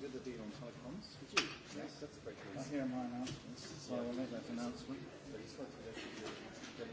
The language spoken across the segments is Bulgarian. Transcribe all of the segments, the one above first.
we did the deal on telecoms. Did you? Yes, that's a great news. I hear my announcements, so I will make that announcement. But he's got to get the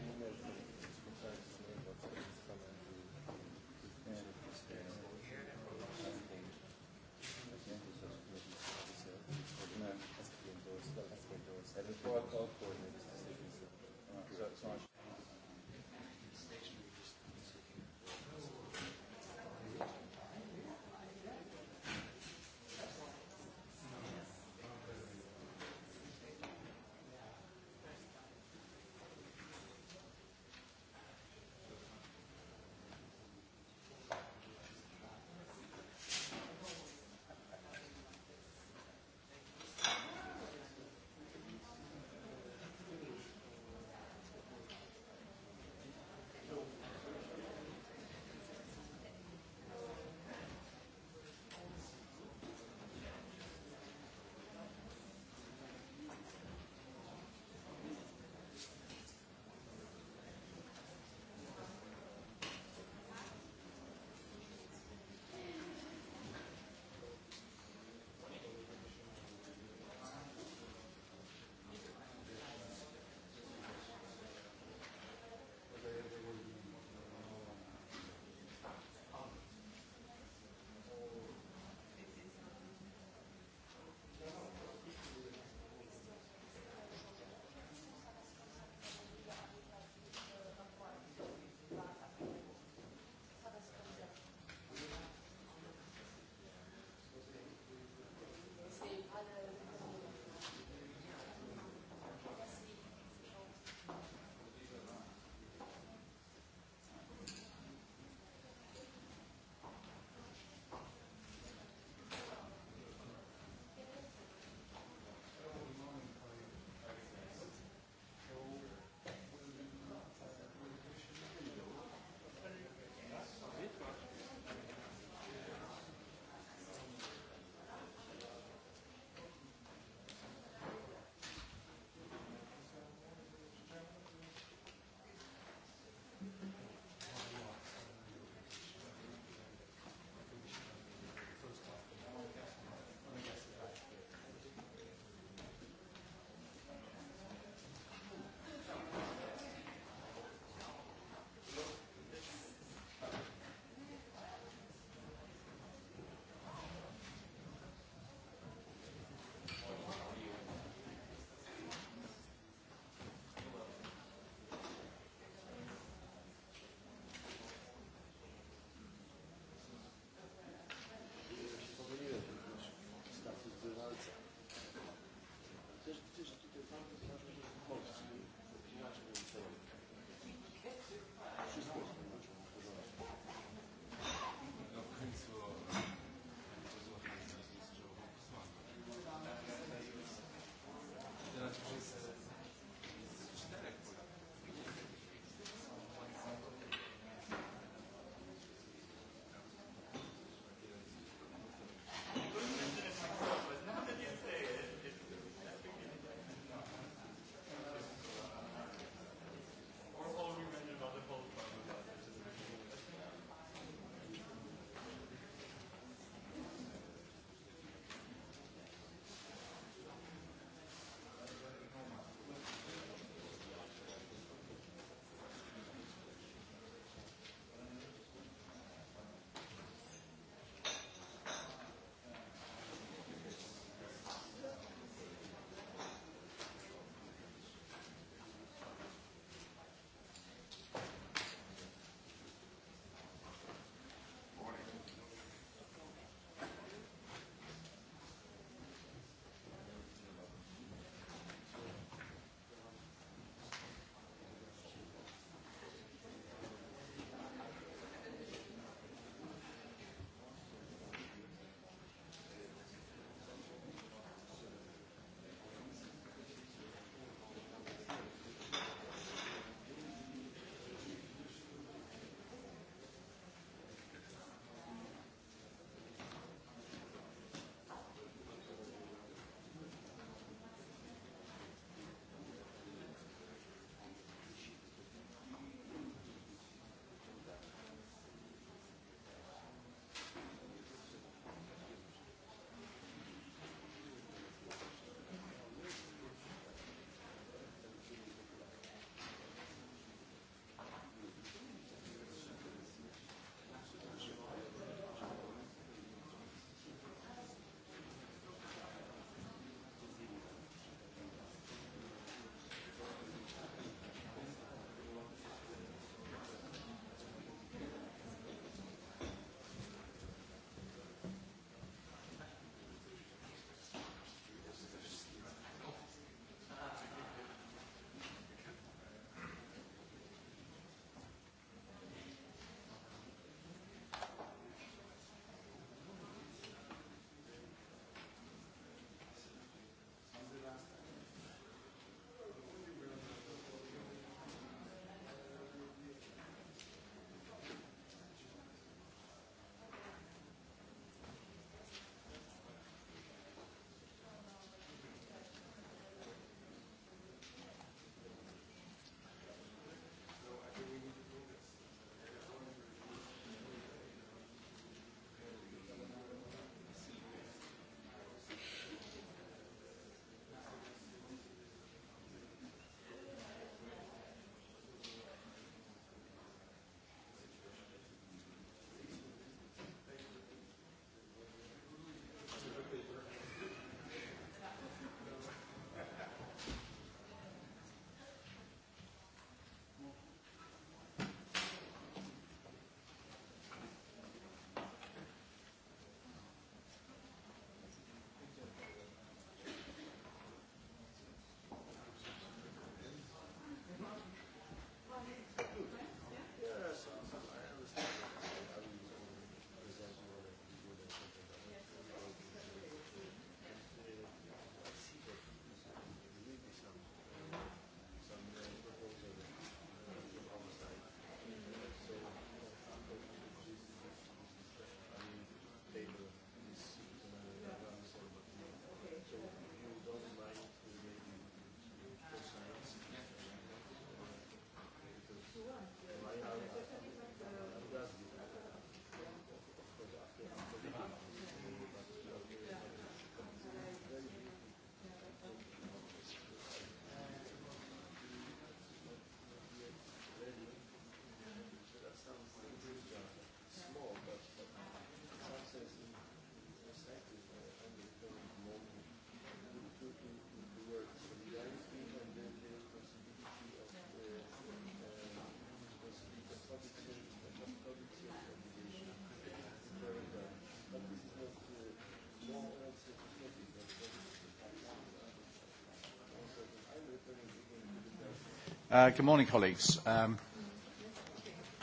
Uh, good morning, colleagues. Um,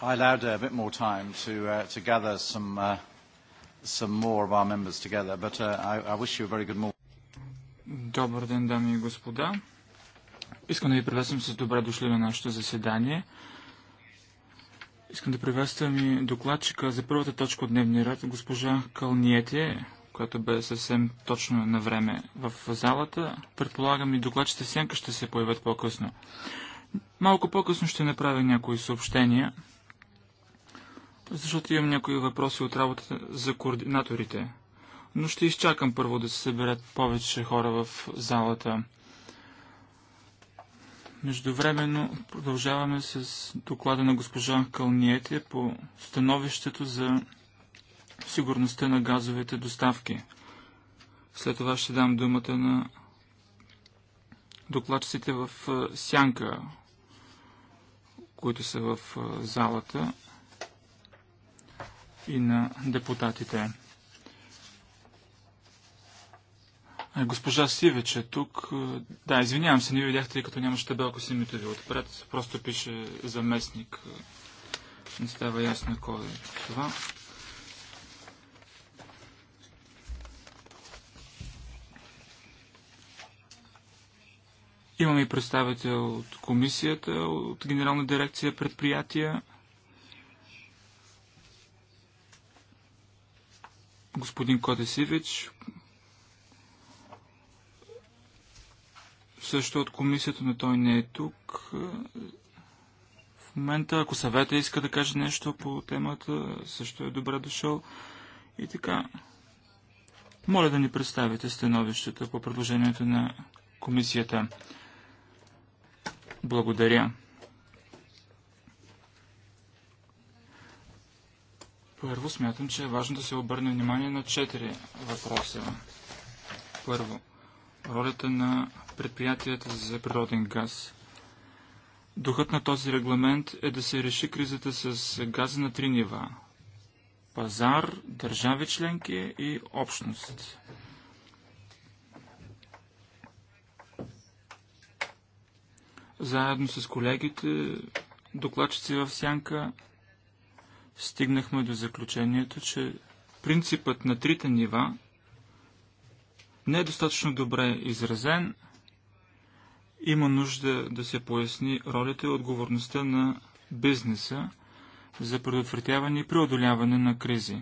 I allowed a bit more time to, uh, to gather some, uh, some more of our members together, but uh, I, I wish you a very good morning. Добър ден, дами и господа. Искам да ви приветствам с добре дошли на нашето заседание. Искам да приветствам и докладчика за първата точка от дневния ред, госпожа Калниете, която бе съвсем точно на време в залата. Предполагам и докладчите Сенка ще се появят по-късно. Малко по-късно ще направя някои съобщения, защото имам някои въпроси от работата за координаторите. Но ще изчакам първо да се съберат повече хора в залата. Междувременно продължаваме с доклада на госпожа Кълниете по становището за сигурността на газовите доставки. След това ще дам думата на докладчиците в Сянка които са в залата и на депутатите. Госпожа Сивеч е тук. Да, извинявам се, не ви видяхте, тъй като нямаше табелка с името ви отпред. Просто пише заместник. Не става ясно кой е това. Имаме и представител от комисията, от Генерална дирекция предприятия. Господин Котесивич, също от комисията, но той не е тук. В момента, ако съвета иска да каже нещо по темата, също е добре дошъл. И така, моля да ни представите становищата по предложението на комисията. Благодаря. Първо смятам, че е важно да се обърне внимание на четири въпроса. Първо, ролята на предприятията за природен газ. Духът на този регламент е да се реши кризата с газа на три нива – пазар, държави членки и общност. Заедно с колегите, докладчици в Сянка, стигнахме до заключението, че принципът на трите нива не е достатъчно добре изразен. Има нужда да се поясни ролята и отговорността на бизнеса за предотвратяване и преодоляване на кризи.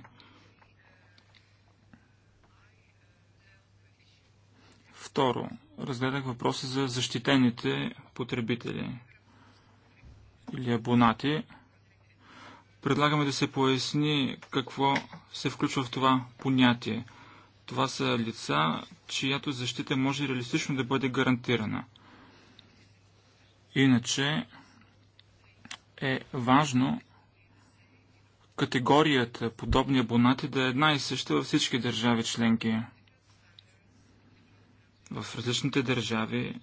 Второ, разгледах въпроса за защитените потребители или абонати. Предлагаме да се поясни какво се включва в това понятие. Това са лица, чиято защита може реалистично да бъде гарантирана. Иначе е важно категорията подобни абонати да е една и съща във всички държави членки в различните държави,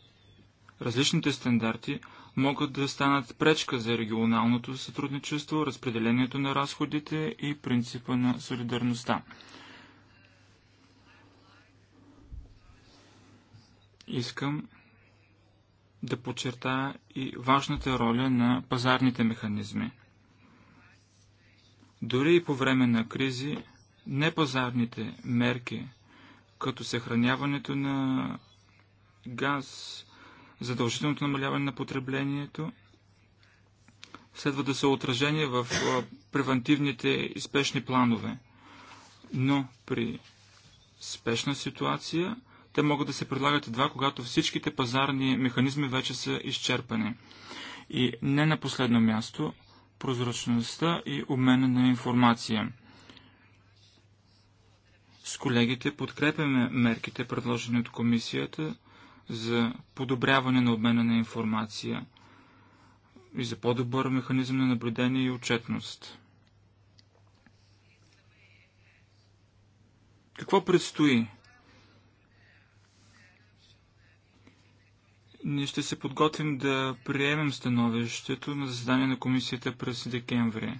различните стандарти могат да станат пречка за регионалното сътрудничество, разпределението на разходите и принципа на солидарността. Искам да подчертая и важната роля на пазарните механизми. Дори и по време на кризи, непазарните мерки – като съхраняването на газ, задължителното намаляване на потреблението, следва да са отражени в превентивните и спешни планове. Но при спешна ситуация те могат да се предлагат едва, когато всичките пазарни механизми вече са изчерпани. И не на последно място, прозрачността и обмена на информация – колегите подкрепяме мерките, предложени от комисията за подобряване на обмена на информация и за по-добър механизъм на наблюдение и отчетност. Какво предстои? Ние ще се подготвим да приемем становището на заседание на комисията през декември.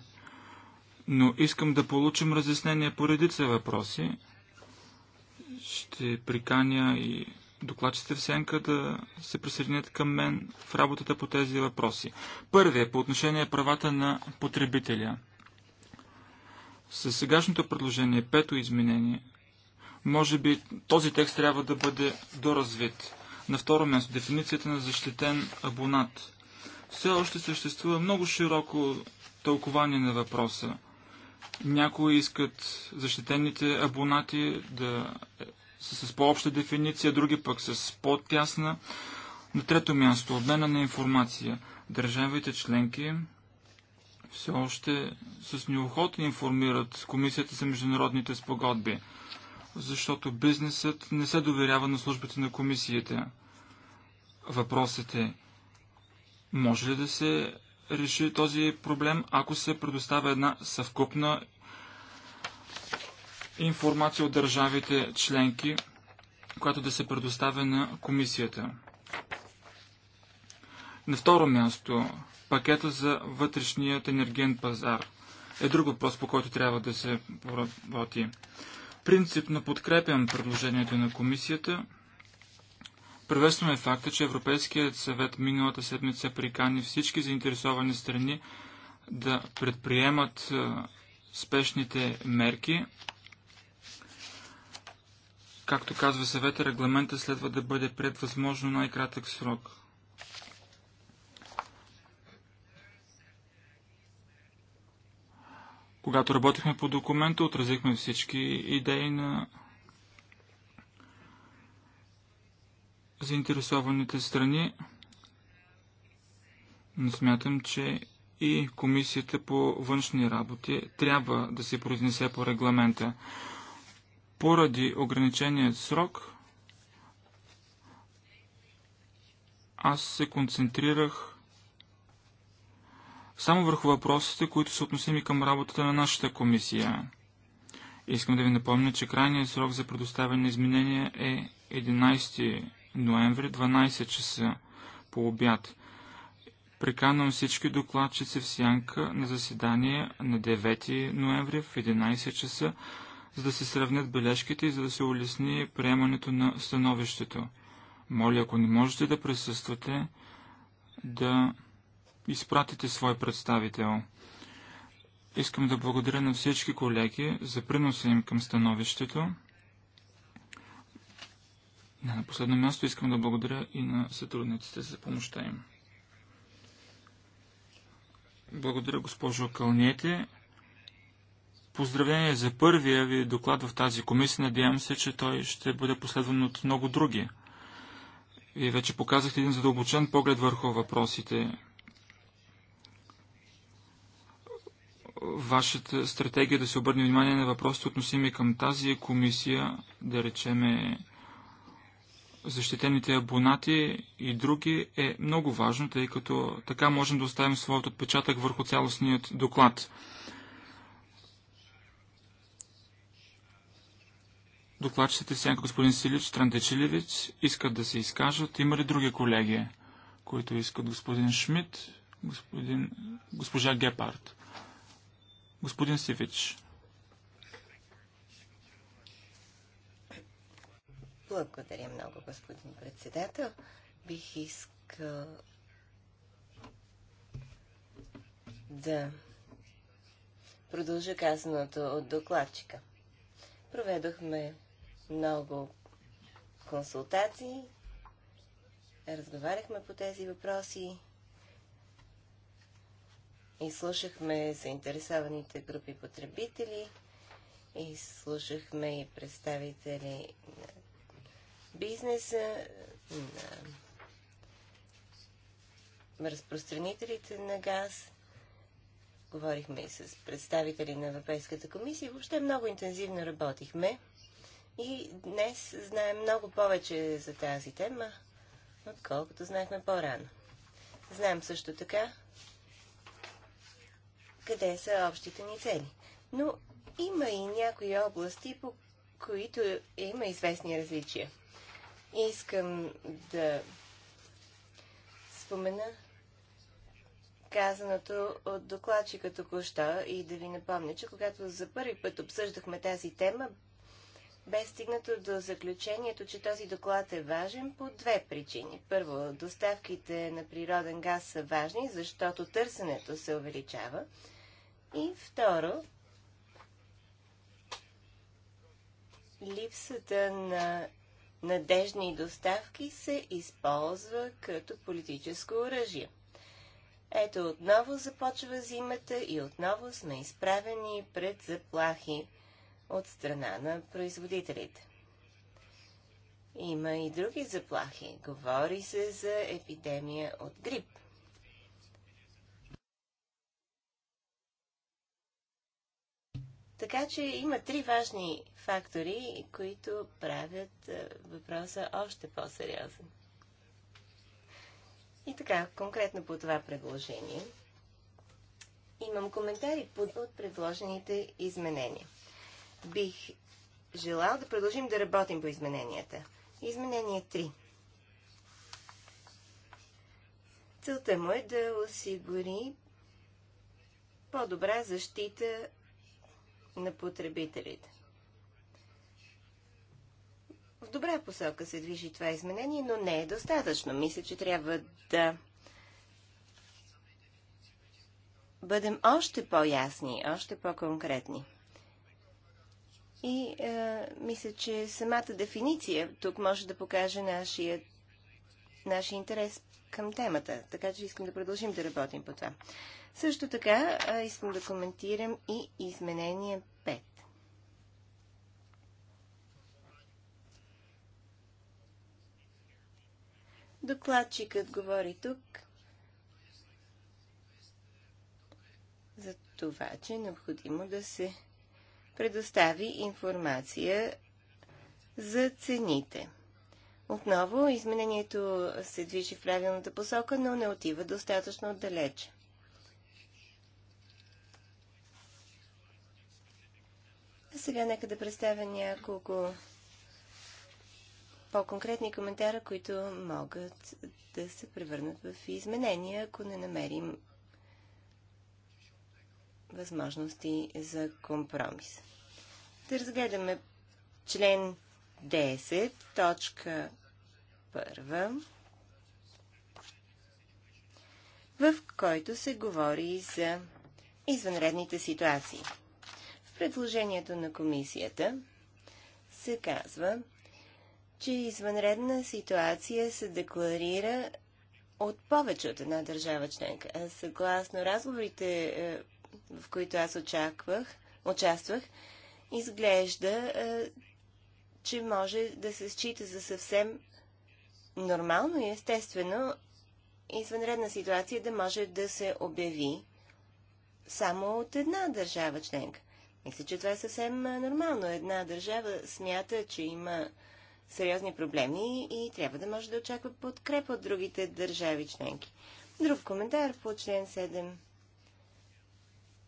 Но искам да получим разяснение по редица въпроси, ще приканя и докладчите в сенка да се присъединят към мен в работата по тези въпроси. Първият е по отношение правата на потребителя. С сегашното предложение, пето изменение, може би този текст трябва да бъде доразвит. На второ място, дефиницията на защитен абонат. Все още съществува много широко тълкование на въпроса. Някои искат защитените абонати да са с по-обща дефиниция, други пък с по-тясна. На трето място, обмена на информация. Държавите членки все още с неохота информират Комисията за международните спогодби, защото бизнесът не се доверява на службите на комисията. Въпросът е, може ли да се реши този проблем, ако се предоставя една съвкупна информация от държавите членки, която да се предоставя на комисията. На второ място, пакета за вътрешният енергиен пазар е друг въпрос, по който трябва да се работи. Принципно подкрепям предложението на комисията. Приветстваме факта, че Европейският съвет миналата седмица прикани всички заинтересовани страни да предприемат спешните мерки Както казва съвета, регламента следва да бъде пред възможно най-кратък срок. Когато работихме по документа, отразихме всички идеи на заинтересованите страни, но смятам, че и Комисията по външни работи трябва да се произнесе по регламента. Поради ограниченият срок, аз се концентрирах само върху въпросите, които са относими към работата на нашата комисия. Искам да ви напомня, че крайният срок за предоставяне на изменения е 11 ноември, 12 часа по обяд. Приканвам всички докладчици в Сянка на заседание на 9 ноември в 11 часа за да се сравнят бележките и за да се улесни приемането на становището. Моля, ако не можете да присъствате, да изпратите свой представител. Искам да благодаря на всички колеги за приноса им към становището. Не, на последно място искам да благодаря и на сътрудниците за помощта им. Благодаря, госпожо Кълнете. Поздравление за първия ви доклад в тази комисия. Надявам се, че той ще бъде последван от много други. Вие вече показахте един задълбочен поглед върху въпросите. Вашата стратегия да се обърне внимание на въпросите, относими към тази комисия, да речеме защитените абонати и други, е много важно, тъй като така можем да оставим своят отпечатък върху цялостният доклад. Докладчите сянка господин Силич, Трандечилевич искат да се изкажат. Има ли други колеги, които искат господин Шмидт, господин... госпожа Гепард? Господин Сивич. Благодаря много, господин председател. Бих искал да продължа казаното от докладчика. Проведохме много консултации. Разговаряхме по тези въпроси. слушахме заинтересованите групи потребители. слушахме и представители на бизнеса, на разпространителите на газ. Говорихме и с представители на Европейската комисия. Въобще много интензивно работихме. И днес знаем много повече за тази тема, отколкото знаехме по-рано. Знаем също така къде са общите ни цели. Но има и някои области, по които има известни различия. Искам да спомена казаното от докладчика току-що и да ви напомня, че когато за първи път обсъждахме тази тема, бе стигнато до заключението, че този доклад е важен по две причини. Първо, доставките на природен газ са важни, защото търсенето се увеличава. И второ, липсата на надежни доставки се използва като политическо оръжие. Ето отново започва зимата и отново сме изправени пред заплахи от страна на производителите. Има и други заплахи. Говори се за епидемия от грип. Така че има три важни фактори, които правят е, въпроса още по-сериозен. И така, конкретно по това предложение, имам коментари от предложените изменения бих желал да продължим да работим по измененията. Изменение 3. Целта му е да осигури по-добра защита на потребителите. В добра посока се движи това изменение, но не е достатъчно. Мисля, че трябва да бъдем още по-ясни, още по-конкретни. И а, е, мисля, че самата дефиниция тук може да покаже нашия, нашия интерес към темата. Така че искам да продължим да работим по това. Също така а, е, искам да коментирам и изменение 5. Докладчикът говори тук за това, че е необходимо да се предостави информация за цените. Отново, изменението се движи в правилната посока, но не отива достатъчно далече. А сега нека да представя няколко по-конкретни коментара, които могат да се превърнат в изменения, ако не намерим възможности за компромис. Да разгледаме член 10, точка 1, в който се говори за извънредните ситуации. В предложението на комисията се казва, че извънредна ситуация се декларира от повече от една държава членка. Съгласно разговорите е, в които аз очаквах, участвах, изглежда, е, че може да се счита за съвсем нормално и естествено извънредна ситуация да може да се обяви само от една държава членка. Мисля, че това е съвсем е, нормално. Една държава смята, че има сериозни проблеми и трябва да може да очаква подкрепа от другите държави членки. Друг коментар по член 7.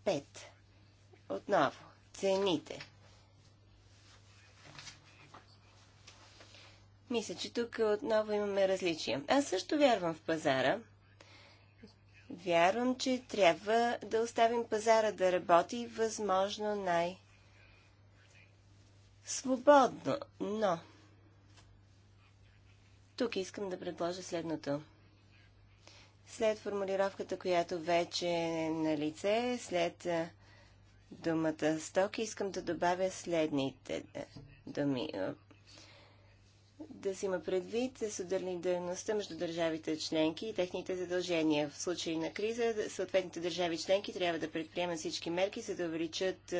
Пет. Отново. Цените. Мисля, че тук отново имаме различия. Аз също вярвам в пазара. Вярвам, че трябва да оставим пазара да работи възможно най- свободно, но тук искам да предложа следното след формулировката, която вече е на лице, след думата стоки, искам да добавя следните думи. Да си има предвид солидарността между държавите членки и техните задължения. В случай на криза, съответните държави членки трябва да предприемат всички мерки, за да увеличат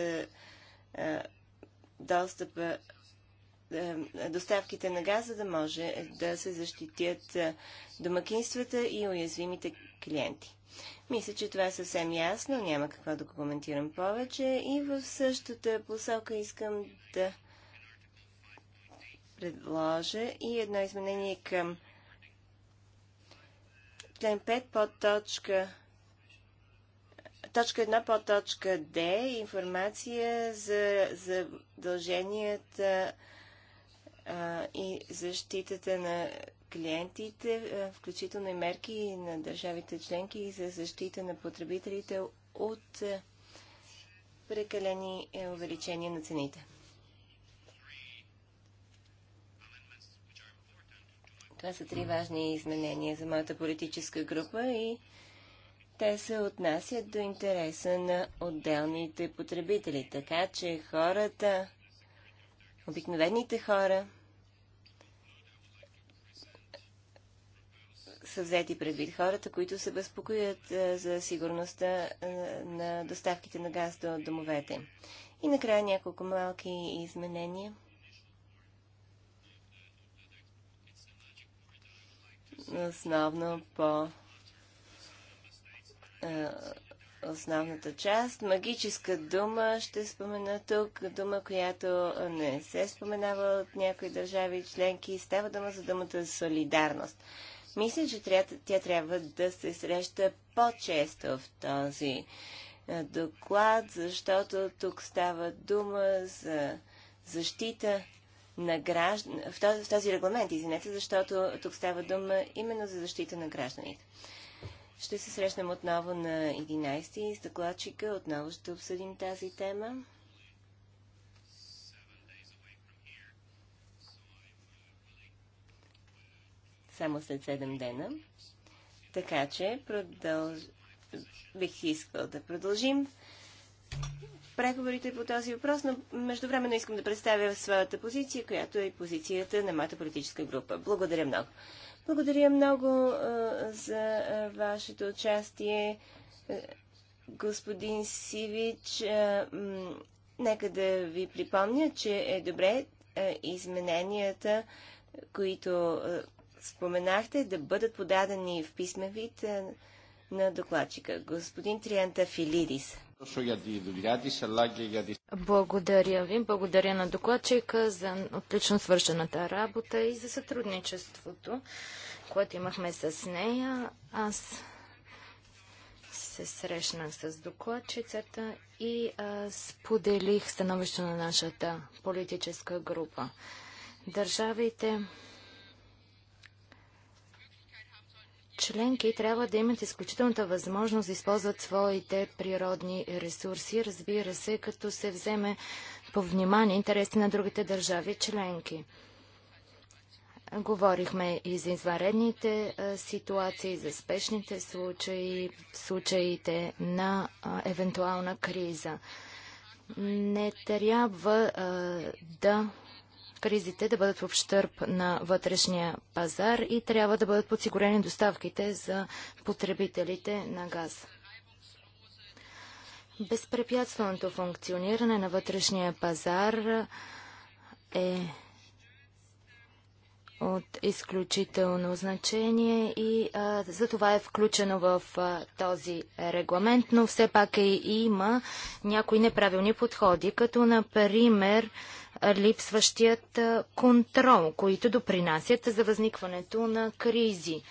достъпа е, доставките на газ, за да може да се защитят е, домакинствата и уязвимите клиенти. Мисля, че това е съвсем ясно, няма какво да го коментирам повече и в същата посока искам да предложа и едно изменение към член 5 под точка точка 1 под точка Д информация за задълженията а, и защитата на клиентите, а, включително и мерки на държавите членки и за защита на потребителите от а, прекалени е, увеличения на цените. Това са три важни изменения за моята политическа група и те се отнасят до интереса на отделните потребители, така че хората, обикновените хора, са взети предвид хората, които се безпокоят е, за сигурността е, на доставките на газ до домовете. И накрая няколко малки изменения. Основно по е, основната част. Магическа дума ще спомена тук. Дума, която не се споменава от някои държави членки. Става дума за думата солидарност. Мисля, че тя трябва да се среща по-често в този е, доклад, защото тук става дума за защита на граждан... в, този, в този регламент, извинете, защото тук става дума именно за защита на гражданите. Ще се срещнем отново на 11 с докладчика, отново ще обсъдим тази тема. само след 7 дена. Така че продълж... бих искал да продължим преговорите по този въпрос, но междувременно искам да представя своята позиция, която е позицията на моята политическа група. Благодаря много. Благодаря много а, за а, вашето участие, господин Сивич. А, нека да ви припомня, че е добре измененията, които споменахте, да бъдат подадени в писмен вид е, на докладчика. Господин Триента Филидис. Благодаря ви. Благодаря на докладчика за отлично свършената работа и за сътрудничеството, което имахме с нея. Аз се срещнах с докладчицата и а, споделих становището на нашата политическа група. Държавите членки трябва да имат изключителната възможност да използват своите природни ресурси, разбира се, като се вземе по внимание интересите на другите държави членки. Говорихме и за изваредните ситуации, за спешните случаи, случаите на евентуална криза. Не трябва да кризите да бъдат в общърп на вътрешния пазар и трябва да бъдат подсигурени доставките за потребителите на газ. Безпрепятственото функциониране на вътрешния пазар е от изключително значение и а, за това е включено в а, този регламент, но все пак е, има някои неправилни подходи, като например липсващият контрол, които допринасят за възникването на кризи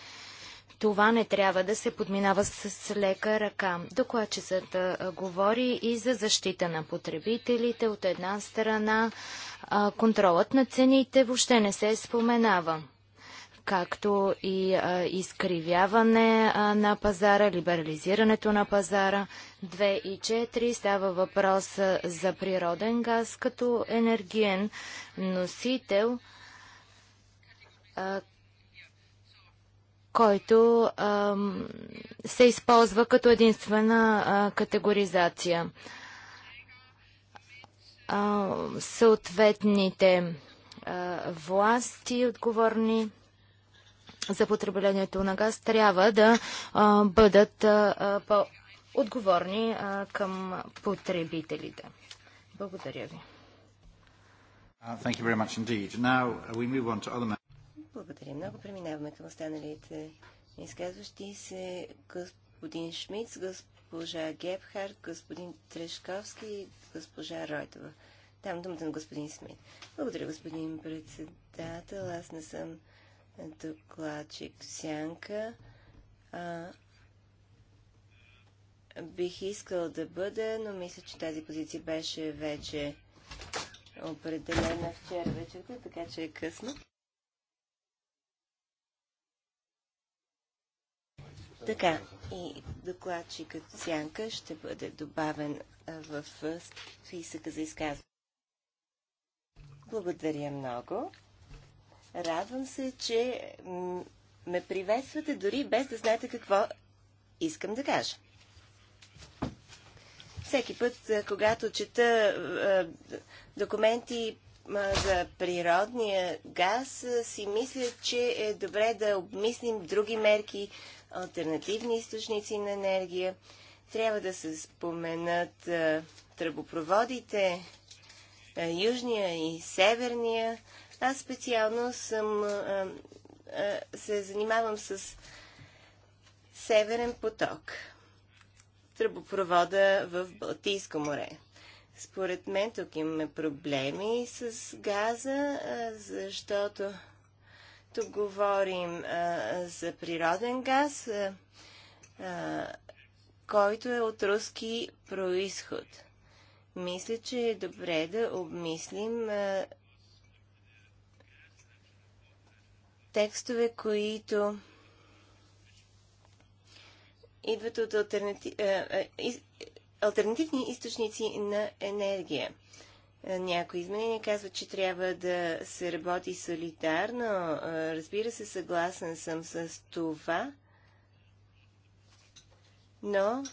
това не трябва да се подминава с лека ръка. Докладчицът говори и за защита на потребителите от една страна. контролът на цените въобще не се споменава както и а, изкривяване а, на пазара, либерализирането на пазара. 2 и 4 става въпрос а, за природен газ като енергиен носител, който ам, се използва като единствена а, категоризация. А, съответните а, власти, отговорни за потреблението на газ, трябва да а, бъдат а, по-отговорни към потребителите. Благодаря ви. Uh, thank you very much indeed. Now uh, we move on to other благодаря много. Преминаваме към останалите изказващи се. Господин Шмидц, госпожа Гебхард, господин Трешковски и госпожа Ройтова. Там думата на господин Смит. Благодаря, господин председател. Аз не съм докладчик Сянка. А, бих искал да бъда, но мисля, че тази позиция беше вече определена вчера вечерта, така че е късно. Така, и докладчикът Сянка ще бъде добавен в списъка за изказване. Благодаря много. Радвам се, че ме приветствате дори без да знаете какво искам да кажа. Всеки път, когато чета документи, за природния газ, си мисля, че е добре да обмислим други мерки, альтернативни източници на енергия. Трябва да се споменат тръбопроводите, южния и северния. Аз специално съм, се занимавам с северен поток, тръбопровода в Балтийско море. Според мен тук имаме проблеми с газа, защото тук говорим за природен газ, който е от руски происход. Мисля, че е добре да обмислим текстове, които идват от альтернатив альтернативни източници на енергия. Е, някои изменения казват, че трябва да се работи солидарно. Е, разбира се, съгласен съм с това, но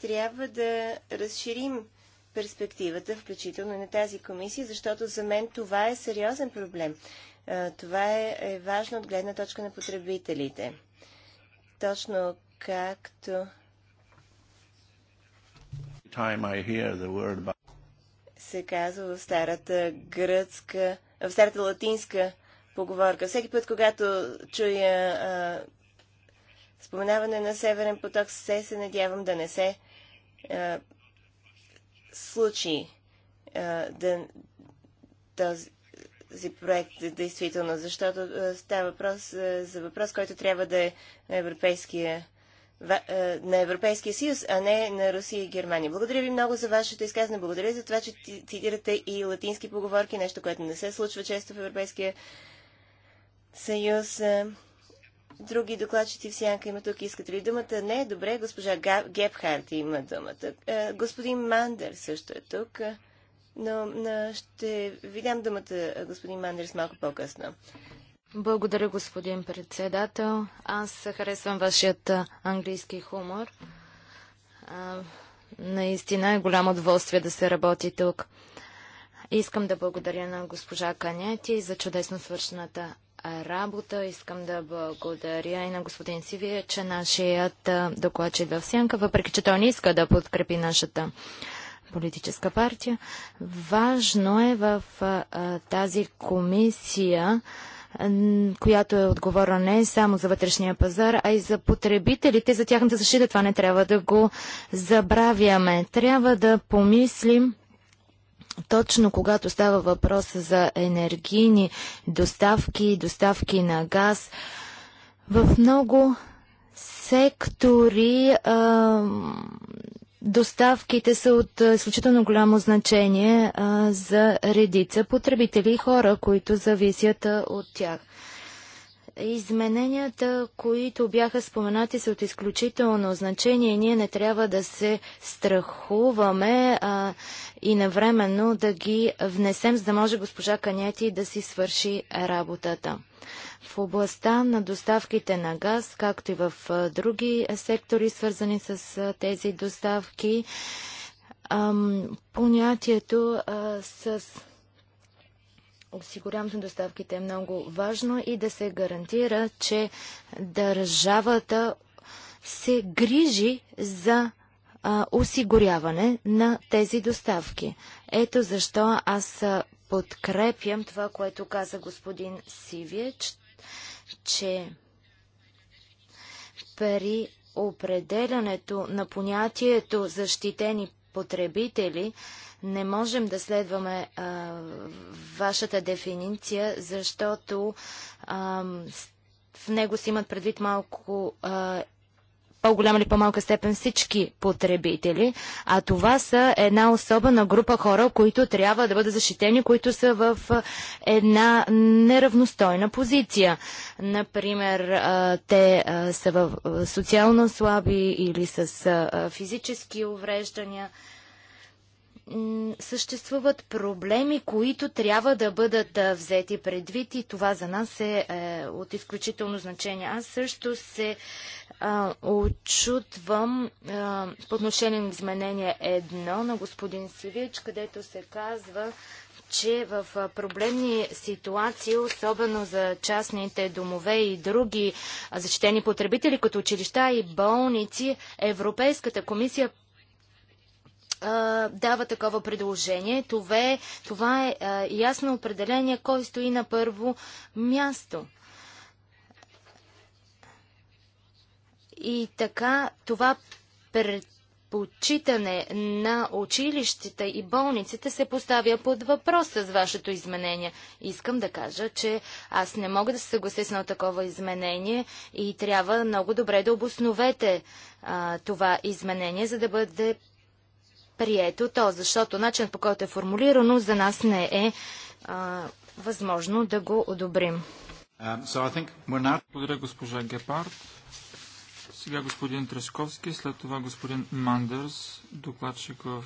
трябва да разширим перспективата, включително на тази комисия, защото за мен това е сериозен проблем. Е, това е, е важно от гледна точка на потребителите. Точно както time I hear the word about... Се казва в старата гръцка, в старата латинска поговорка. Всеки път, когато чуя а, споменаване на Северен поток, се се надявам да не се а, случи а, да, този, този проект е действително, защото става въпрос за въпрос, който трябва да е на европейския е, на Европейския съюз, а не на Русия и Германия. Благодаря ви много за вашето изказване. Благодаря за това, че цитирате и латински поговорки, нещо, което не се случва често в Европейския съюз. Е, други докладчици в сянка има тук. Искате ли думата? Не, добре. Госпожа Гепхарт има думата. Е, господин Мандер също е тук. Но ще ви дам думата, господин с малко по-късно. Благодаря, господин председател. Аз харесвам вашият английски хумор. А, наистина е голямо удоволствие да се работи тук. Искам да благодаря на госпожа Каняти за чудесно свършената работа. Искам да благодаря и на господин Сивия, че нашият е в Сянка, въпреки че той не иска да подкрепи нашата политическа партия. Важно е в а, тази комисия която е отговорна не само за вътрешния пазар, а и за потребителите, за тяхната защита. Това не трябва да го забравяме. Трябва да помислим точно когато става въпрос за енергийни доставки, доставки на газ. В много сектори а, Доставките са от е, изключително голямо значение а, е, за редица потребители и хора, които зависят а, е, от тях. Измененията, които бяха споменати, са от изключително значение. Ние не трябва да се страхуваме а, и навременно да ги внесем, за да може госпожа Канети да си свърши работата. В областта на доставките на газ, както и в други сектори, свързани с тези доставки, понятието с осигуряването на доставките е много важно и да се гарантира, че държавата се грижи за осигуряване на тези доставки. Ето защо аз подкрепям това, което каза господин Сивич че при определянето на понятието защитени потребители не можем да следваме а, вашата дефиниция, защото а, в него си имат предвид малко а, по-голяма или по-малка степен всички потребители, а това са една особена група хора, които трябва да бъдат защитени, които са в една неравностойна позиция. Например, те са в социално слаби или с физически увреждания съществуват проблеми, които трябва да бъдат взети предвид и това за нас е, е от изключително значение. Аз също се очутвам по отношение на изменение едно на господин Сивич, където се казва, че в проблемни ситуации, особено за частните домове и други защитени потребители, като училища и болници, Европейската комисия дава такова предложение. Това е, това е а, ясно определение, кой стои на първо място. И така, това предпочитане на училищата и болниците се поставя под въпрос с вашето изменение. Искам да кажа, че аз не мога да се съглася с едно такова изменение и трябва много добре да обосновете а, това изменение, за да бъде прието то, защото начинът по който е формулирано за нас не е а, възможно да го одобрим. Um, благодаря госпожа Гепард. Сега господин Трешковски, след това господин Мандърс, докладчик в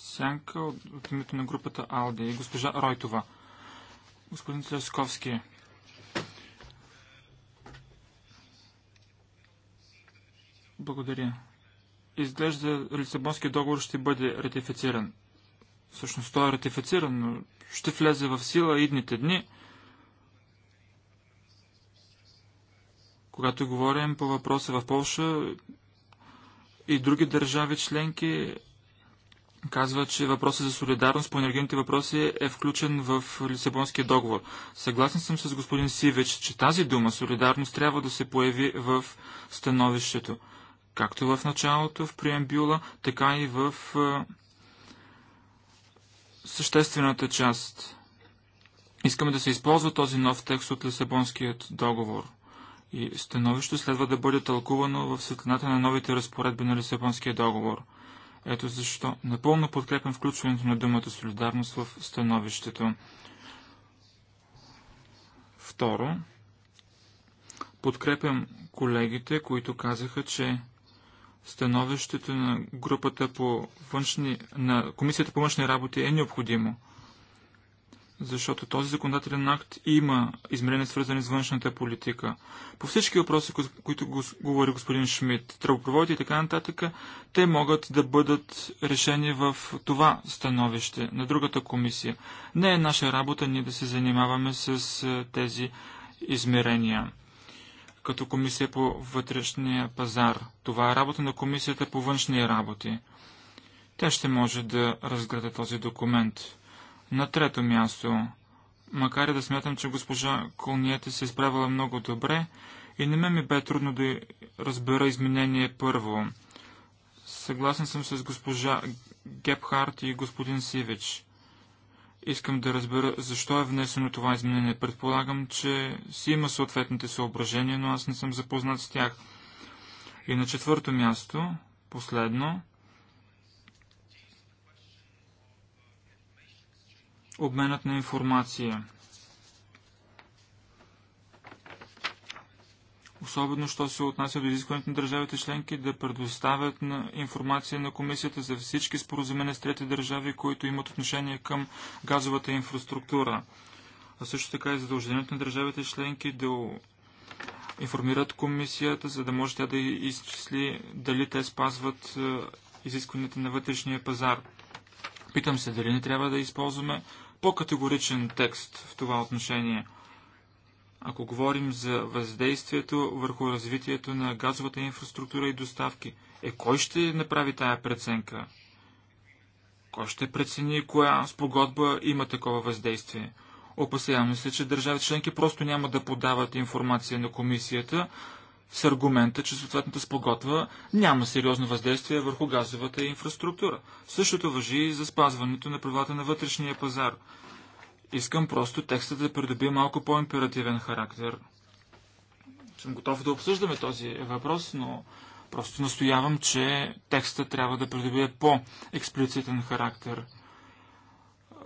Сянка от, от името на групата Алди и госпожа Ройтова. Господин Трешковски, благодаря изглежда Лисабонския договор ще бъде ратифициран. Всъщност той е ратифициран, но ще влезе в сила идните дни. Когато говорим по въпроса в Польша и други държави членки, казва, че въпросът за солидарност по енергийните въпроси е включен в Лисабонския договор. Съгласен съм с господин Сивич, че тази дума солидарност трябва да се появи в становището както в началото в преамбюла, така и в съществената част. Искаме да се използва този нов текст от Лисабонският договор. И становището следва да бъде тълкувано в светлината на новите разпоредби на Лисабонския договор. Ето защо напълно подкрепям включването на думата солидарност в становището. Второ, подкрепям колегите, които казаха, че становището на групата по външни, на Комисията по външни работи е необходимо, защото този законодателен акт има измерения свързани с външната политика. По всички въпроси, които го говори господин Шмидт, тръбопроводите и така нататък, те могат да бъдат решени в това становище на другата комисия. Не е наша работа ние да се занимаваме с е, тези измерения като комисия по вътрешния пазар. Това е работа на комисията по външни работи. Те ще може да разгледа този документ. На трето място, макар и да смятам, че госпожа Колниете се изправила е много добре и не ме ми бе трудно да разбера изменение първо. Съгласен съм с госпожа Гепхарт и господин Сивич. Искам да разбера защо е внесено това изменение. Предполагам, че си има съответните съображения, но аз не съм запознат с тях. И на четвърто място, последно, обменът на информация. особено що се отнася до изискването на държавите членки да предоставят на информация на комисията за всички споразумения с трети държави, които имат отношение към газовата инфраструктура. А също така и задължението на държавите членки да информират комисията, за да може тя да изчисли дали те спазват е, изискването на вътрешния пазар. Питам се дали не трябва да използваме по-категоричен текст в това отношение – ако говорим за въздействието върху развитието на газовата инфраструктура и доставки, е кой ще направи тая преценка? Кой ще прецени коя спогодба има такова въздействие? Опасяваме се, че държавите членки просто няма да подават информация на комисията с аргумента, че съответната спогодба няма сериозно въздействие върху газовата инфраструктура. Същото въжи и за спазването на правилата на вътрешния пазар. Искам просто текстът да придобие малко по-императивен характер. Съм готов да обсъждаме този въпрос, но просто настоявам, че текстът трябва да придобие по-експлицитен характер.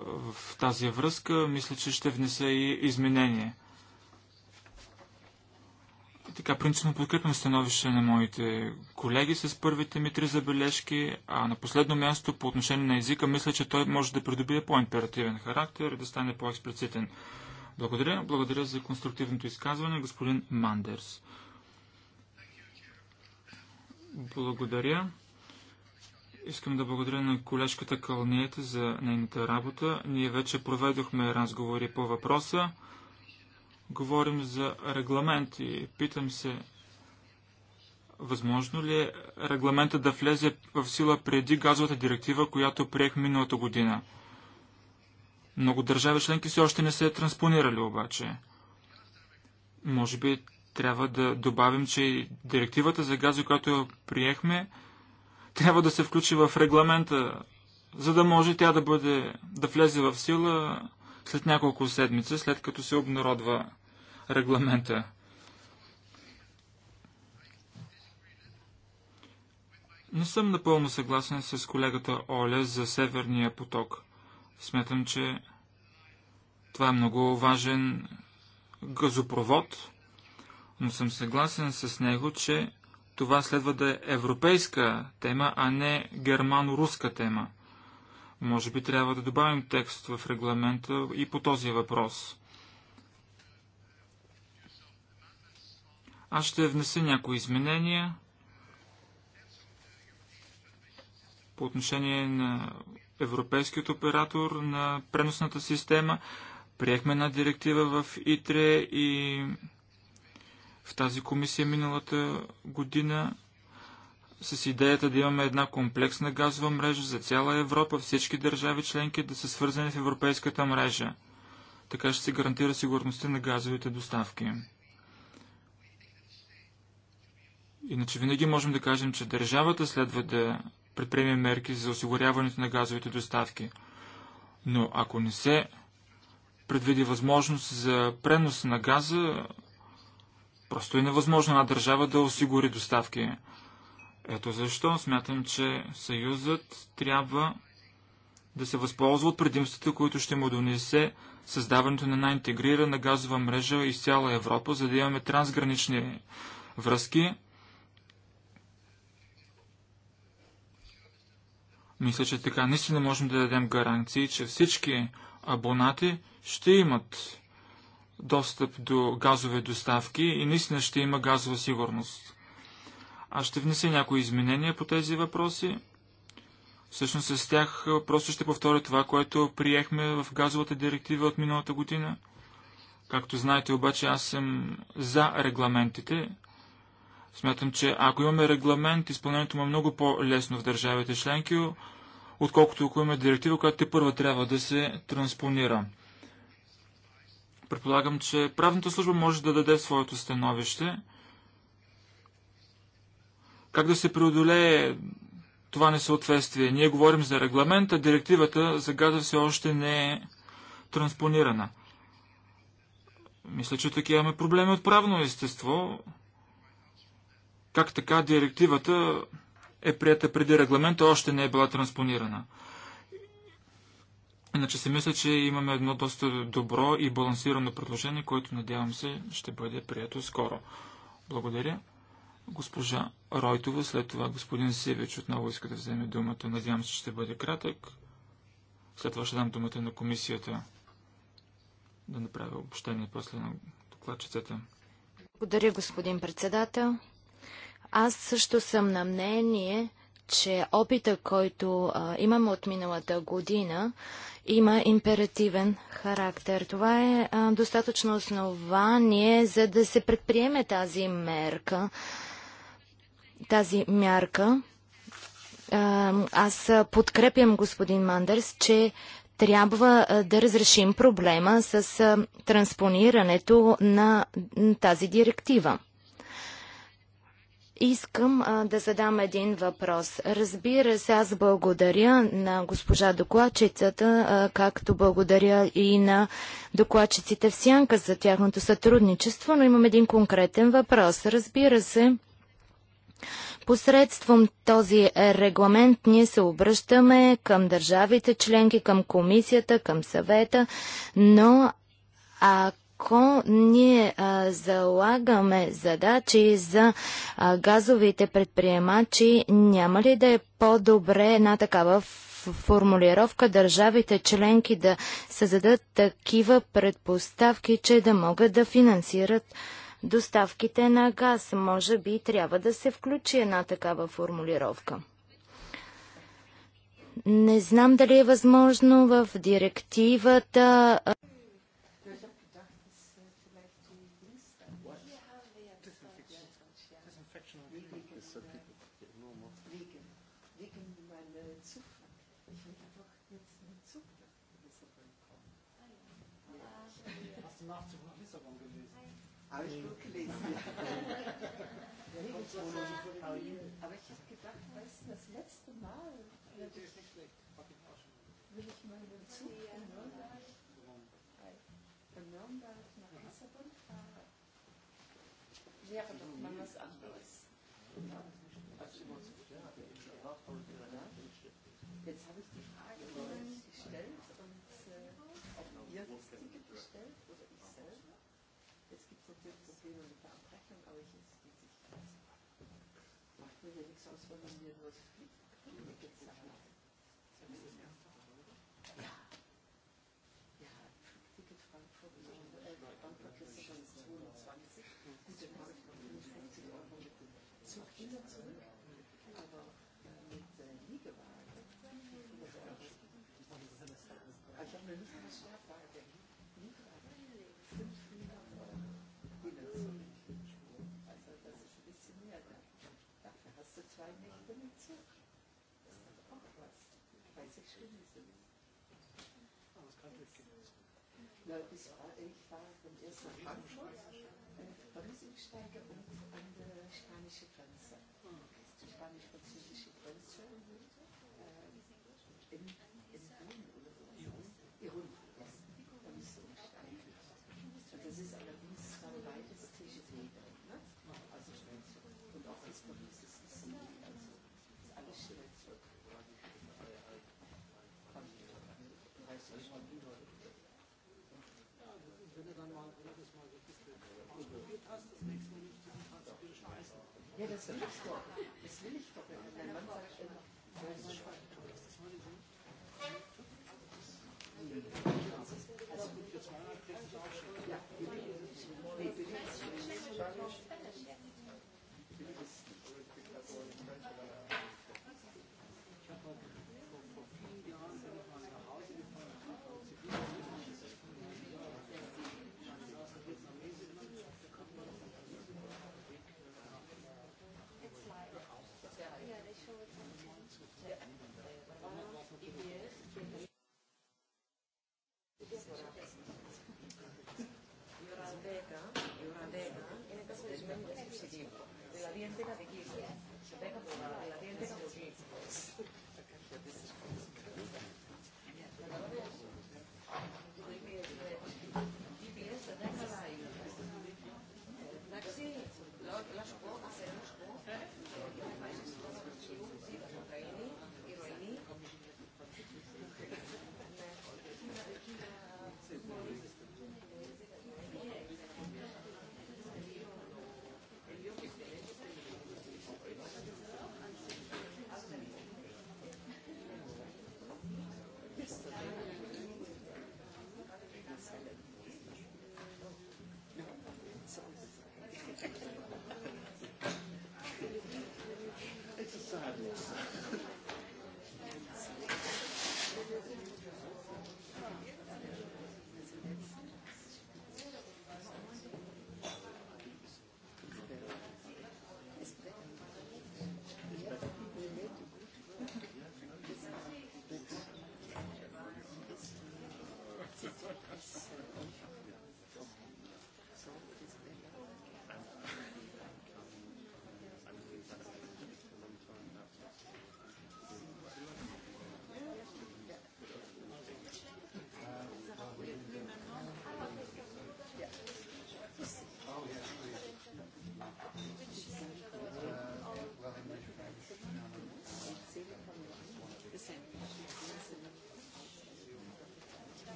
В тази връзка мисля, че ще внеса и изменение. Така, принципно подкрепям становище на моите колеги с първите ми три забележки, а на последно място по отношение на езика, мисля, че той може да придобие по-императивен характер и да стане по-експлицитен. Благодаря. Благодаря за конструктивното изказване, господин Мандерс. Благодаря. Искам да благодаря на колежката Калниете за нейната работа. Ние вече проведохме разговори по въпроса говорим за регламент и питам се, възможно ли е регламента да влезе в сила преди газовата директива, която приех миналата година? Много държави членки все още не се е транспонирали обаче. Може би трябва да добавим, че и директивата за газо, която приехме, трябва да се включи в регламента, за да може тя да, бъде, да влезе в сила след няколко седмици, след като се обнародва регламента. Не съм напълно съгласен с колегата Оля за Северния поток. Смятам, че това е много важен газопровод, но съм съгласен с него, че това следва да е европейска тема, а не германо-руска тема. Може би трябва да добавим текст в регламента и по този въпрос. Аз ще внеса някои изменения по отношение на европейският оператор на преносната система. Приехме една директива в ИТРЕ и в тази комисия миналата година с идеята да имаме една комплексна газова мрежа за цяла Европа, всички държави членки да са свързани в европейската мрежа. Така ще се гарантира сигурността на газовите доставки. Иначе винаги можем да кажем, че държавата следва да предприеме мерки за осигуряването на газовите доставки. Но ако не се предвиди възможност за пренос на газа, просто е невъзможно една държава да осигури доставки. Ето защо смятам, че Съюзът трябва да се възползва от предимствата, които ще му донесе създаването на най интегрирана газова мрежа из цяла Европа, за да имаме трансгранични връзки Мисля, че така наистина можем да дадем гаранции, че всички абонати ще имат достъп до газове доставки и наистина ще има газова сигурност. Аз ще внеса някои изменения по тези въпроси. Всъщност с тях просто ще повторя това, което приехме в газовата директива от миналата година. Както знаете, обаче аз съм за регламентите. Смятам, че ако имаме регламент, изпълнението му е много по-лесно в държавите членки, отколкото ако има директива, която те първа трябва да се транспонира. Предполагам, че правната служба може да даде своето становище. Как да се преодолее това несъответствие? Ние говорим за регламента, директивата за газа все още не е транспонирана. Мисля, че таки имаме проблеми от правно естество. Как така директивата е прията преди регламента, още не е била транспонирана. Иначе се мисля, че имаме едно доста добро и балансирано предложение, което надявам се ще бъде прието скоро. Благодаря. Госпожа Ройтова, след това господин Сивич отново иска да вземе думата. Надявам се, че ще бъде кратък. След това ще дам думата на комисията да направя обобщение после на докладчицата. Благодаря, господин председател. Аз също съм на мнение, че опита, който а, имам от миналата година, има императивен характер. Това е а, достатъчно основание, за да се предприеме тази мерка. Тази мярка. А, аз подкрепям господин Мандърс, че трябва да разрешим проблема с транспонирането на тази директива. Искам а, да задам един въпрос. Разбира се, аз благодаря на госпожа докладчицата, а, както благодаря и на докладчиците в Сянка за тяхното сътрудничество, но имам един конкретен въпрос. Разбира се, Посредством този регламент ние се обръщаме към държавите членки, към комисията, към съвета, но ако ако ние а, залагаме задачи за а, газовите предприемачи, няма ли да е по-добре една такава формулировка държавите членки да създадат такива предпоставки, че да могат да финансират доставките на газ? Може би трябва да се включи една такава формулировка. Не знам дали е възможно в директивата. gestellt oder ich selber. Jetzt gibt es natürlich Probleme mit der Abrechnung, aber ich interessiert sich das. Macht mir ja nichts aus, wenn wir nur das Fliegen bezahlen. Na, ich, war, ich war von erst nach Frankfurt, und an der spanische Grenze. Die spanisch-französische Ja, das will ich doch. Das will ich doch. Wenn mein Mann schon. bit of a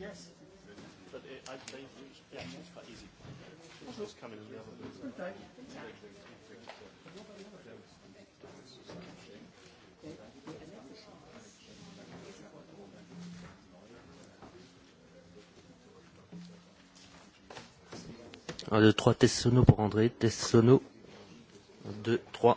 Yes. But it, I, they, yeah, it's quite easy. It's just coming in the other room. Okay. Un, deux, trois, test sono pour André, test sono. Un, deux, trois.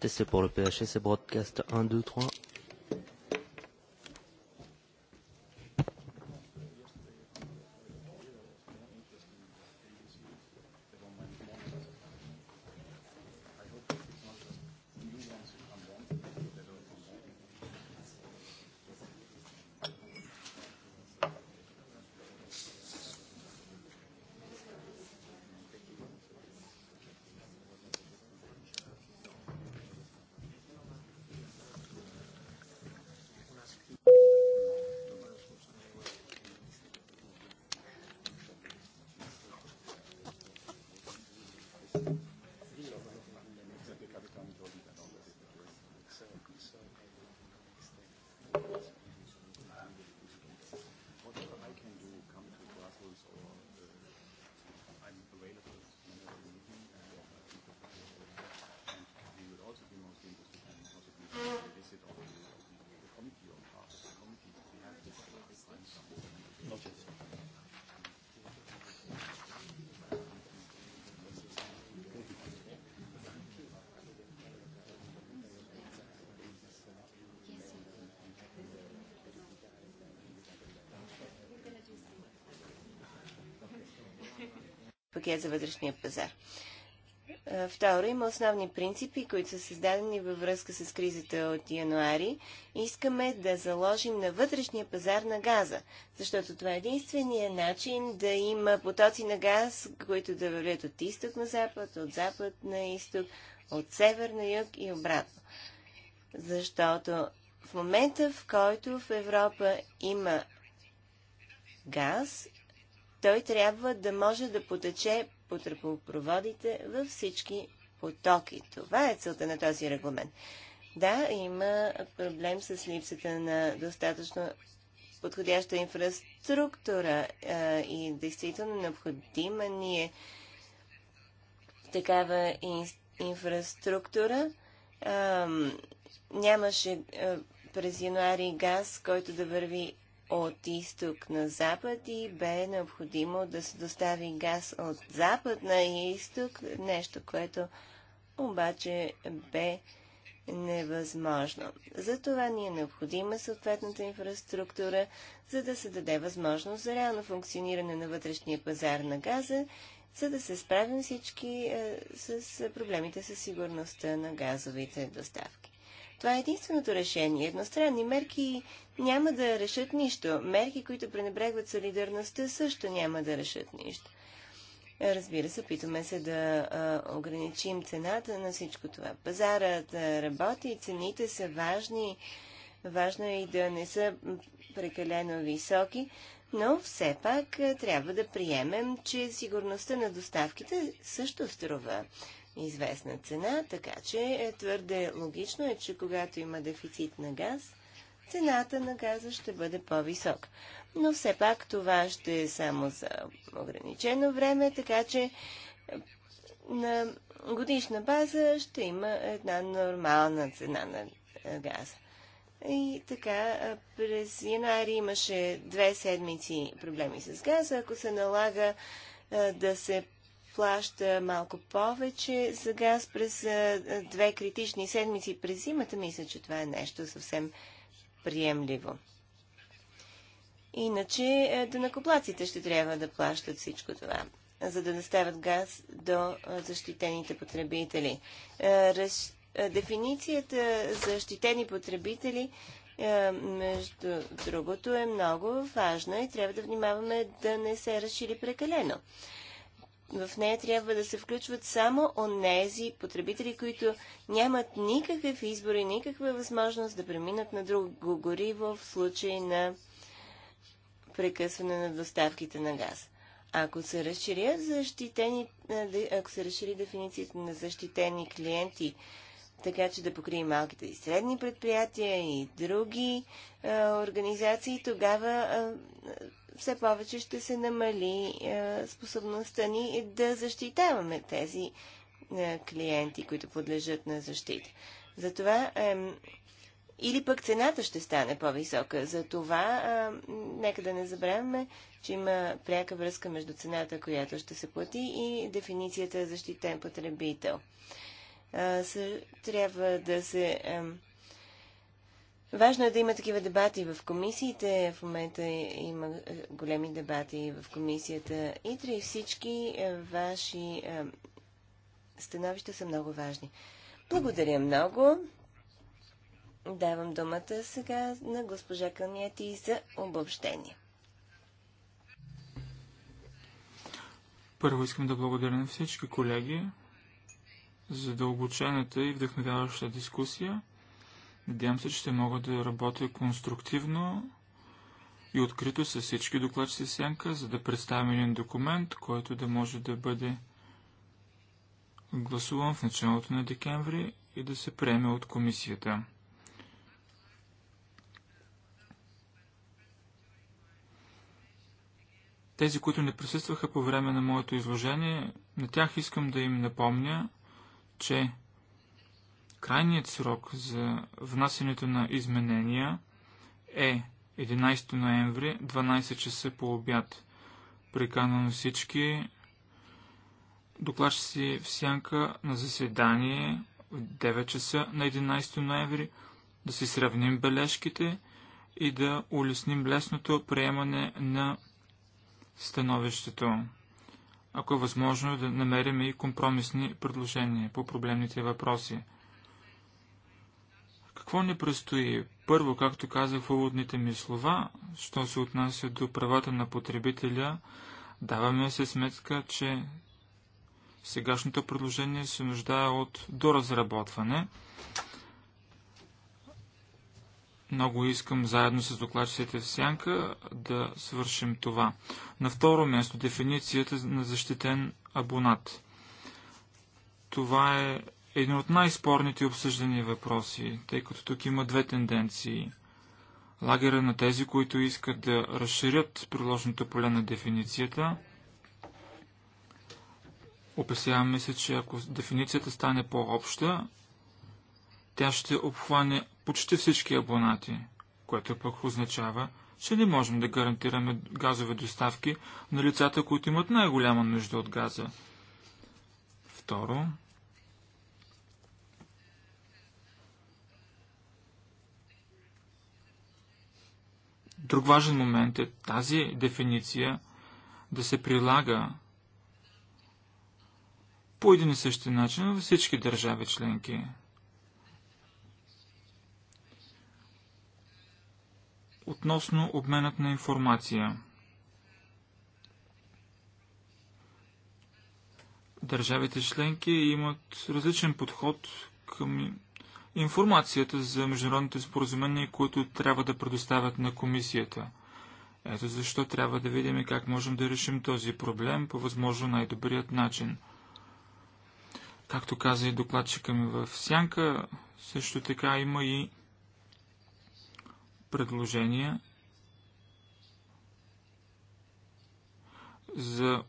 TC pour le PHS et broadcast 1, 2, 3. пакет за вътрешния пазар. Второ, има основни принципи, които са създадени във връзка с кризата от януари. Искаме да заложим на вътрешния пазар на газа, защото това е единствения начин да има потоци на газ, които да вървят от изток на запад, от запад на изток, от север на юг и обратно. Защото в момента, в който в Европа има газ, той трябва да може да потече по тръпопроводите във всички потоки. Това е целта на този регламент. Да, има проблем с липсата на достатъчно подходяща инфраструктура а, и действително необходима ни е такава ин, инфраструктура. А, нямаше а, през януари газ, който да върви от изток на запад и бе необходимо да се достави газ от запад на изток, нещо, което обаче бе невъзможно. Затова ни е необходима съответната инфраструктура, за да се даде възможност за реално функциониране на вътрешния пазар на газа, за да се справим всички е, с проблемите със сигурността на газовите доставки. Това е единственото решение. Едностранни мерки няма да решат нищо. Мерки, които пренебрегват солидарността, също няма да решат нищо. Разбира се, питаме се да а, ограничим цената на всичко това. Пазарът да работи, цените са важни. Важно е и да не са прекалено високи, но все пак трябва да приемем, че сигурността на доставките също струва известна цена, така че е твърде логично е, че когато има дефицит на газ, цената на газа ще бъде по-висока. Но все пак това ще е само за ограничено време, така че на годишна база ще има една нормална цена на е, газа. И така, през януари имаше две седмици проблеми с газа. Ако се налага да се плаща малко повече за газ през две критични седмици през зимата, мисля, че това е нещо съвсем приемливо. Иначе дънакоплаците ще трябва да плащат всичко това, за да доставят газ до защитените потребители. Дефиницията за защитени потребители между другото е много важна и трябва да внимаваме да не се разшири прекалено в нея трябва да се включват само онези потребители, които нямат никакъв избор и никаква възможност да преминат на друго гориво в случай на прекъсване на доставките на газ. Ако се защитени, ако се разшири дефиницията на защитени клиенти, така че да покрие малките и средни предприятия и други а, организации, тогава а, все повече ще се намали е, способността ни да защитаваме тези е, клиенти, които подлежат на защита. Затова или пък цената ще стане по-висока. За това, е, нека да не забравяме, че има пряка връзка между цената, която ще се плати и дефиницията защитен потребител. трябва да се Важно е да има такива дебати в комисиите. В момента има е, големи дебати в комисията и три всички е, ваши е, становища са много важни. Благодаря много. Давам думата сега на госпожа Кълнияти за обобщение. Първо искам да благодаря на всички колеги за дълбочената и вдъхновяваща дискусия. Надявам се, че ще мога да работя конструктивно и открито с всички докладчици сянка, за да представим един документ, който да може да бъде гласуван в началото на декември и да се приеме от комисията. Тези, които не присъстваха по време на моето изложение, на тях искам да им напомня, че Крайният срок за внасянето на изменения е 11 ноември, 12 часа по обяд. Приканвам всички докладчици в сянка на заседание от 9 часа на 11 ноември, да си сравним бележките и да улесним лесното приемане на становището. Ако е възможно, да намерим и компромисни предложения по проблемните въпроси. Какво ни предстои? Първо, както казах в уводните ми слова, що се отнася до правата на потребителя, даваме се сметка, че сегашното предложение се нуждае от доразработване. Много искам заедно с докладчиците в сянка да свършим това. На второ място дефиницията на защитен абонат. Това е един от най-спорните обсъждани въпроси, тъй като тук има две тенденции. Лагера на тези, които искат да разширят приложното поле на дефиницията. Опасяваме се, че ако дефиницията стане по-обща, тя ще обхване почти всички абонати, което пък означава, че не можем да гарантираме газови доставки на лицата, които имат най-голяма нужда от газа. Второ, Друг важен момент е тази дефиниция да се прилага по един и същи начин във всички държави членки. Относно обменът на информация. Държавите членки имат различен подход към информацията за международните споразумения, които трябва да предоставят на комисията. Ето защо трябва да видим как можем да решим този проблем по възможно най-добрият начин. Както каза и докладчика ми в Сянка, също така има и предложения за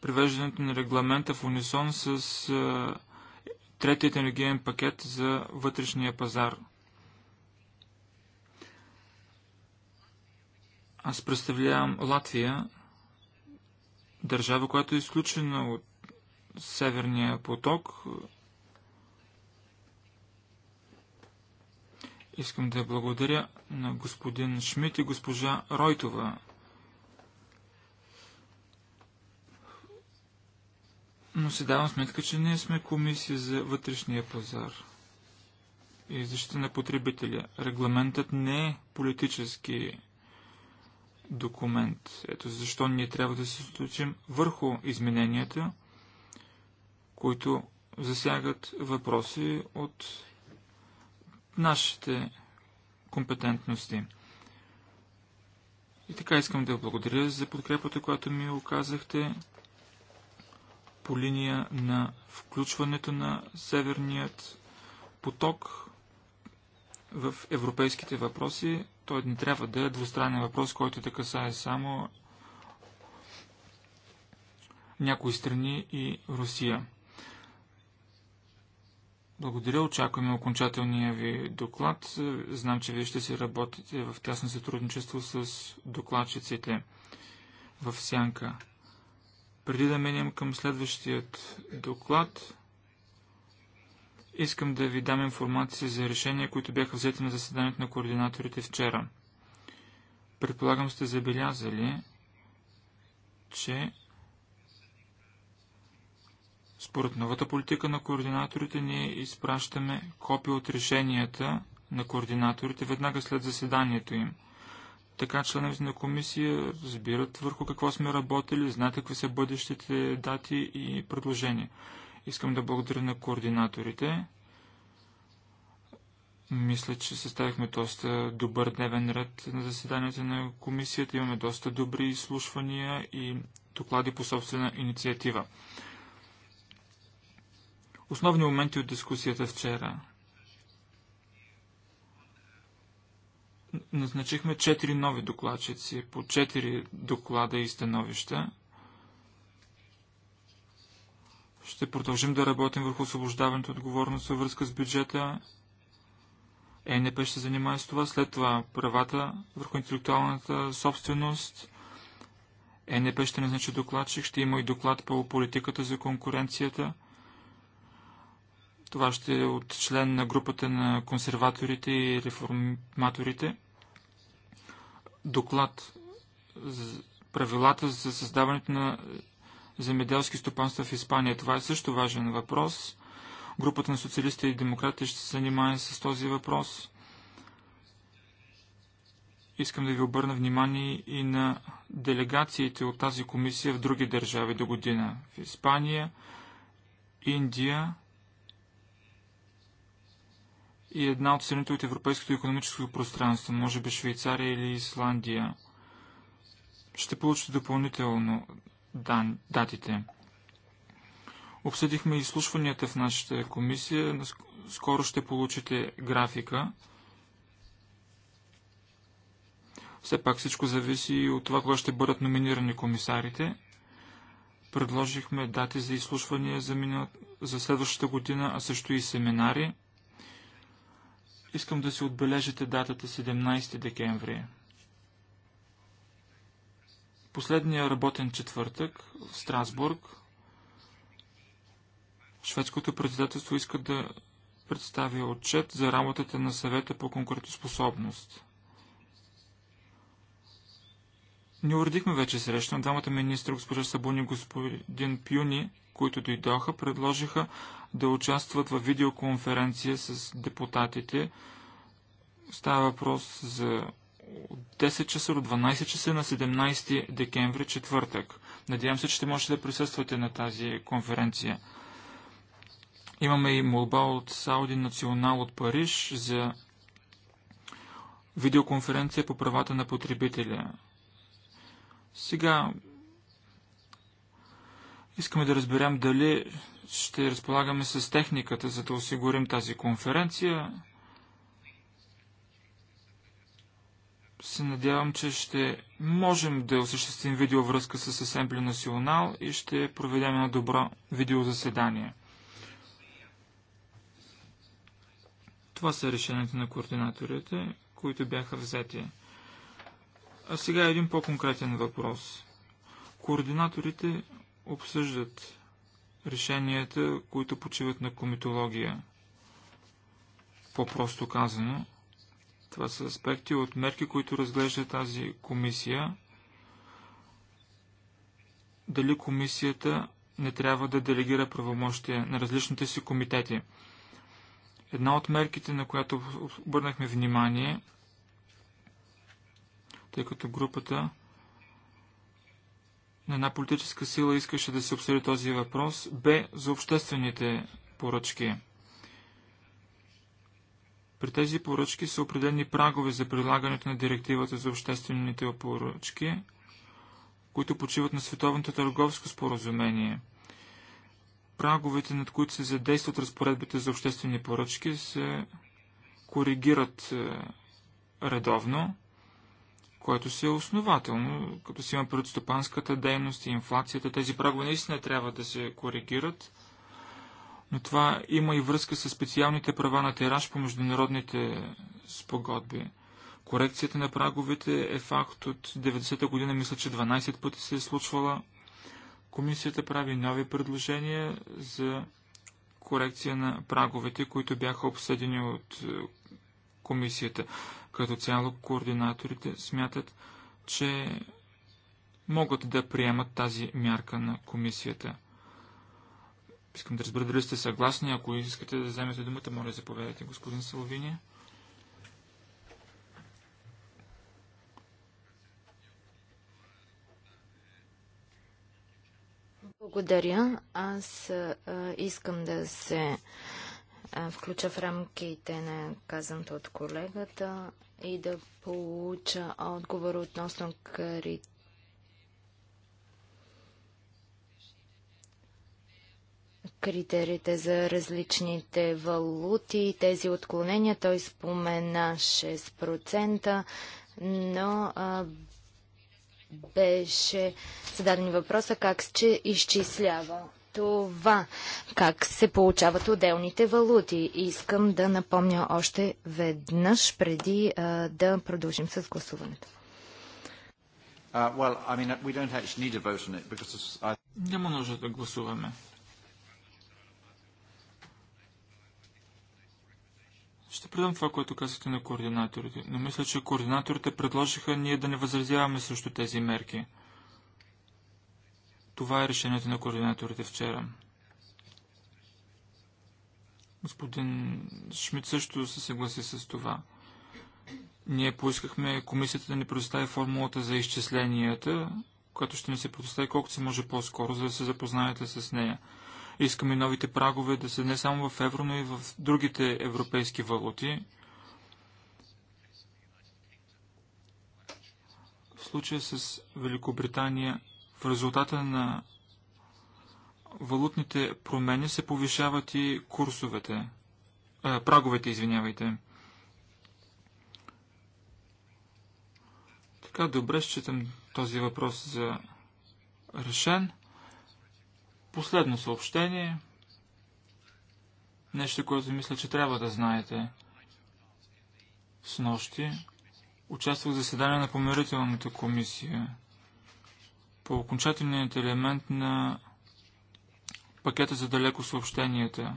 привеждането на регламента в унисон с третият енергиен пакет за вътрешния пазар. Аз представлявам Латвия, държава, която е изключена от Северния поток. Искам да благодаря на господин Шмидт и госпожа Ройтова Но си давам сметка, че ние сме комисия за вътрешния пазар и защита на потребителя. Регламентът не е политически документ. Ето защо ние трябва да се случим върху измененията, които засягат въпроси от нашите компетентности. И така искам да благодаря за подкрепата, която ми оказахте по линия на включването на Северният поток в европейските въпроси. Той не трябва да е двустранен въпрос, който да касае само някои страни и Русия. Благодаря, очакваме окончателния ви доклад. Знам, че вие ще си работите в тясно сътрудничество с докладчиците в Сянка. Преди да минем към следващият доклад, искам да ви дам информация за решения, които бяха взети на заседанието на координаторите вчера. Предполагам сте забелязали, че според новата политика на координаторите ние изпращаме копия от решенията на координаторите веднага след заседанието им – така членовете на комисия разбират върху какво сме работили, знаят какви са бъдещите дати и предложения. Искам да благодаря на координаторите. Мисля, че съставихме доста добър дневен ред на заседанията на комисията. Имаме доста добри изслушвания и доклади по собствена инициатива. Основни моменти от дискусията вчера – Назначихме 4 нови докладчици по 4 доклада и становища. Ще продължим да работим върху освобождаването отговорност във връзка с бюджета. ЕНП ще се занимава с това. След това правата върху интелектуалната собственост. ЕНП ще назначи докладчик. Ще има и доклад по политиката за конкуренцията. Това ще е от член на групата на консерваторите и реформаторите доклад за правилата за създаването на земеделски стопанства в Испания. Това е също важен въпрос. Групата на социалистите и демократите ще се занимае с този въпрос. Искам да ви обърна внимание и на делегациите от тази комисия в други държави до година. В Испания, Индия, и една от страните от европейското економическо пространство, може би Швейцария или Исландия. Ще получите допълнително дан, датите. Обсъдихме изслушванията в нашата комисия. Скоро ще получите графика. Все пак всичко зависи и от това, кога ще бъдат номинирани комисарите. Предложихме дати за изслушвания за, за следващата година, а също и семинари – Искам да си отбележите датата 17 декември. Последния работен четвъртък в Страсбург. Шведското председателство иска да представи отчет за работата на съвета по конкурентоспособност. Не уредихме вече среща. Двамата министра, госпожа Сабуни и господин Пюни, които дойдоха, предложиха да участват в видеоконференция с депутатите. Става въпрос за 10 часа до 12 часа на 17 декември, четвъртък. Надявам се, че ще можете да присъствате на тази конференция. Имаме и молба от Сауди Национал от Париж за видеоконференция по правата на потребителя. Сега Искаме да разберем дали ще разполагаме с техниката, за да осигурим тази конференция. Се надявам, че ще можем да осъществим видеовръзка с Асембли Национал и ще проведем едно добро видеозаседание. Това са решенията на координаторите, които бяха взети. А сега един по-конкретен въпрос. Координаторите обсъждат решенията, които почиват на комитология. По-просто казано, това са аспекти от мерки, които разглежда тази комисия. Дали комисията не трябва да делегира правомощия на различните си комитети. Една от мерките, на която обърнахме внимание, тъй като групата на една политическа сила искаше да се обсъди този въпрос, бе за обществените поръчки. При тези поръчки са определени прагове за прилагането на директивата за обществените поръчки, които почиват на Световното търговско споразумение. Праговете, над които се задействат разпоредбите за обществени поръчки, се коригират е, редовно което си е основателно, като си има предстопанската дейност и инфлацията. Тези прагове наистина трябва да се коригират, но това има и връзка с специалните права на тираж по международните спогодби. Корекцията на праговете е факт от 90-та година, мисля, че 12 пъти се е случвала. Комисията прави нови предложения за корекция на праговете, които бяха обсъдени от комисията. Като цяло координаторите смятат, че могат да приемат тази мярка на комисията. Искам да разбера дали сте съгласни. Ако искате да вземете думата, моля заповядайте, господин Саловини. Благодаря. Аз а, искам да се а, включа в рамките на казаното от колегата и да получа отговор относно карите критериите за различните валути, тези отклонения. Той спомена 6%, но а, беше зададен въпроса как се изчислява това как се получават отделните валути. Искам да напомня още веднъж преди а, да продължим с гласуването. Uh, Няма нужда да гласуваме. Ще предам това, което казахте на координаторите, но мисля, че координаторите предложиха ние да не възразяваме срещу тези мерки. Това е решението на координаторите вчера. Господин Шмидт също се съгласи с това. Ние поискахме комисията да ни предостави формулата за изчисленията, която ще ни се предостави колкото се може по-скоро, за да се запознаете с нея. Искаме новите прагове да са не само в евро, но и в другите европейски валути. В случая с Великобритания в резултата на валутните промени се повишават и курсовете, а, праговете, извинявайте. Така, добре, считам този въпрос за решен. Последно съобщение. Нещо, което мисля, че трябва да знаете. С нощи участвах в заседание на помирителната комисия по окончателният елемент на пакета за далеко съобщенията,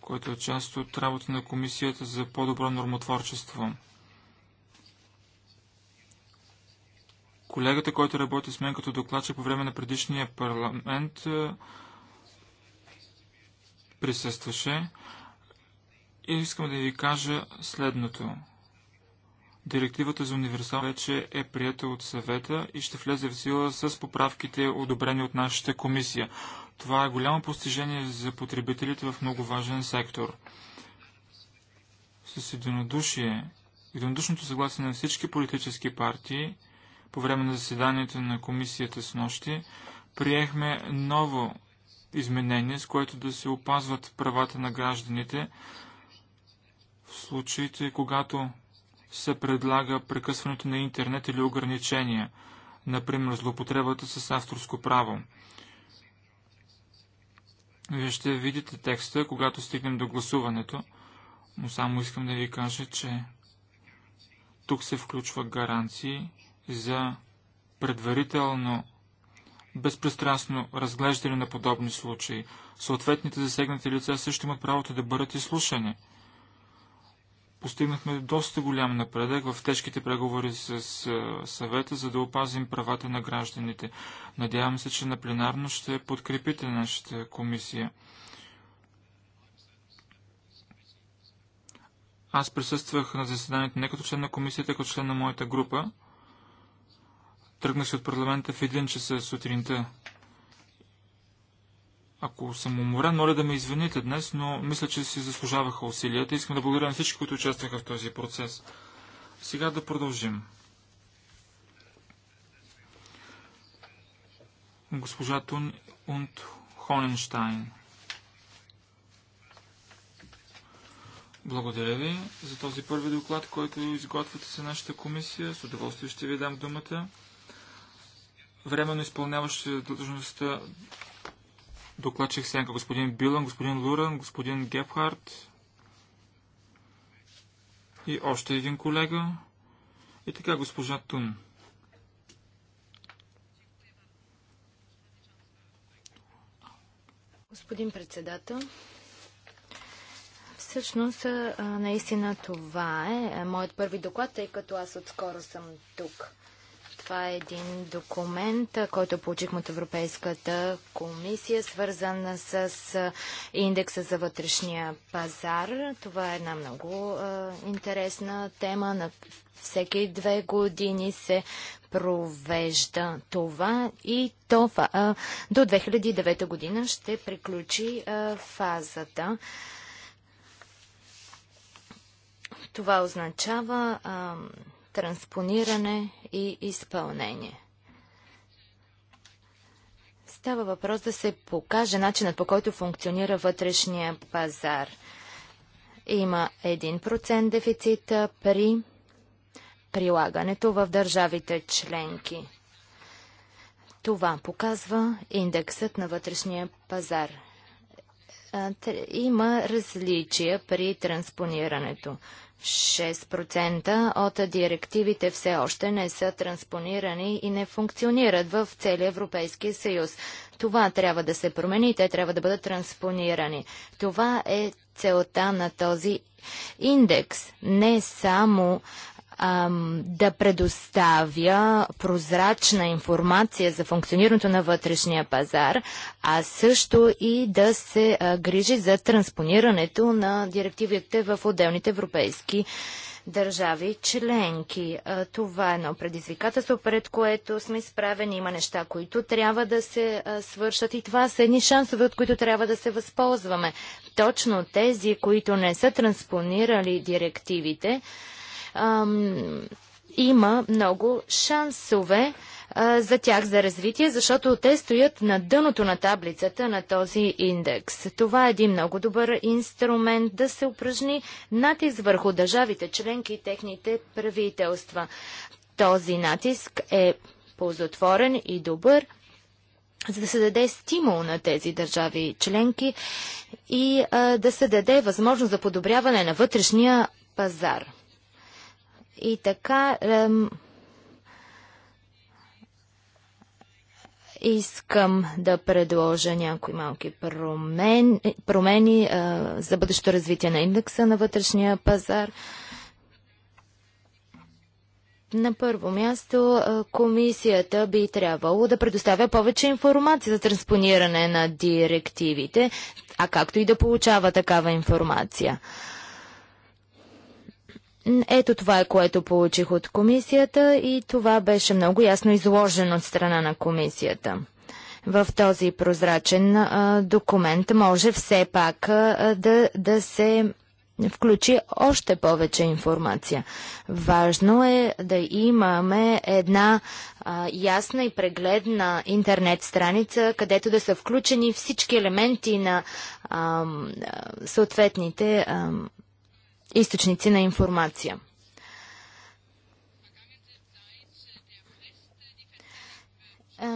който е част от работа на Комисията за по-добро нормотворчество. Колегата, който работи с мен като докладчик по време на предишния парламент, е, присъстваше. И искам да ви кажа следното. Директивата за универсал вече е прията от съвета и ще влезе в сила с поправките, одобрени от нашата комисия. Това е голямо постижение за потребителите в много важен сектор. С единодушие, единодушното съгласие на всички политически партии, по време на заседанието на комисията с нощи, приехме ново изменение, с което да се опазват правата на гражданите в случаите, когато се предлага прекъсването на интернет или ограничения, например злоупотребата с авторско право. Вие ще видите текста, когато стигнем до гласуването, но само искам да ви кажа, че тук се включва гаранции за предварително безпристрастно разглеждане на подобни случаи. Съответните засегнати лица също имат правото да бъдат изслушани – Постигнахме доста голям напредък в тежките преговори с съвета, за да опазим правата на гражданите. Надявам се, че на пленарно ще подкрепите нашата комисия. Аз присъствах на заседанието не като член на комисията, като член на моята група. Тръгнах се от парламента в един часа сутринта. Ако съм уморен, моля да ме извините днес, но мисля, че си заслужаваха усилията. Искам да благодаря на всички, които участваха в този процес. Сега да продължим. Госпожа Тун Унт Хоненштайн. Благодаря ви за този първи доклад, който изготвяте с нашата комисия. С удоволствие ще ви дам думата. Временно изпълняваща длъжността докладчик сянка господин Билан, господин Луран, господин Гепхарт и още един колега. И така госпожа Тун. Господин председател, всъщност наистина това е моят първи доклад, тъй като аз отскоро съм тук. Това е един документ, който получихме от Европейската комисия, свързан с индекса за вътрешния пазар. Това е една много интересна тема. На всеки две години се провежда това и то до 2009 година ще приключи фазата. Това означава транспониране и изпълнение. Става въпрос да се покаже начинът по който функционира вътрешния пазар. Има 1% дефицита при прилагането в държавите членки. Това показва индексът на вътрешния пазар. Има различия при транспонирането. 6% от директивите все още не са транспонирани и не функционират в целия Европейски съюз. Това трябва да се промени и те трябва да бъдат транспонирани. Това е целта на този индекс. Не само да предоставя прозрачна информация за функционирането на вътрешния пазар, а също и да се грижи за транспонирането на директивите в отделните европейски държави членки. това е едно предизвикателство, пред което сме изправени. Има неща, които трябва да се свършат и това са едни шансове, от които трябва да се възползваме. Точно тези, които не са транспонирали директивите, ам, има много шансове за тях за развитие, защото те стоят на дъното на таблицата на този индекс. Това е един много добър инструмент да се упражни натиск върху държавите членки и техните правителства. Този натиск е ползотворен и добър, за да се даде стимул на тези държави членки и а, да се даде възможност за подобряване на вътрешния пазар. И така ем, искам да предложа някои малки промен, промени е, за бъдещето развитие на индекса на вътрешния пазар. На първо място, е, комисията би трябвало да предоставя повече информация за транспониране на директивите, а както и да получава такава информация. Ето това е, което получих от комисията и това беше много ясно изложено от страна на комисията. В този прозрачен а, документ може все пак а, да, да се включи още повече информация. Важно е да имаме една а, ясна и прегледна интернет страница, където да са включени всички елементи на а, съответните а, източници на информация. Е,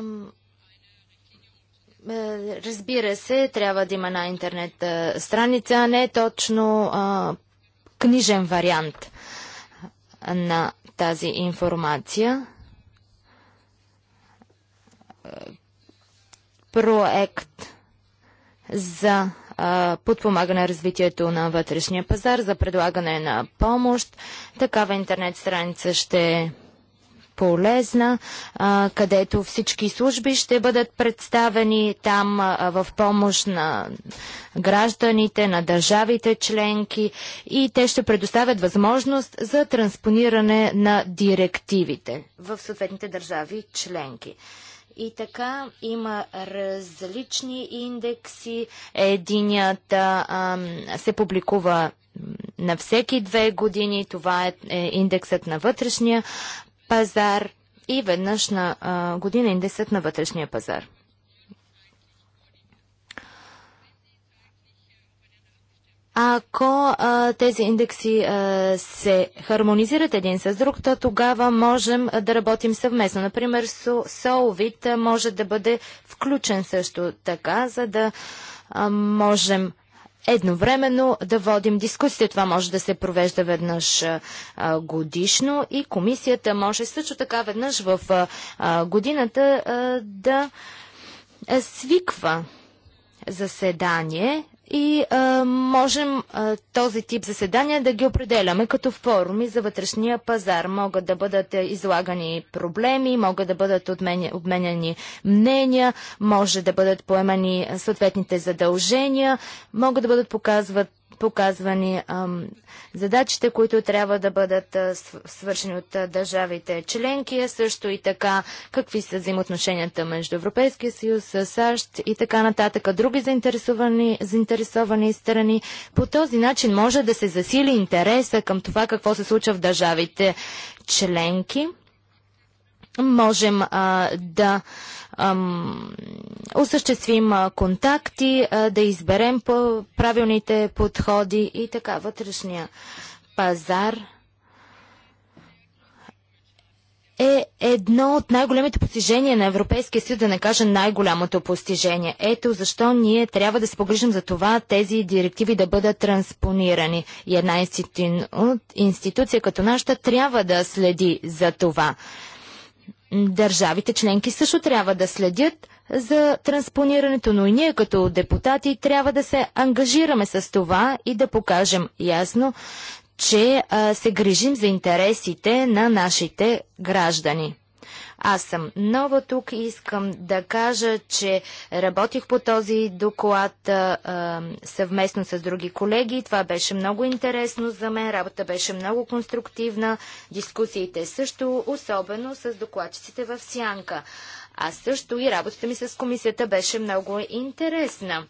разбира се, трябва да има на интернет е, страница, а не точно книжен вариант на тази информация. Е, проект за подпомагане на развитието на вътрешния пазар, за предлагане на помощ. Такава интернет страница ще е полезна, където всички служби ще бъдат представени там в помощ на гражданите, на държавите членки и те ще предоставят възможност за транспониране на директивите в съответните държави членки. И така има различни индекси. Единият а, се публикува на всеки две години. Това е, е, индексът на вътрешния пазар и веднъж на а, година индексът на вътрешния пазар. Ако а, тези индекси а, се хармонизират един с друг, то тогава можем да работим съвместно. Например, Solvit може да бъде включен също така, за да а, можем едновременно да водим дискусия. Това може да се провежда веднъж а, годишно и комисията може също така веднъж в а, годината а, да свиква заседание, и а, можем а, този тип заседания да ги определяме като форуми за вътрешния пазар. Могат да бъдат излагани проблеми, могат да бъдат обменяни мнения, може да бъдат поемани съответните задължения, могат да бъдат показват показвани ам, задачите, които трябва да бъдат а, свършени от а, държавите членки, а също и така какви са взаимоотношенията между Европейския съюз, САЩ и така нататък, други заинтересовани, заинтересовани страни. По този начин може да се засили интереса към това какво се случва в държавите членки можем а, да ам, осъществим а, контакти, а, да изберем по правилните подходи и така вътрешния пазар е едно от най-големите постижения на Европейския съюз, да не кажа най-голямото постижение. Ето защо ние трябва да се погрижим за това тези директиви да бъдат транспонирани. И една институ... институция като нашата трябва да следи за това. Държавите членки също трябва да следят за транспонирането, но и ние като депутати трябва да се ангажираме с това и да покажем ясно, че а, се грижим за интересите на нашите граждани. Аз съм нова тук и искам да кажа, че работих по този доклад а, съвместно с други колеги. Това беше много интересно за мен. Работа беше много конструктивна. Дискусиите също, особено с докладчиците в Сянка. А също и работата ми с комисията беше много интересна.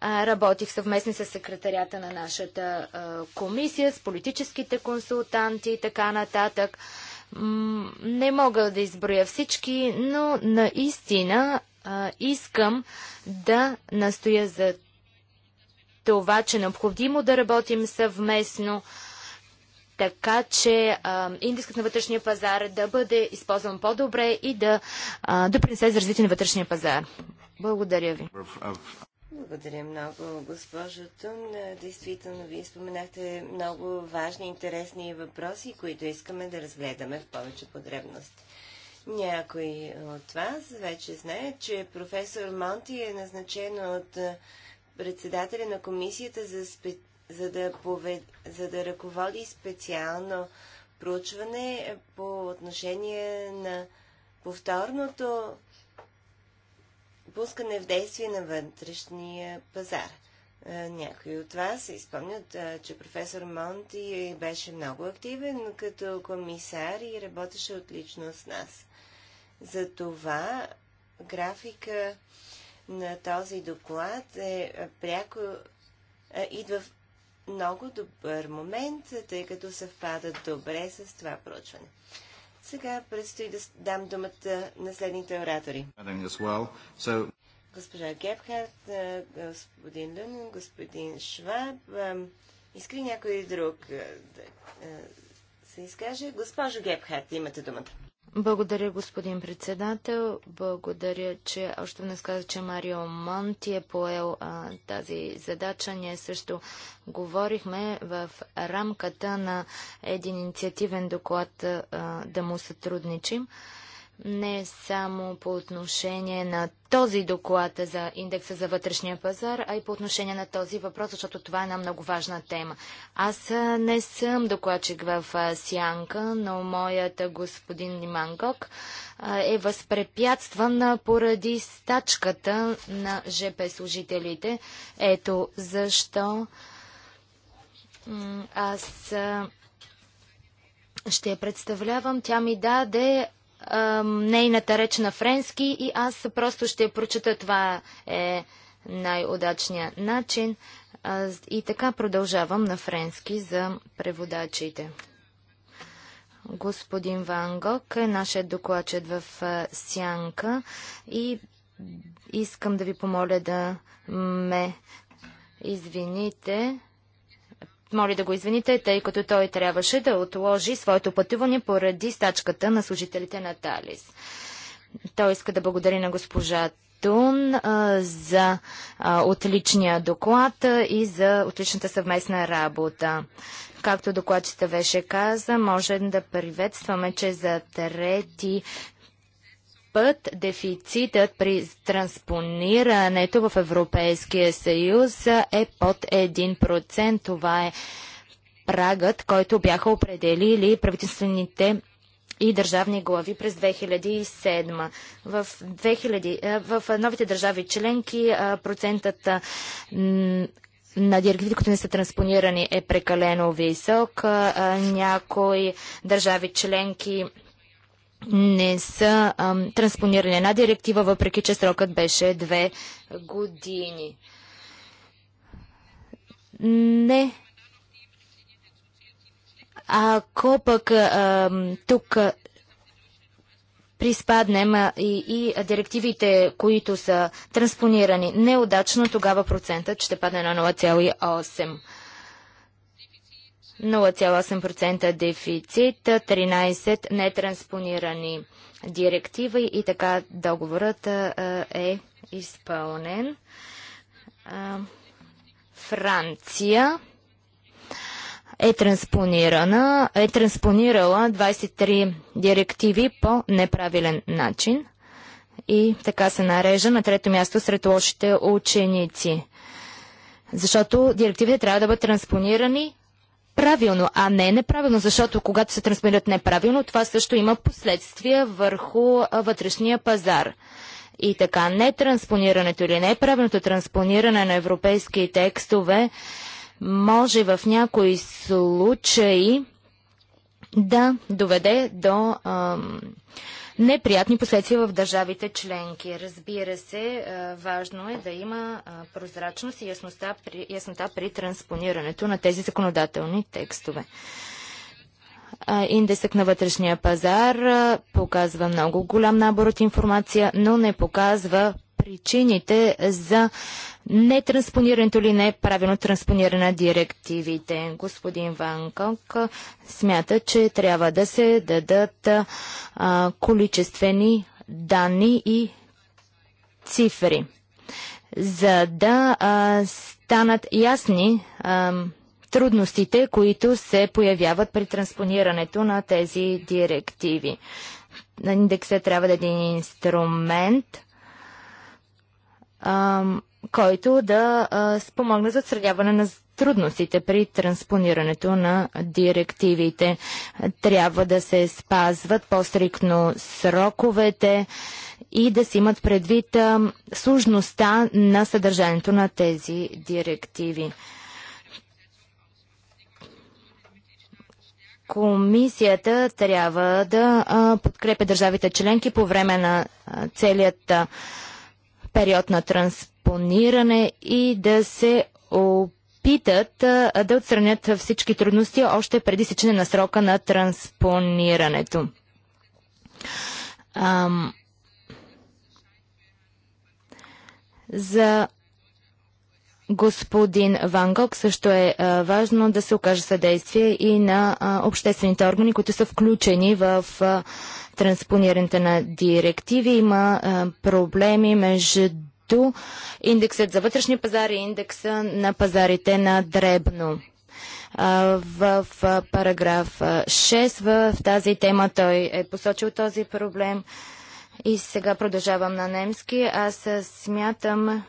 А, работих съвместно с секретарята на нашата а, комисия, с политическите консултанти и така нататък. Не мога да изброя всички, но наистина а, искам да настоя за това, че е необходимо да работим съвместно, така че а, на вътрешния пазар да бъде използван по-добре и да допринесе да за развитие на вътрешния пазар. Благодаря ви. Благодаря много, госпожо Тун. Действително, вие споменахте много важни, интересни въпроси, които искаме да разгледаме в повече подребности. Някой от вас вече знае, че професор Монти е назначен от председателя на комисията за, спе... за, да, повед... за да ръководи специално проучване по отношение на повторното пускане в действие на вътрешния пазар. Е, някои от вас се изпомнят, е, че професор Монти беше много активен като комисар и работеше отлично с нас. Затова графика на този доклад е, е пряко идва в много добър момент, тъй като съвпадат добре с това проучване. Сега предстои да дам думата на следните оратори. Госпожа Гепхарт, господин Лун, господин Шваб. Искри някой друг да се изкаже? Госпожо Гепхарт, имате думата. Благодаря, господин председател. Благодаря, че още не сказа, че Марио Монти е поел а, тази задача. Ние също говорихме в рамката на един инициативен доклад а, да му сътрудничим не само по отношение на този доклад за индекса за вътрешния пазар, а и по отношение на този въпрос, защото това е една много важна тема. Аз не съм докладчик в Сянка, но моят господин Нимангок е възпрепятстван поради стачката на ЖП служителите. Ето защо аз ще я представлявам. Тя ми даде нейната реч на френски и аз просто ще прочета това е най-удачният начин. и така продължавам на френски за преводачите. Господин Ван Гог е нашият докладчет в Сянка и искам да ви помоля да ме извините моли да го извините, тъй като той трябваше да отложи своето пътуване поради стачката на служителите на Талис. Той иска да благодари на госпожа Тун а, за а, отличния доклад а, и за отличната съвместна работа. Както докладчета беше каза, можем да приветстваме, че за трети път дефицитът при транспонирането в Европейския съюз е под 1%. Това е прагът, който бяха определили правителствените и държавни глави през 2007. В, 2000, в новите държави членки процентът на директивите, които не са транспонирани, е прекалено висок. Някои държави членки не са ам, една директива, въпреки че срокът беше две години. Не. Ако пък ам, тук приспаднем и, и директивите, които са транспонирани неудачно, тогава процентът ще падне на 0,8. 0,8% дефицит, 13 нетранспонирани директиви и така договорът е изпълнен. Франция е транспонирана, е транспонирала 23 директиви по неправилен начин и така се нарежа на трето място сред лошите ученици. Защото директивите трябва да бъдат транспонирани правилно, а не неправилно, защото когато се трансмират неправилно, това също има последствия върху вътрешния пазар. И така, нетранспонирането или неправилното транспониране на европейски текстове може в някои случаи да доведе до ам, неприятни последствия в държавите членки. Разбира се, е, важно е да има е, прозрачност и яснота при, яснота при транспонирането на тези законодателни текстове. Е, индексът на вътрешния пазар показва много голям набор от информация, но не показва причините за нетранспонирането или неправилно транспониране на директивите. Господин Ванкок смята, че трябва да се дадат а, количествени данни и цифри, за да а, станат ясни а, трудностите, които се появяват при транспонирането на тези директиви. Индексът трябва да е един инструмент, който да спомогне за отстраняване на трудностите при транспонирането на директивите. Трябва да се спазват по-стрикно сроковете и да се имат предвид сложността на съдържанието на тези директиви. Комисията трябва да подкрепя държавите членки по време на а, целият период на транспониране и да се опитат да отстранят всички трудности още преди сечене на срока на транспонирането. Ам... За господин Ван Гог също е а, важно да се окаже съдействие и на а, обществените органи, които са включени в а, транспонирането на директиви. Има проблеми между индексът за вътрешни пазари и индекса на пазарите на дребно. В параграф 6 в, в тази тема той е посочил този проблем. И сега продължавам на немски. Аз смятам,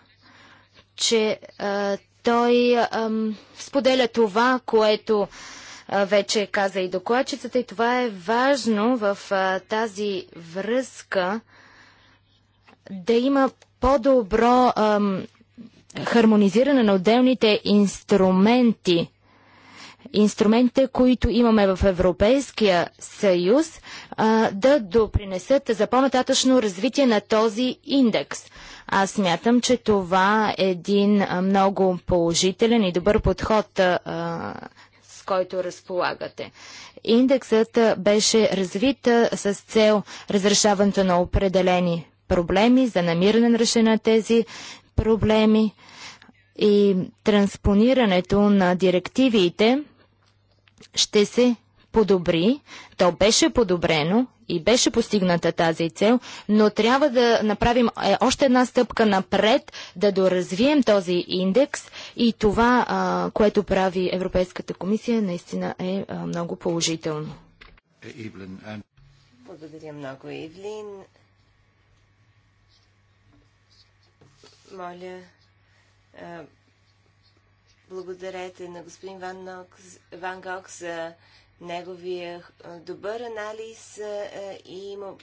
че а, той а, споделя това, което а, вече каза и докладчицата и това е важно в а, тази връзка да има по-добро хармонизиране на отделните инструменти инструментите, които имаме в Европейския съюз, а, да допринесат за по-нататъчно развитие на този индекс. Аз смятам, че това е един много положителен и добър подход, а, с който разполагате. Индексът беше развит с цел разрешаването на определени проблеми, за намиране на решение на тези проблеми и транспонирането на директивите ще се подобри. То беше подобрено и беше постигната тази цел, но трябва да направим е, още една стъпка напред, да доразвием този индекс и това, а, което прави Европейската комисия, наистина е а, много положително. Е, Благодаря много, Ивлин. Моля, Благодарете на господин Ван, Нок, Ван Гог за неговия добър анализ и му...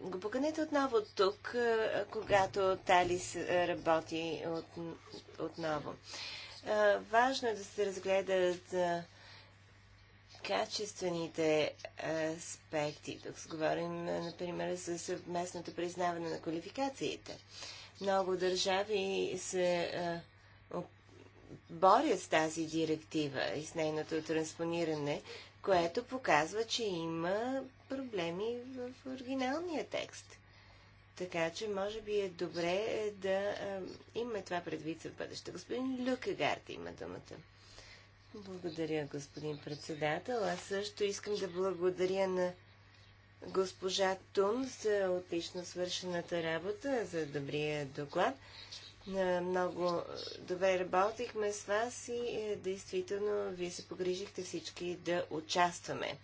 го поканете отново тук, когато Талис работи от... отново. Важно е да се разгледат качествените аспекти. Тук говорим, например, за съвместното признаване на квалификациите. Много държави се Боря с тази директива и с нейното транспониране, което показва, че има проблеми в оригиналния текст. Така че, може би е добре е, да а, имаме това предвид за бъдеще. Господин Люкегард има думата. Благодаря, господин председател. Аз също искам да благодаря на госпожа Тун за отлично свършената работа, за добрия доклад. Много добре работихме с вас и е, действително вие се погрижихте всички да участваме.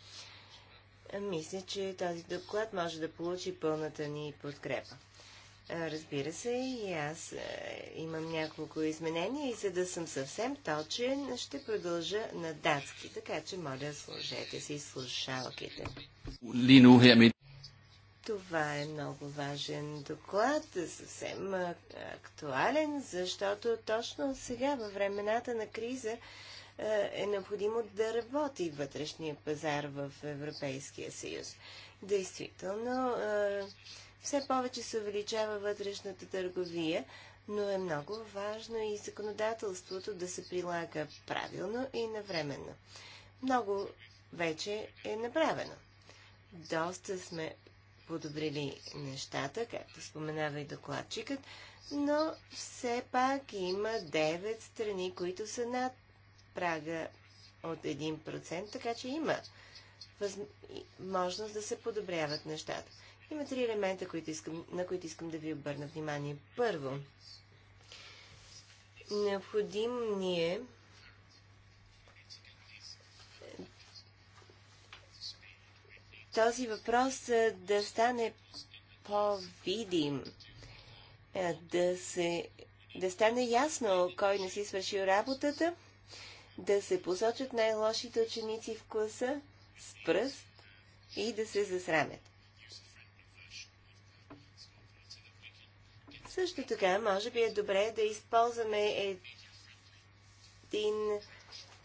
Мисля, че този доклад може да получи пълната ни подкрепа. Разбира се, и аз е, имам няколко изменения и за да съм съвсем точен, ще продължа на датски, така че моля, сложете си слушалките. Лино, това е много важен доклад, съвсем актуален, защото точно сега, във времената на криза, е необходимо да работи вътрешния пазар в Европейския съюз. Действително, все повече се увеличава вътрешната търговия, но е много важно и законодателството да се прилага правилно и навременно. Много вече е направено. Доста сме подобрили нещата, както споменава и докладчикът, но все пак има 9 страни, които са над прага от 1%, така че има възможност да се подобряват нещата. Има три елемента, които искам, на които искам да ви обърна внимание. Първо, необходим ни е този въпрос е, да стане по-видим, е, да, се, да стане ясно кой не си свършил работата, да се посочат най-лошите ученици в класа с пръст и да се засрамят. Също така, може би е добре да използваме един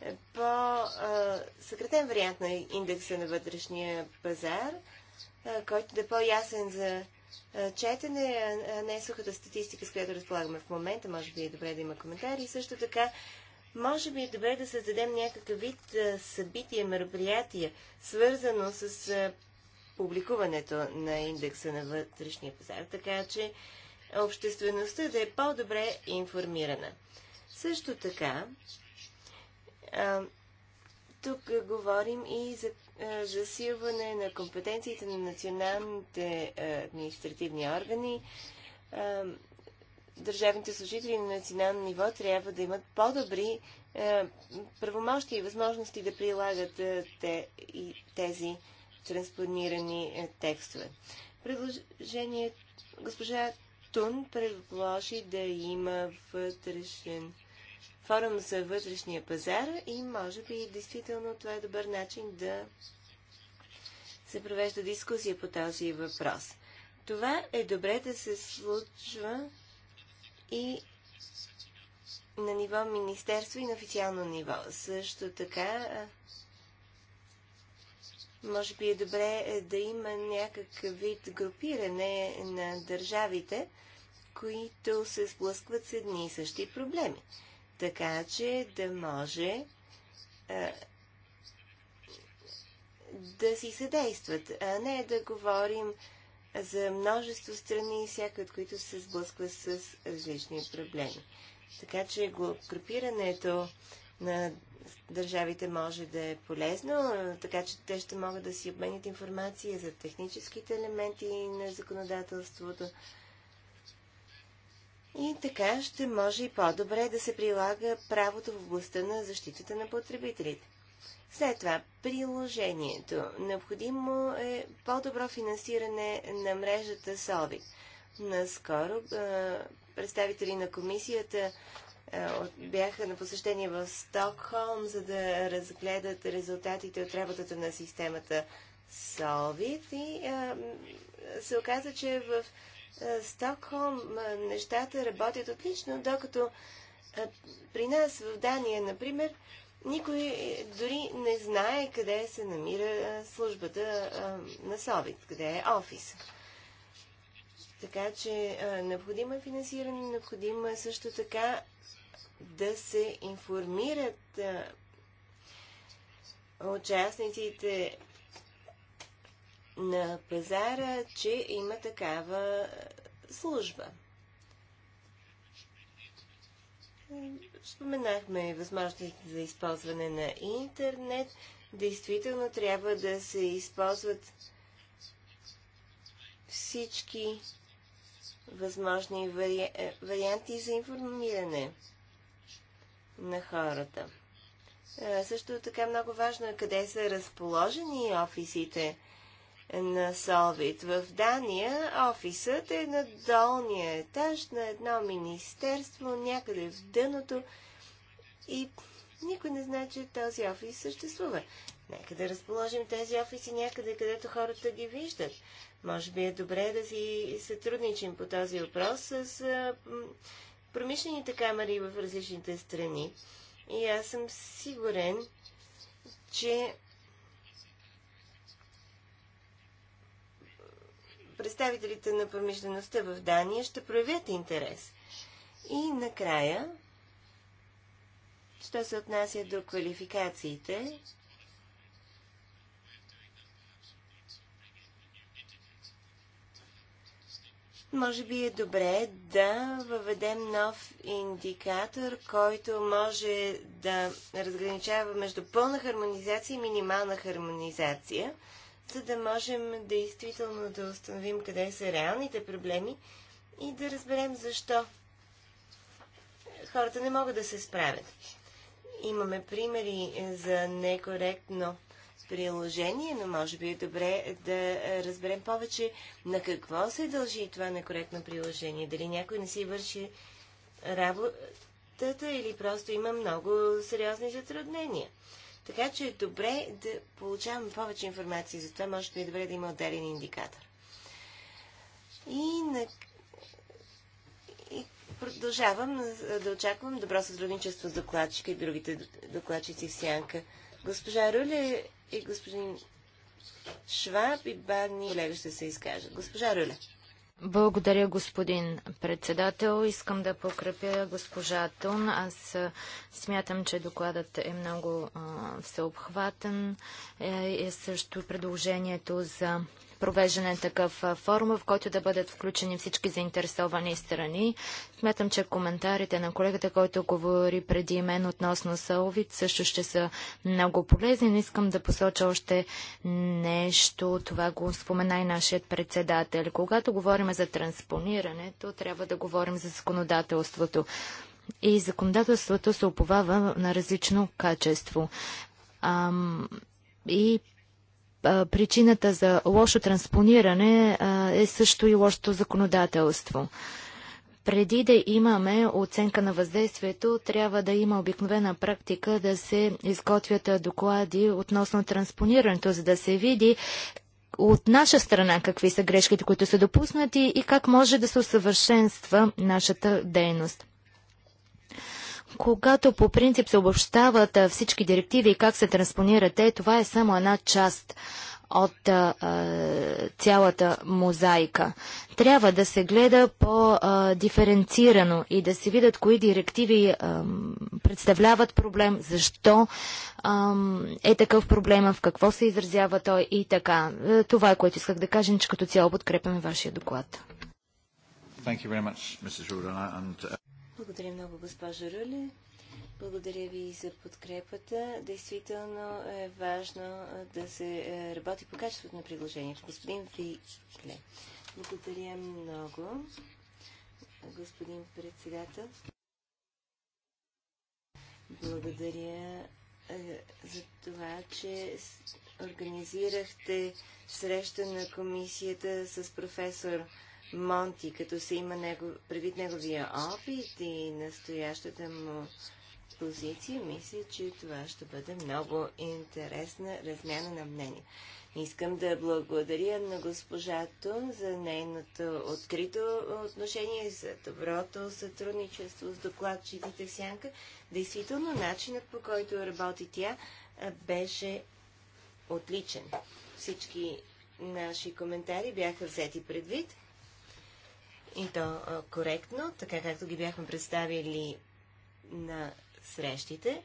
е по-съкратен вариант на индекса на вътрешния пазар, е, който да е по-ясен за е, четене, а не сухата статистика, с която разполагаме в момента. Може би е добре да има коментари. И също така, може би е добре да създадем някакъв вид събитие, мероприятие, свързано с публикуването на индекса на вътрешния пазар, така че обществеността да е по-добре информирана. Също така, тук говорим и за засилване на компетенциите на националните административни органи. държавните служители на национално ниво трябва да имат по-добри правомощи и възможности да прилагат те, и тези транспонирани текстове. Предложение госпожа Тун предложи да има вътрешен форум за вътрешния пазар и може би действително това е добър начин да се провежда дискусия по този въпрос. Това е добре да се случва и на ниво министерство и на официално ниво. Също така, може би е добре е, да има някакъв вид групиране на държавите, които се сблъскват с едни и същи проблеми така че да може а, да си съдействат, а не да говорим за множество страни, всяка от които се сблъсква с различни проблеми. Така че групирането на държавите може да е полезно, така че те ще могат да си обменят информация за техническите елементи на законодателството, и така ще може и по-добре да се прилага правото в областта на защитата на потребителите. След това, приложението. Необходимо е по-добро финансиране на мрежата СОВИ. Наскоро представители на комисията бяха на посещение в Стокхолм, за да разгледат резултатите от работата на системата СОВИ. и се оказа, че в е, Стокхолм е, нещата работят отлично, докато е, при нас в Дания, например, никой дори не знае къде се намира службата на Совет, къде е офис. Така че необходимо е финансиране, необходимо е също така да се информират участниците на пазара, че има такава служба. Споменахме възможностите за използване на интернет. Действително трябва да се използват всички възможни вари... Е, варианти за информиране на хората. Също така много важно е къде са разположени офисите на Солвит. В Дания офисът е на долния етаж на едно министерство, някъде в дъното и никой не знае, че този офис съществува. Нека да разположим тези офиси някъде, където хората ги виждат. Може би е добре да си сътрудничим по този въпрос с промишлените камери в различните страни. И аз съм сигурен, че представителите на промишлеността в Дания ще проявят интерес. И накрая, що се отнася до квалификациите, може би е добре да въведем нов индикатор, който може да разграничава между пълна хармонизация и минимална хармонизация – за да можем действително да установим къде са реалните проблеми и да разберем защо хората не могат да се справят. Имаме примери е, за некоректно приложение, но може би е добре да разберем повече на какво се дължи това некоректно приложение. Дали някой не си върши работата или просто има много сериозни затруднения. Така че е добре да получаваме повече информация. Затова може да е добре да има отделен индикатор. И, на... и продължавам да очаквам добро сътрудничество с докладчика и другите докладчици в Сянка. Госпожа Руле и господин Шваб и Барни колега ще се изкажат. Госпожа Руле. Благодаря, господин председател. Искам да покрепя госпожа Тун. Аз смятам, че докладът е много а, всеобхватен. Е, е също предложението за провеждане на такъв форум, в който да бъдат включени всички заинтересовани страни. Сметам, че коментарите на колегата, който говори преди мен относно Салвит, също ще са много полезни. Искам да посоча още нещо. Това го спомена и нашият председател. Когато говорим за транспонирането, трябва да говорим за законодателството. И законодателството се оповава на различно качество. Ам, и причината за лошо транспониране е също и лошото законодателство. Преди да имаме оценка на въздействието, трябва да има обикновена практика да се изготвят доклади относно транспонирането, за да се види от наша страна какви са грешките, които са допуснати и как може да се усъвършенства нашата дейност. Когато по принцип се обобщават всички директиви и как се транспонират те, това е само една част от а, цялата мозайка. Трябва да се гледа по-диференцирано и да се видят кои директиви а, представляват проблем, защо а, е такъв проблема, в какво се изразява той и така. Това е което исках да кажа, че като цяло подкрепяме вашия доклад. Much, Jordan, and... Uh, благодаря много, госпожа Руле. Благодаря ви за подкрепата. Действително е важно да се работи по качеството на приложението. Господин Фикле, благодаря много, господин председател. Благодаря за това, че организирахте среща на комисията с професор Монти, като се има негов, предвид неговия опит и настоящата му позиция, мисля, че това ще бъде много интересна размяна на мнение. Искам да благодаря на госпожато за нейното открито отношение, за доброто сътрудничество с докладчиците в Сянка. Действително, начинът по който работи тя беше отличен. Всички наши коментари бяха взети предвид и то коректно, така както ги бяхме представили на срещите.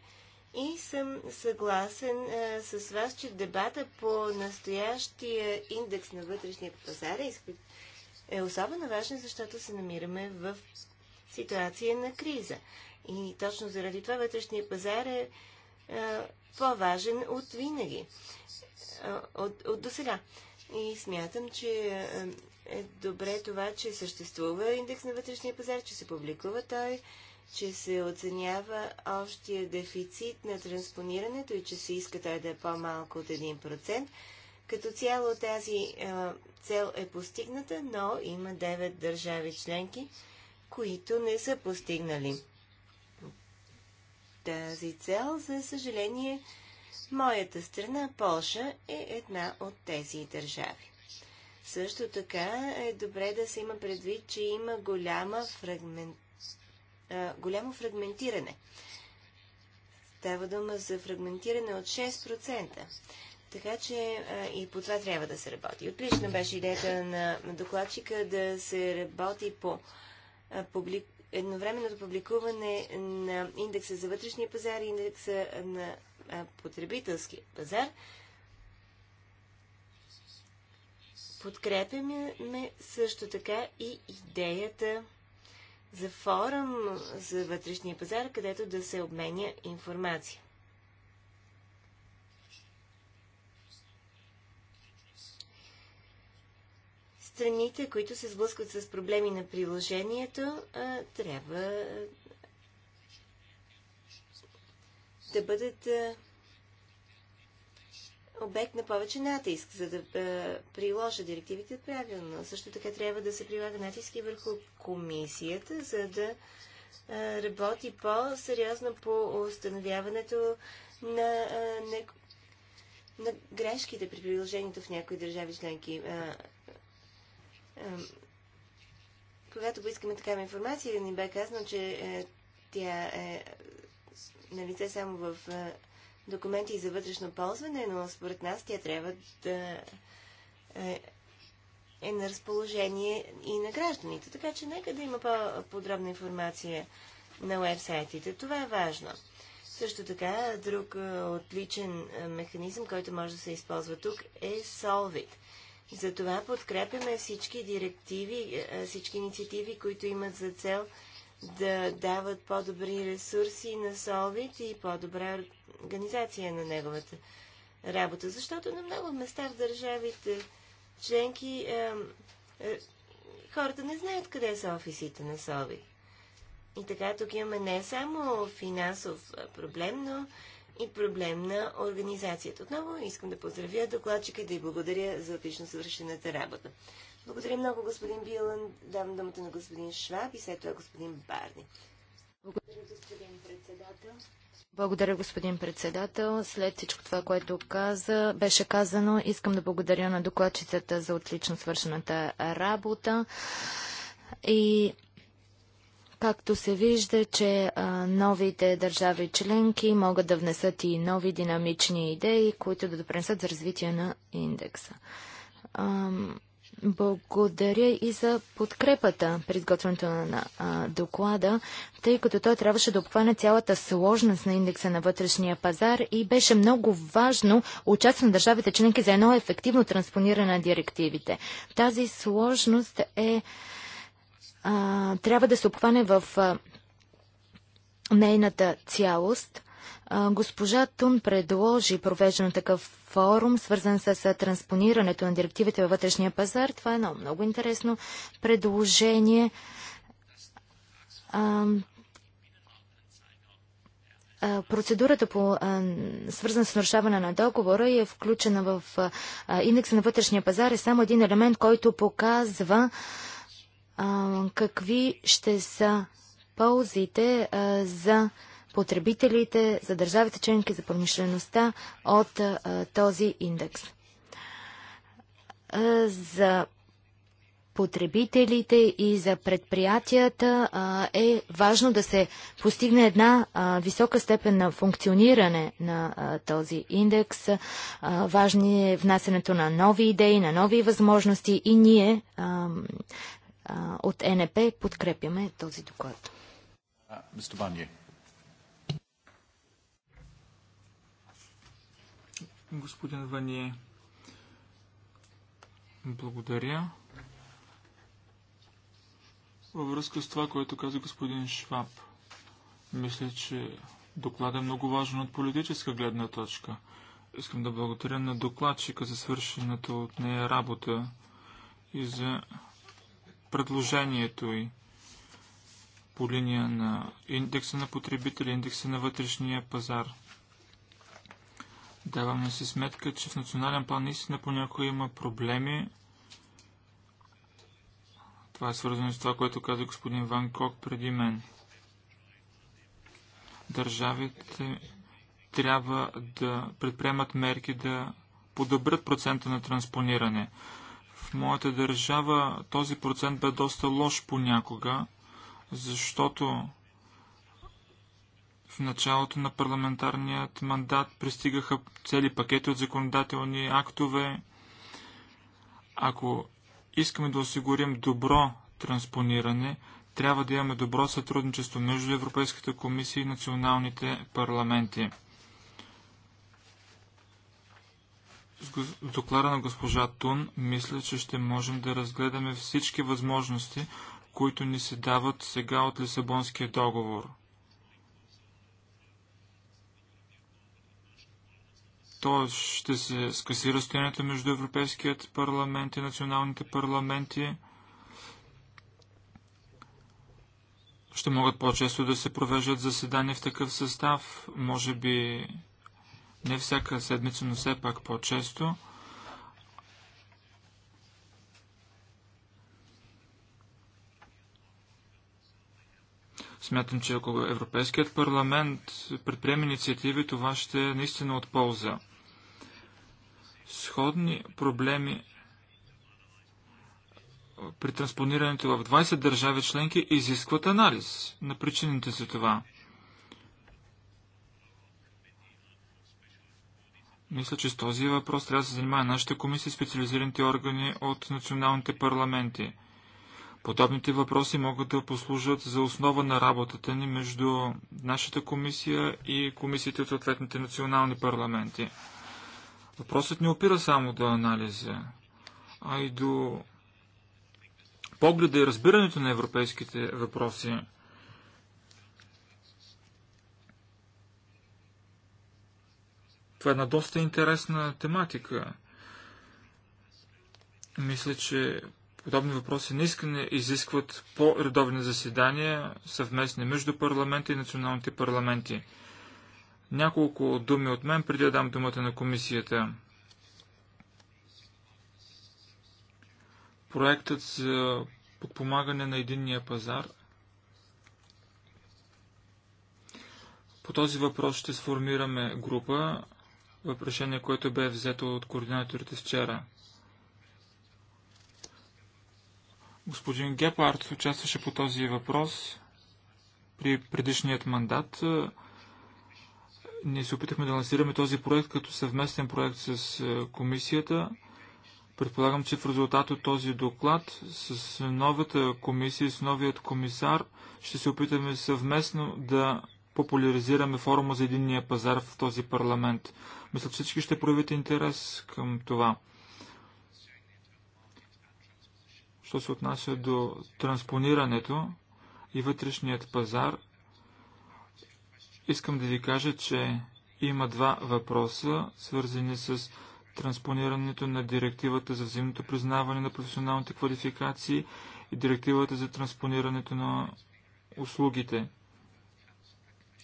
И съм съгласен а, с вас, че дебата по настоящия индекс на вътрешния пазар е, е особено важен, защото се намираме в ситуация на криза. И точно заради това вътрешния пазар е, по-важен от винаги, от, от досега. И смятам, че е добре това, че съществува индекс на вътрешния пазар, че се публикува той, че се оценява общия дефицит на транспонирането и че се иска той да е по-малко от 1%. Като цяло тази а, цел е постигната, но има 9 държави членки, които не са постигнали тази цел. За съжаление, моята страна, Полша, е една от тези държави. Също така е добре да се има предвид, че има голяма фрагмен... а, голямо фрагментиране. Става дума за фрагментиране от 6%. Така че а, и по това трябва да се работи. Отлично беше идеята на докладчика да се работи по а, публи... едновременното публикуване на индекса за вътрешния пазар и индекса на а, потребителския пазар. Подкрепяме също така и идеята за форум за вътрешния пазар, където да се обменя информация. Страните, които се сблъскват с проблеми на приложението, трябва да бъдат обект на повече натиск, за да е, приложа директивите правилно. Също така трябва да се прилага натиски върху комисията, за да е, работи по-сериозно по установяването на, е, на, на грешките при приложението в някои държави членки. Е, е, когато поискаме такава информация, ни бе казано, че е, тя е на лице само в е, документи за вътрешно ползване, но според нас тя трябва да е, е на разположение и на гражданите. Така че нека да има по-подробна информация на уебсайтите, Това е важно. Също така, друг е, отличен е, механизъм, който може да се използва тук е Solvit. Затова подкрепяме всички директиви, е, всички инициативи, които имат за цел да дават по-добри ресурси на Солвит и по-добра организация на неговата работа. Защото на много места в държавите членки е, е, хората не знаят къде са офисите на Солвит. И така тук имаме не само финансов проблем, но и проблем на организацията. Отново искам да поздравя докладчика и да й благодаря за отлично съвършената работа. Благодаря много, господин Билан. Давам думата на господин Шваб и след това господин Барни. Благодаря, господин председател. Благодаря, господин председател. След всичко това, което каза, беше казано, искам да благодаря на докладчицата за отлично свършената работа. И както се вижда, че а, новите държави членки могат да внесат и нови динамични идеи, които да допренесат за развитие на индекса. Благодаря и за подкрепата при изготвянето на а, доклада, тъй като той трябваше да обхване цялата сложност на индекса на вътрешния пазар и беше много важно участие на държавите членки за едно ефективно транспониране на директивите. Тази сложност е а, трябва да се обхване в а, нейната цялост – Госпожа Тун предложи провеждане такъв форум, свързан с транспонирането на директивите във вътрешния пазар. Това е едно много интересно предложение. процедурата по, свързана с нарушаване на договора и е включена в индекса на вътрешния пазар е само един елемент, който показва какви ще са ползите за потребителите, за държавите членки, за промишлеността от а, този индекс. А, за потребителите и за предприятията а, е важно да се постигне една а, висока степен на функциониране на а, този индекс. Важни е внасенето на нови идеи, на нови възможности и ние от НП подкрепяме този доклад. Mr. Barnier. господин Вание. Благодаря. Във връзка с това, което каза господин Шваб, мисля, че докладът е много важен от политическа гледна точка. Искам да благодаря на докладчика за свършената от нея работа и за предложението й по линия на индекса на потребители, индекса на вътрешния пазар – Даваме си сметка, че в национален план наистина понякога има проблеми. Това е свързано с това, което каза господин Ван Кок преди мен. Държавите трябва да предприемат мерки да подобрят процента на транспониране. В моята държава този процент бе доста лош понякога, защото в началото на парламентарният мандат пристигаха цели пакети от законодателни актове. Ако искаме да осигурим добро транспониране, трябва да имаме добро сътрудничество между Европейската комисия и националните парламенти. С доклада на госпожа Тун, мисля, че ще можем да разгледаме всички възможности, които ни се дават сега от Лисабонския договор – То ще се скъси разстоянието между Европейският парламент и националните парламенти. Ще могат по-често да се провеждат заседания в такъв състав, може би не всяка седмица, но все пак по-често. Смятам, че ако Европейският парламент предприеме инициативи, това ще е наистина от полза сходни проблеми при транспонирането в 20 държави членки изискват анализ на причините за това. Мисля, че с този въпрос трябва да се занимава нашата комисия специализираните органи от националните парламенти. Подобните въпроси могат да послужат за основа на работата ни между нашата комисия и комисиите от съответните национални парламенти. Въпросът не опира само до анализа, а и до погледа и разбирането на европейските въпроси. Това е една доста интересна тематика. Мисля, че подобни въпроси искане изискват по-редовни заседания съвместни между парламента и националните парламенти. Няколко думи от мен, преди да дам думата на комисията. Проектът за подпомагане на единния пазар. По този въпрос ще сформираме група в решение, което бе взето от координаторите вчера. Господин Гепард участваше по този въпрос при предишният мандат. Ние се опитахме да лансираме този проект като съвместен проект с е, комисията. Предполагам, че в резултат от този доклад с новата комисия, с новият комисар, ще се опитаме съвместно да популяризираме форума за единния пазар в този парламент. Мисля, че всички ще проявят интерес към това. Що се отнася до транспонирането и вътрешният пазар – Искам да ви кажа, че има два въпроса, свързани с транспонирането на директивата за взаимното признаване на професионалните квалификации и директивата за транспонирането на услугите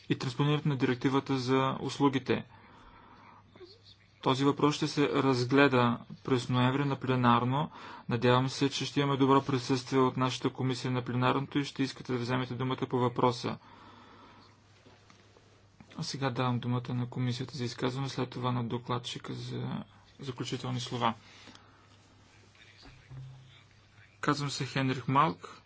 и транспонирането на директивата за услугите. Този въпрос ще се разгледа през ноември на пленарно. Надявам се, че ще имаме добро присъствие от нашата комисия на пленарното и ще искате да вземете думата по въпроса. А сега давам думата на комисията за изказване, след това на докладчика за заключителни слова. Казвам се Хенрих Малк.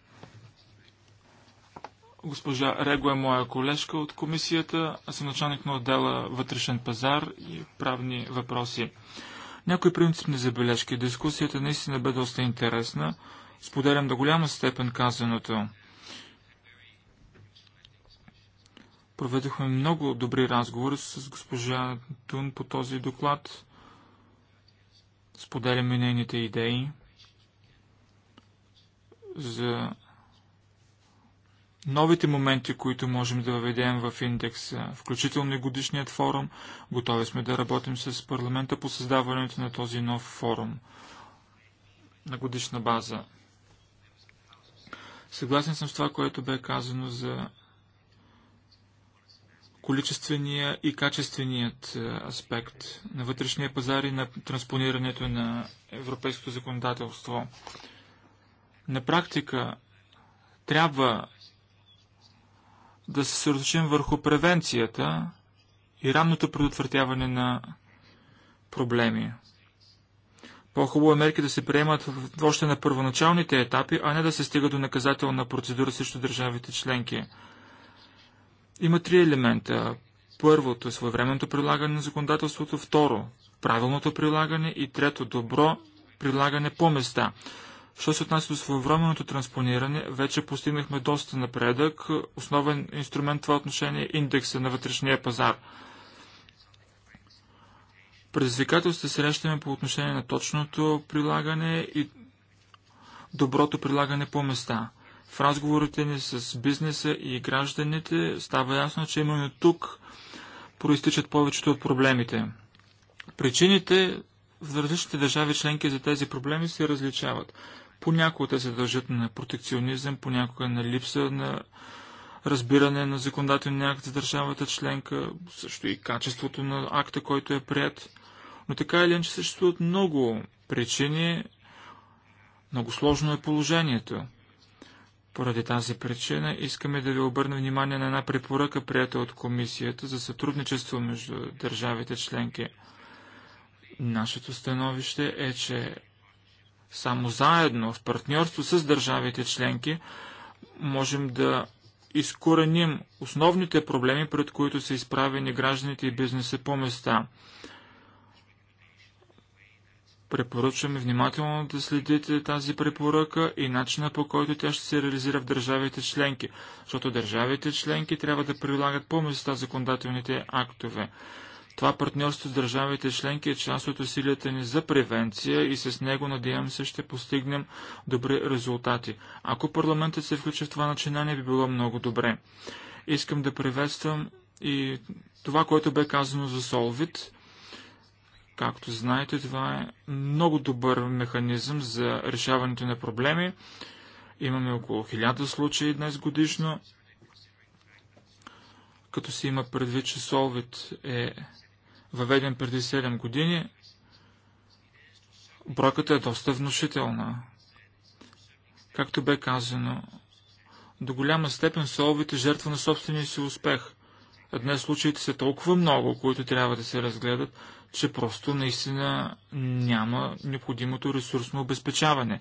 Госпожа Рего е моя колежка от комисията. Аз съм началник на отдела вътрешен пазар и правни въпроси. Някои принципни забележки. Дискусията наистина бе доста интересна. Споделям до голяма степен казаното. Проведохме много добри разговори с госпожа Тун по този доклад. Споделяме нейните идеи за новите моменти, които можем да въведем в индекса, включително и годишният форум. Готови сме да работим с парламента по създаването на този нов форум на годишна база. Съгласен съм с това, което бе казано за количествения и качественият е, аспект на вътрешния пазар и на транспонирането на европейското законодателство. На практика трябва да се съсредоточим върху превенцията и ранното предотвратяване на проблеми. По-хубаво е мерки да се приемат още на първоначалните етапи, а не да се стига до наказателна процедура срещу държавите членки – има три елемента. Първото – е своевременното прилагане на законодателството, второ – правилното прилагане и трето – добро прилагане по места. Що се отнася до своевременното транспониране, вече постигнахме доста напредък. Основен инструмент в това отношение е индекса на вътрешния пазар. Предизвикателствата срещаме по отношение на точното прилагане и доброто прилагане по места – в разговорите ни с бизнеса и гражданите става ясно, че именно тук проистичат повечето от проблемите. Причините в различните държави членки за тези проблеми се различават. Понякога те се дължат на протекционизъм, понякога на липса на разбиране на законодателния акт за държавата членка, също и качеството на акта, който е прият. Но така или иначе съществуват много причини, много сложно е положението. Поради тази причина искаме да ви обърнем внимание на една препоръка, прията от Комисията за сътрудничество между държавите членки. Нашето становище е, че само заедно, в партньорство с държавите членки, можем да изкореним основните проблеми, пред които са изправени гражданите и бизнеса по места – Препоръчваме внимателно да следите тази препоръка и начина по който тя ще се реализира в държавите членки, защото държавите членки трябва да прилагат по места законодателните актове. Това партньорство с държавите членки е част от усилията ни за превенция и с него, надявам се, ще постигнем добри резултати. Ако парламентът се включи в това начинание, би било много добре. Искам да приветствам и това, което бе казано за Солвит. Както знаете, това е много добър механизъм за решаването на проблеми. Имаме около 1000 случаи днес годишно. Като се има предвид, че Солвит е въведен преди 7 години, бройката е доста внушителна. Както бе казано, до голяма степен Солвит е жертва на собствения си успех – Днес случаите са толкова много, които трябва да се разгледат, че просто наистина няма необходимото ресурсно обезпечаване.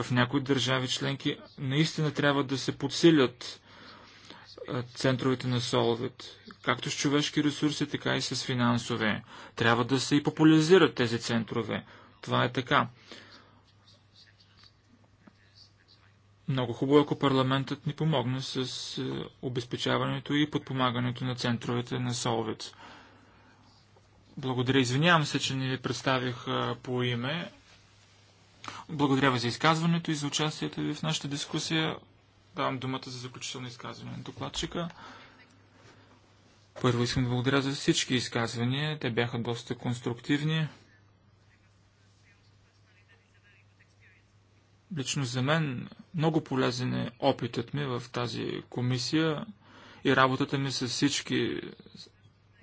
В някои държави членки наистина трябва да се подсилят центровете на Соловет, както с човешки ресурси, така и с финансове. Трябва да се и популяризират тези центрове. Това е така. Много хубаво, е, ако парламентът ни помогне с обезпечаването и подпомагането на центровете на Соловец. Благодаря. Извинявам се, че не ви представих по име. Благодаря ви за изказването и за участието ви в нашата дискусия. Давам думата за заключително изказване на докладчика. Първо искам да благодаря за всички изказвания. Те бяха доста конструктивни. Лично за мен много полезен е опитът ми в тази комисия и работата ми с всички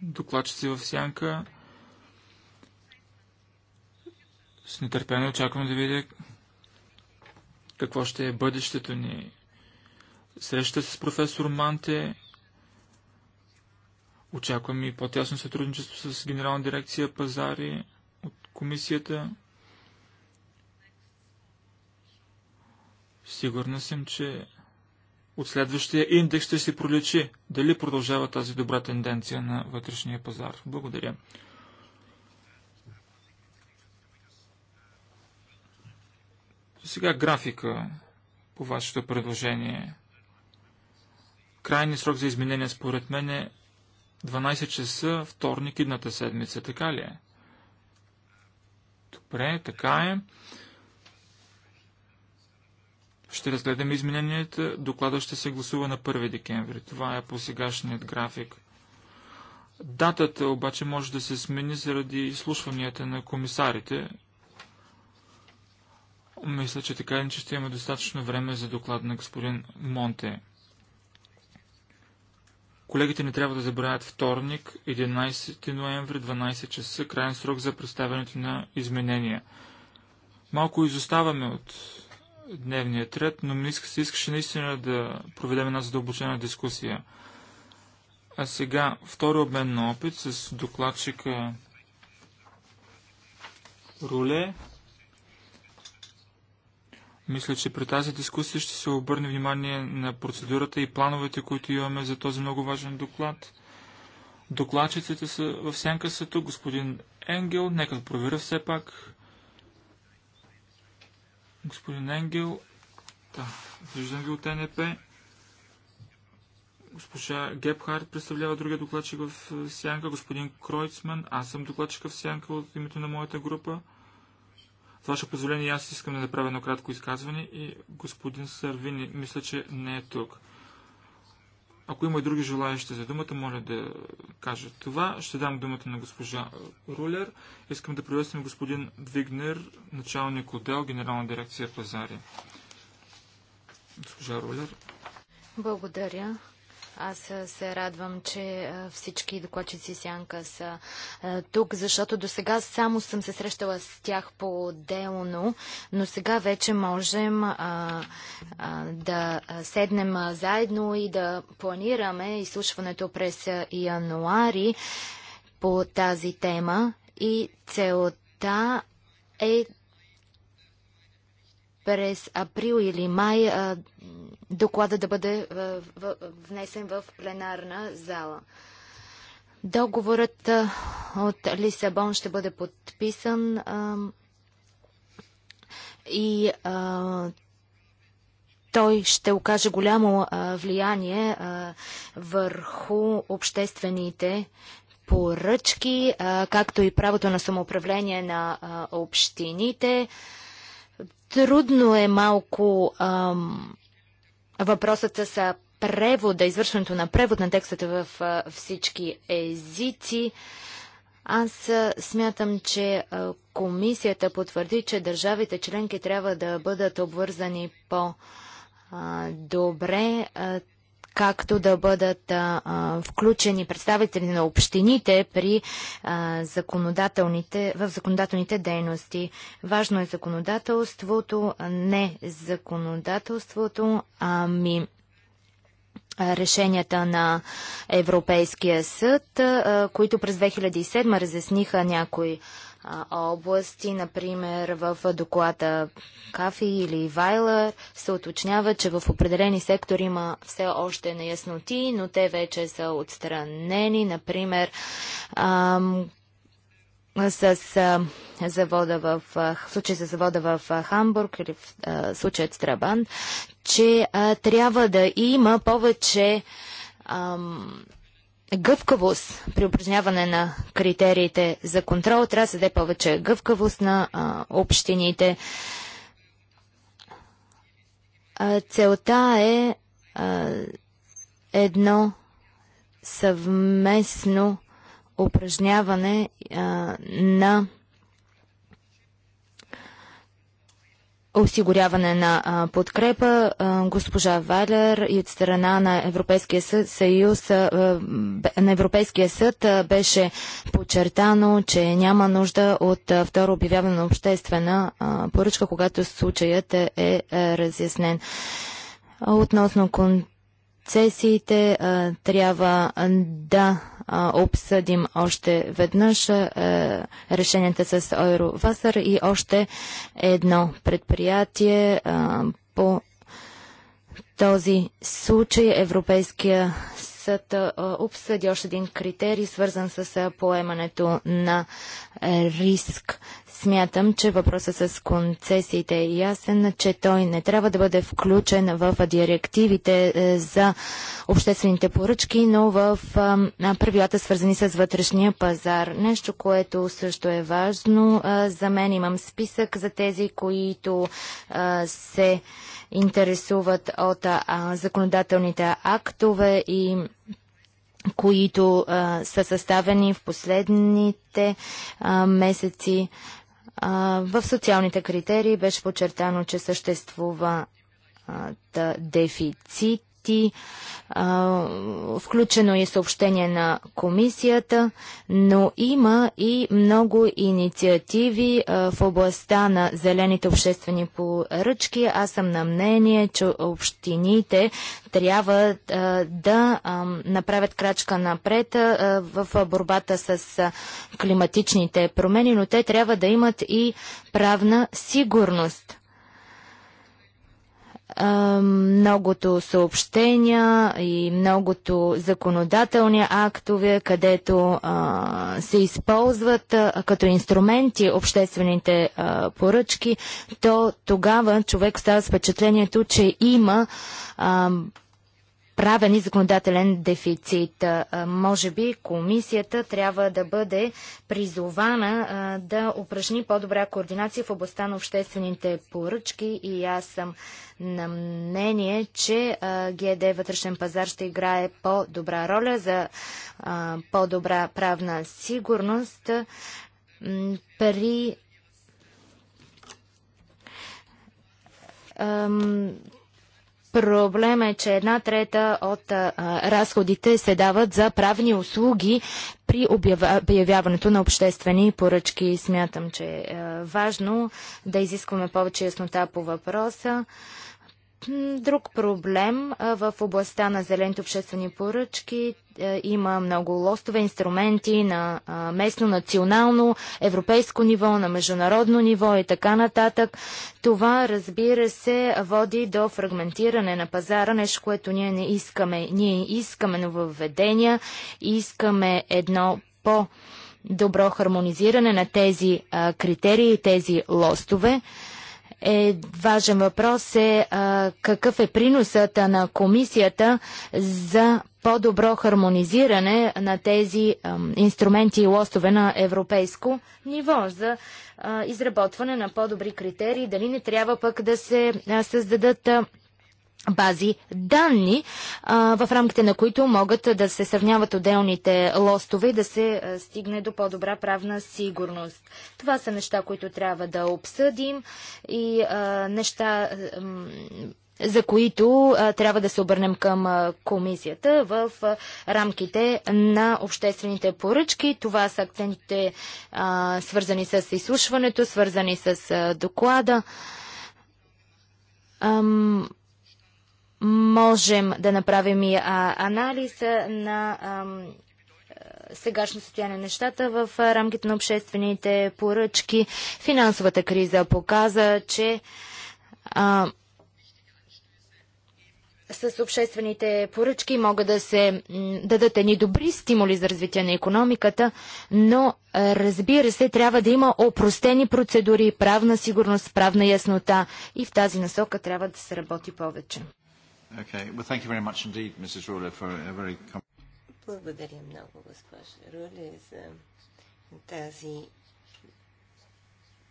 докладчици в сянка. С нетърпение очаквам да видя какво ще е бъдещето ни. Среща с професор Манте. Очаквам и по-тясно сътрудничество с Генерална дирекция пазари от комисията. Сигурна съм, че от следващия индекс ще се проличи дали продължава тази добра тенденция на вътрешния пазар. Благодаря. Сега графика по вашето предложение. Крайният срок за изменение според мен е 12 часа вторник идната седмица, така ли е? Добре, така е. Ще разгледаме измененията. Доклада ще се гласува на 1 декември. Това е по сегашният график. Датата обаче може да се смени заради изслушванията на комисарите, мисля, че така че ще има достатъчно време за доклад на господин Монте. Колегите не трябва да забравят вторник, 11 ноември, 12 часа, крайен срок за представянето на изменения. Малко изоставаме от дневния ред, но ми се искаше наистина да проведем една задълбочена дискусия. А сега, втори обмен на опит с докладчика Руле. Мисля, че при тази дискусия ще се обърне внимание на процедурата и плановете, които имаме за този много важен доклад. Докладчиците са в сянка са тук. Господин Енгел, нека да проверя все пак. Господин Енгел, да, виждам ви от НП. Госпожа Гепхард представлява другия докладчик в сянка. Господин Кройцман, аз съм докладчик в сянка от името на моята група. С ваше позволение, аз искам да направя едно кратко изказване и господин Сървини, мисля, че не е тук. Ако има и други желаящи за думата, моля да кажа това. Ще дам думата на госпожа Рулер. Искам да приветствам господин Вигнер, началник отдел, генерална дирекция пазари. Госпожа Рулер. Благодаря. Аз се радвам, че всички докладчици Сянка са тук, защото до сега само съм се срещала с тях по-отделно, но сега вече можем а, а, да седнем заедно и да планираме изслушването през януари по тази тема и целта е през април или май а, доклада да бъде в, внесен в пленарна зала. Договорът а, от Лисабон ще бъде подписан и той ще окаже голямо влияние върху обществените поръчки, както и правото на самоуправление на общините. Трудно е малко ам, въпросът с превода, извършването на превод на текстата в а, всички езици. Аз смятам, че а, комисията потвърди, че държавите членки трябва да бъдат обвързани по-добре както да бъдат а, включени представители на общините при а, законодателните, в законодателните дейности. Важно е законодателството, не законодателството, ами решенията на Европейския съд, а, които през 2007 разясниха някои области. Например, в доклада Кафи или Вайлър, се уточнява, че в определени сектори има все още неясноти, но те вече са отстранени. Например, ам, с а, завода в, в случай с завода в Хамбург или в а, случаят с Трабан, че а, трябва да има повече ам, гъвкавост при упражняване на критериите за контрол. Трябва да се даде повече гъвкавост на а, общините. А, целта е а, едно съвместно упражняване а, на осигуряване на подкрепа. госпожа Валер и от страна на Европейския съд, съюз, на Европейския съд беше подчертано, че няма нужда от второ обявяване на обществена поръчка, когато случаят е, е разяснен. Относно контакт концесиите трябва да обсъдим още веднъж е, решенията с Ойровасър и още едно предприятие по този случай Европейския съд обсъди още един критерий, свързан с поемането на риск. Смятам, че въпросът с концесиите е ясен, че той не трябва да бъде включен в директивите е, за обществените поръчки, но в е, правилата свързани с вътрешния пазар. Нещо, което също е важно. Е, за мен имам списък за тези, които се интересуват от законодателните актове и които а, са съставени в последните а, месеци в социалните критерии беше подчертано, че съществува дефицит проекти. Включено е съобщение на комисията, но има и много инициативи в областта на зелените обществени поръчки. Аз съм на мнение, че общините трябва да направят крачка напред в борбата с климатичните промени, но те трябва да имат и правна сигурност многото съобщения и многото законодателни актове, където а, се използват а, като инструменти обществените а, поръчки, то тогава човек става с впечатлението, че има правен и законодателен дефицит. Може би комисията трябва да бъде призована да упражни по-добра координация в областта на обществените поръчки и аз съм на мнение, че ГД вътрешен пазар ще играе по-добра роля за по-добра правна сигурност при Проблем е, че една трета от а, разходите се дават за правни услуги при обявяването на обществени поръчки. Смятам, че е важно да изискваме повече яснота по въпроса. Друг проблем в областта на зелените обществени поръчки е, има много лостове инструменти на местно, национално, европейско ниво, на международно ниво и така нататък. Това, разбира се, води до фрагментиране на пазара, нещо, което ние не искаме. Ние искаме нововведения, искаме едно по- добро хармонизиране на тези критерии и тези лостове е важен въпрос е а, какъв е приносът на комисията за по-добро хармонизиране на тези а, инструменти и лостове на европейско ниво за а, изработване на по-добри критерии. Дали не трябва пък да се създадат бази данни, в рамките на които могат да се сравняват отделните лостове и да се стигне до по-добра правна сигурност. Това са неща, които трябва да обсъдим и неща за които трябва да се обърнем към комисията в рамките на обществените поръчки. Това са акцентите свързани с изслушването, свързани с доклада можем да направим и анализ на сегашно състояние на нещата в рамките на обществените поръчки. Финансовата криза показа, че а, с обществените поръчки могат да се дадат едни добри стимули за развитие на економиката, но разбира се, трябва да има опростени процедури, правна сигурност, правна яснота и в тази насока трябва да се работи повече. Okay. Well, thank you very much indeed, Mrs. Rulle, for a very... Благодаря много, госпожа Руле, за тази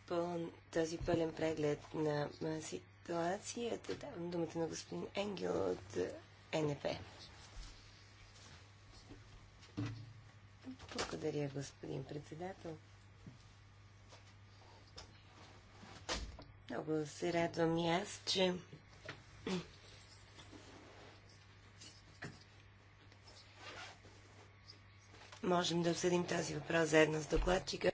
пълн, този пълен преглед на ситуацията. Давам думата на господин Енгел от е НП. Благодаря, господин председател. Много се радвам и аз, че можем да обсъдим тази въпрос заедно с докладчика.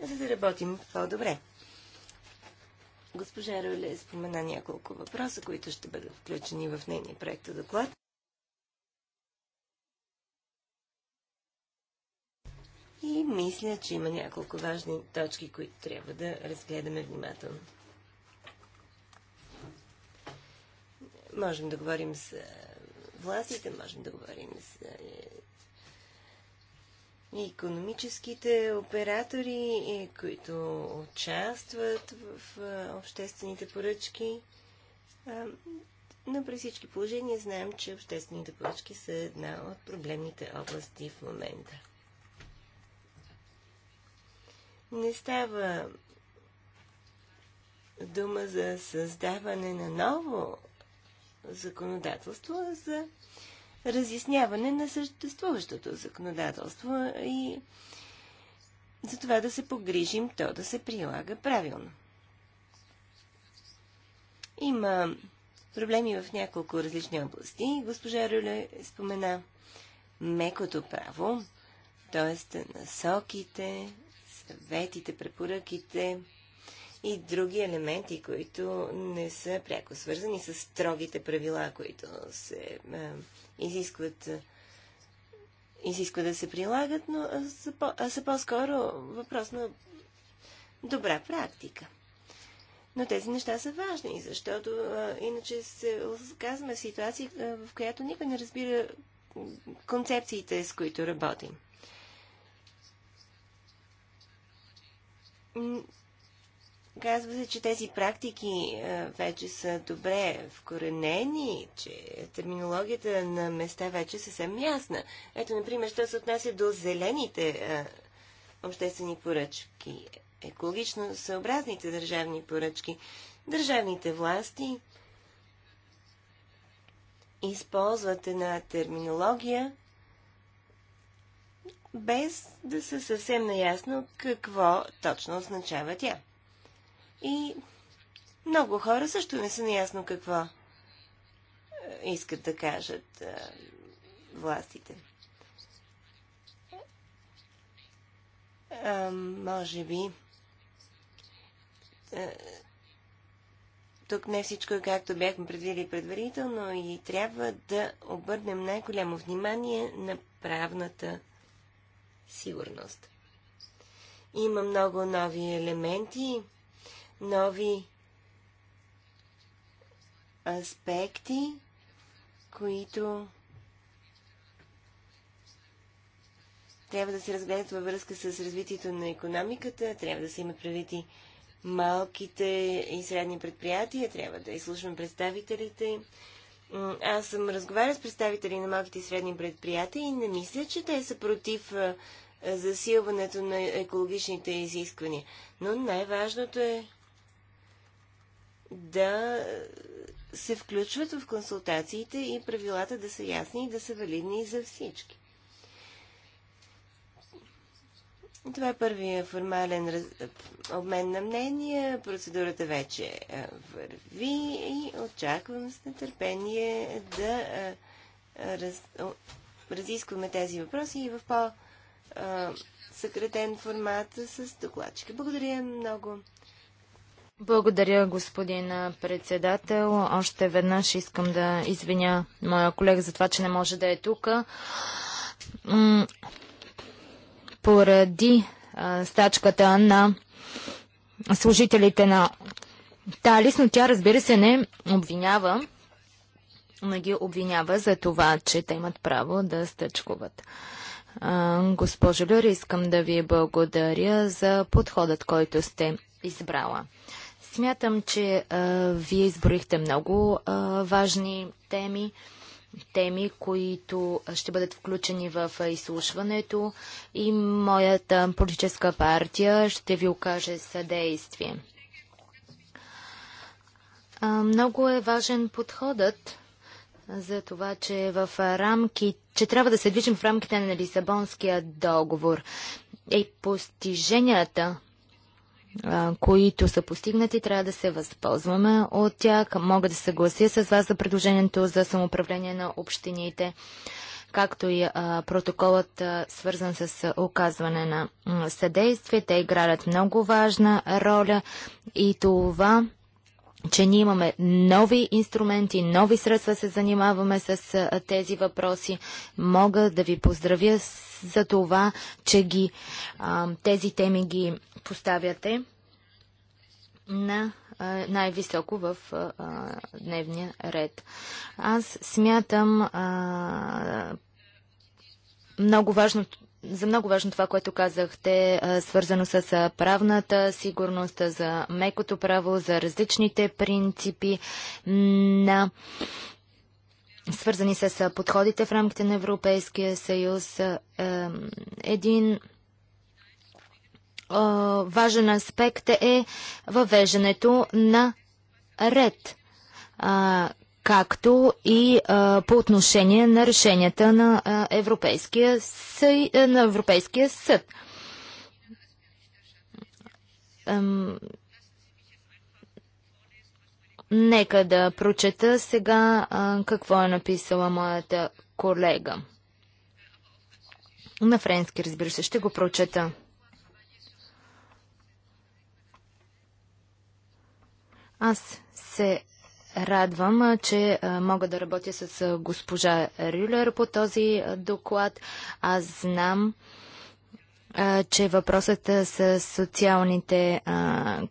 за да работим по-добре. Госпожа Роле спомена няколко въпроса, които ще бъдат включени в нейния проект доклад. И мисля, че има няколко важни точки, които трябва да разгледаме внимателно. Можем да говорим с е, властите, можем да говорим с економическите оператори, които участват в е, обществените поръчки. Но при всички положения знаем, че обществените поръчки са една от проблемните области в момента. Не става дума за създаване на ново законодателство за разясняване на съществуващото законодателство и за това да се погрижим то да се прилага правилно. Има проблеми в няколко различни области. Госпожа Рюле спомена мекото право, т.е. насоките, съветите, препоръките, и други елементи, които не са пряко свързани с строгите правила, които се е, изискват е, изисква да се прилагат, но са, по, са по-скоро въпрос на добра практика. Но тези неща са важни, защото а, иначе се оказваме в ситуация, а, в която никой не разбира концепциите, с които работим. Казва се, че тези практики е, вече са добре вкоренени, че терминологията на места вече е съвсем ясна. Ето, например, що се отнася до зелените е, обществени поръчки, екологично съобразните държавни поръчки, държавните власти използват една терминология, без да са съвсем наясно какво точно означава тя. И много хора също не са наясно какво е, искат да кажат е, властите. А, е, може би. Тук не всичко е както бяхме предвидели предварително и трябва да обърнем най-голямо внимание на правната сигурност. Има много нови елементи, нови аспекти, които трябва да се разгледат във връзка с развитието на економиката, трябва да се имат предвид и малките и средни предприятия, трябва да изслушвам представителите. Аз съм разговаря с представители на малките и средни предприятия и не мисля, че те са против засилването на екологичните изисквания. Но най-важното е да се включват в консултациите и правилата да са ясни и да са валидни за всички. Това е първия формален раз... обмен на мнения. Процедурата вече е, върви и очаквам с нетърпение да е, раз... разискваме тези въпроси и в по-съкратен е, формат с докладчика. Благодаря много благодаря, господин председател. Още веднъж искам да извиня моя колега за това, че не може да е тук. Поради стачката на служителите на Талис, но тя разбира се не обвинява, не ги обвинява за това, че те имат право да стъчкуват. госпожо Люри, искам да ви благодаря за подходът, който сте избрала. Смятам, че а, вие изборихте много а, важни теми, теми, които ще бъдат включени в изслушването и моята политическа партия ще ви окаже съдействие. А, много е важен подходът за това, че е в рамки, че трябва да се движим в рамките на Лисабонския договор и постиженията които са постигнати, трябва да се възползваме от тях. Мога да съглася с вас за предложението за самоуправление на общините, както и протоколът свързан с оказване на съдействие. Те играят много важна роля и това че ние имаме нови инструменти, нови средства се занимаваме с а, тези въпроси. Мога да ви поздравя за това, че ги, а, тези теми ги поставяте на най-високо в а, дневния ред. Аз смятам много важно за много важно това, което казахте, свързано с правната сигурност, за мекото право, за различните принципи на свързани с подходите в рамките на Европейския съюз. Един важен аспект е въвеждането на ред както и а, по отношение на решенията на, а, Европейския, съ... на Европейския съд. Ам... Нека да прочета сега а, какво е написала моята колега. На френски, разбира се, ще го прочета. Аз се радвам, че мога да работя с госпожа Рюлер по този доклад. Аз знам, че въпросът с социалните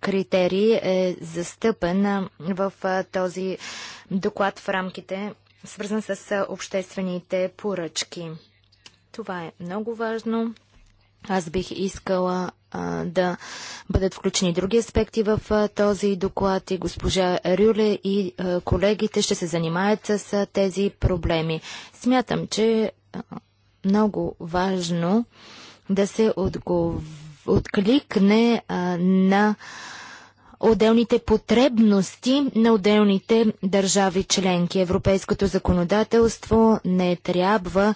критерии е застъпен в този доклад в рамките, свързан с обществените поръчки. Това е много важно. Аз бих искала а, да бъдат включени други аспекти в а, този доклад и госпожа Рюле и а, колегите ще се занимаят с а, тези проблеми. Смятам, че е много важно да се отгов... откликне а, на отделните потребности на отделните държави членки. Европейското законодателство не трябва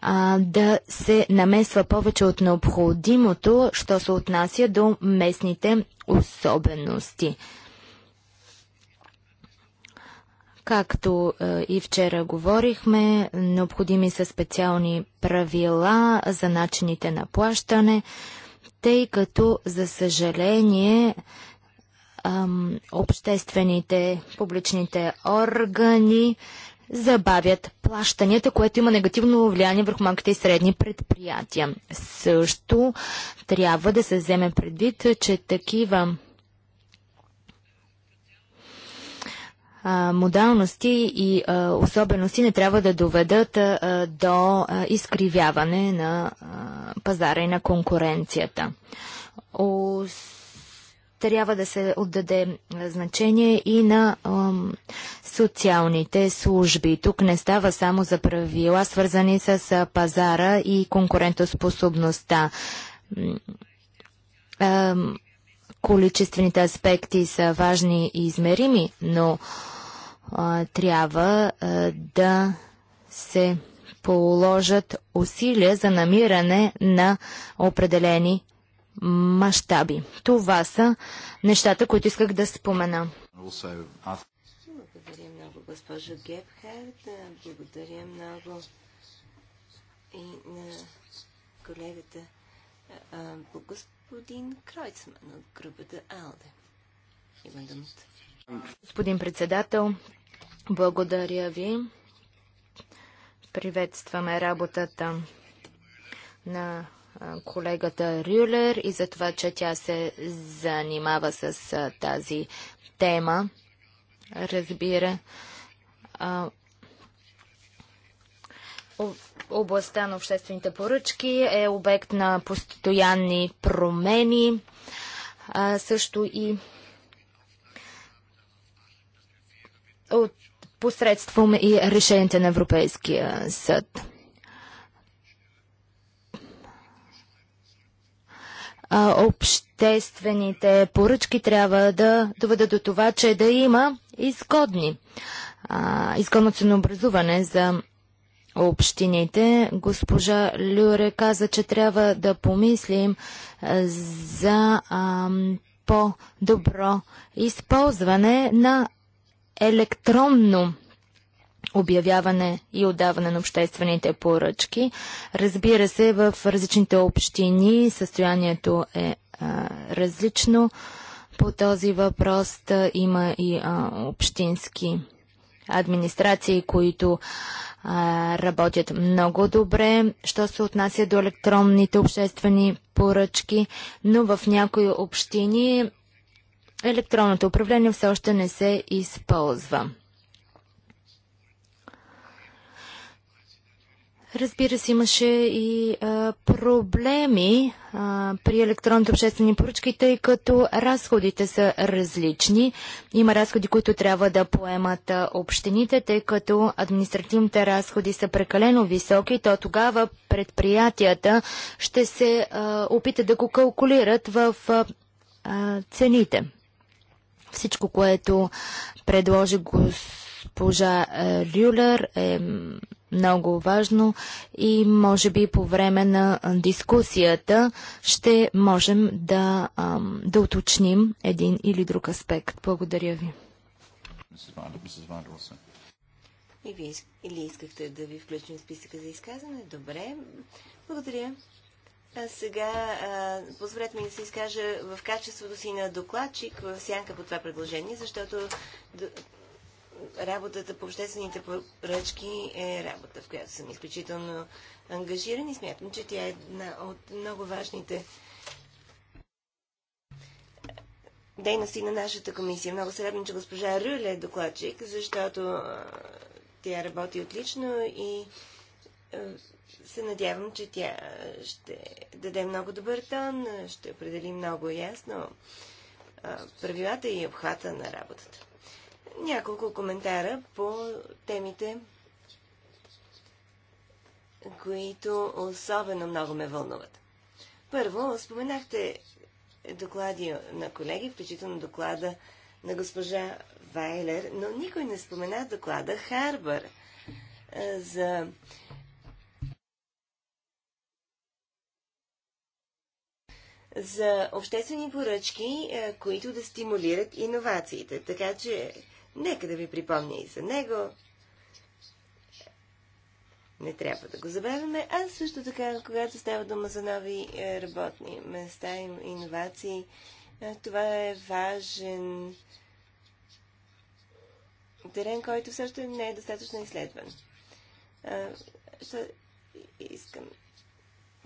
а, да се намесва повече от необходимото, що се отнася до местните особености. Както е, и вчера говорихме, необходими са специални правила за начините на плащане, тъй като, за съжаление, ам, обществените, публичните органи забавят плащанията, което има негативно влияние върху малките и средни предприятия. Също трябва да се вземе предвид, че такива модалности и а, особености не трябва да доведат а, до изкривяване на пазара и на конкуренцията. Ос трябва да се отдаде е, значение и на ам, социалните служби. Тук не става само за правила, свързани с пазара и конкурентоспособността. Ам, количествените аспекти са важни и измерими, но а, трябва а, да се положат усилия за намиране на определени мащаби. Това са нещата, които исках да спомена. Благодаря много, госпожо Гебхард. Благодаря много и на колегата а, господин Кройцман от групата АЛДЕ. Има думата. Господин председател, благодаря ви. Приветстваме работата на колегата Рюлер и за това, че тя се занимава с тази тема. Разбира. областта на обществените поръчки е обект на постоянни промени, а, също и от посредством и решенията на Европейския съд. а, обществените поръчки трябва да доведат до това, че да има изгодни, а, изгодно ценообразуване за общините. Госпожа Люре каза, че трябва да помислим а, за по-добро използване на електронно обявяване и отдаване на обществените поръчки. Разбира се, в различните общини състоянието е а, различно. По този въпрос да, има и а, общински администрации, които а, работят много добре, що се отнася до електронните обществени поръчки, но в някои общини електронното управление все още не се използва. Разбира се, имаше и а, проблеми а, при електронните обществени поръчки, тъй като разходите са различни. Има разходи, които трябва да поемат а, общините, тъй като административните разходи са прекалено високи, то тогава предприятията ще се а, опитат да го калкулират в а, а, цените. Всичко, което предложи господин госпожа е, Люлер, е много важно и може би по време на е, дискусията ще можем да, е, да уточним един или друг аспект. Благодаря ви. И вие или искахте да ви включим в списъка за изказване? Добре. Благодаря. А сега а, позволете ми да се изкажа в качеството си на докладчик в сянка по това предложение, защото работата по обществените поръчки е работа, в която съм изключително ангажиран и смятам, че тя е една от много важните дейности на нашата комисия. Много се радвам, че госпожа Рюле е докладчик, защото тя работи отлично и се надявам, че тя ще даде много добър тон, ще определи много ясно правилата и обхвата на работата. Няколко коментара по темите, които особено много ме вълнуват. Първо, споменахте доклади на колеги, включително доклада на госпожа Вайлер, но никой не спомена доклада Харбър е, за за обществени поръчки, е, които да стимулират иновациите. Така че Нека да ви припомня и за него. Не трябва да го забравяме. А също така, когато става дума за нови е, работни места и иновации, е, това е важен терен, който също не е достатъчно изследван. Е, искам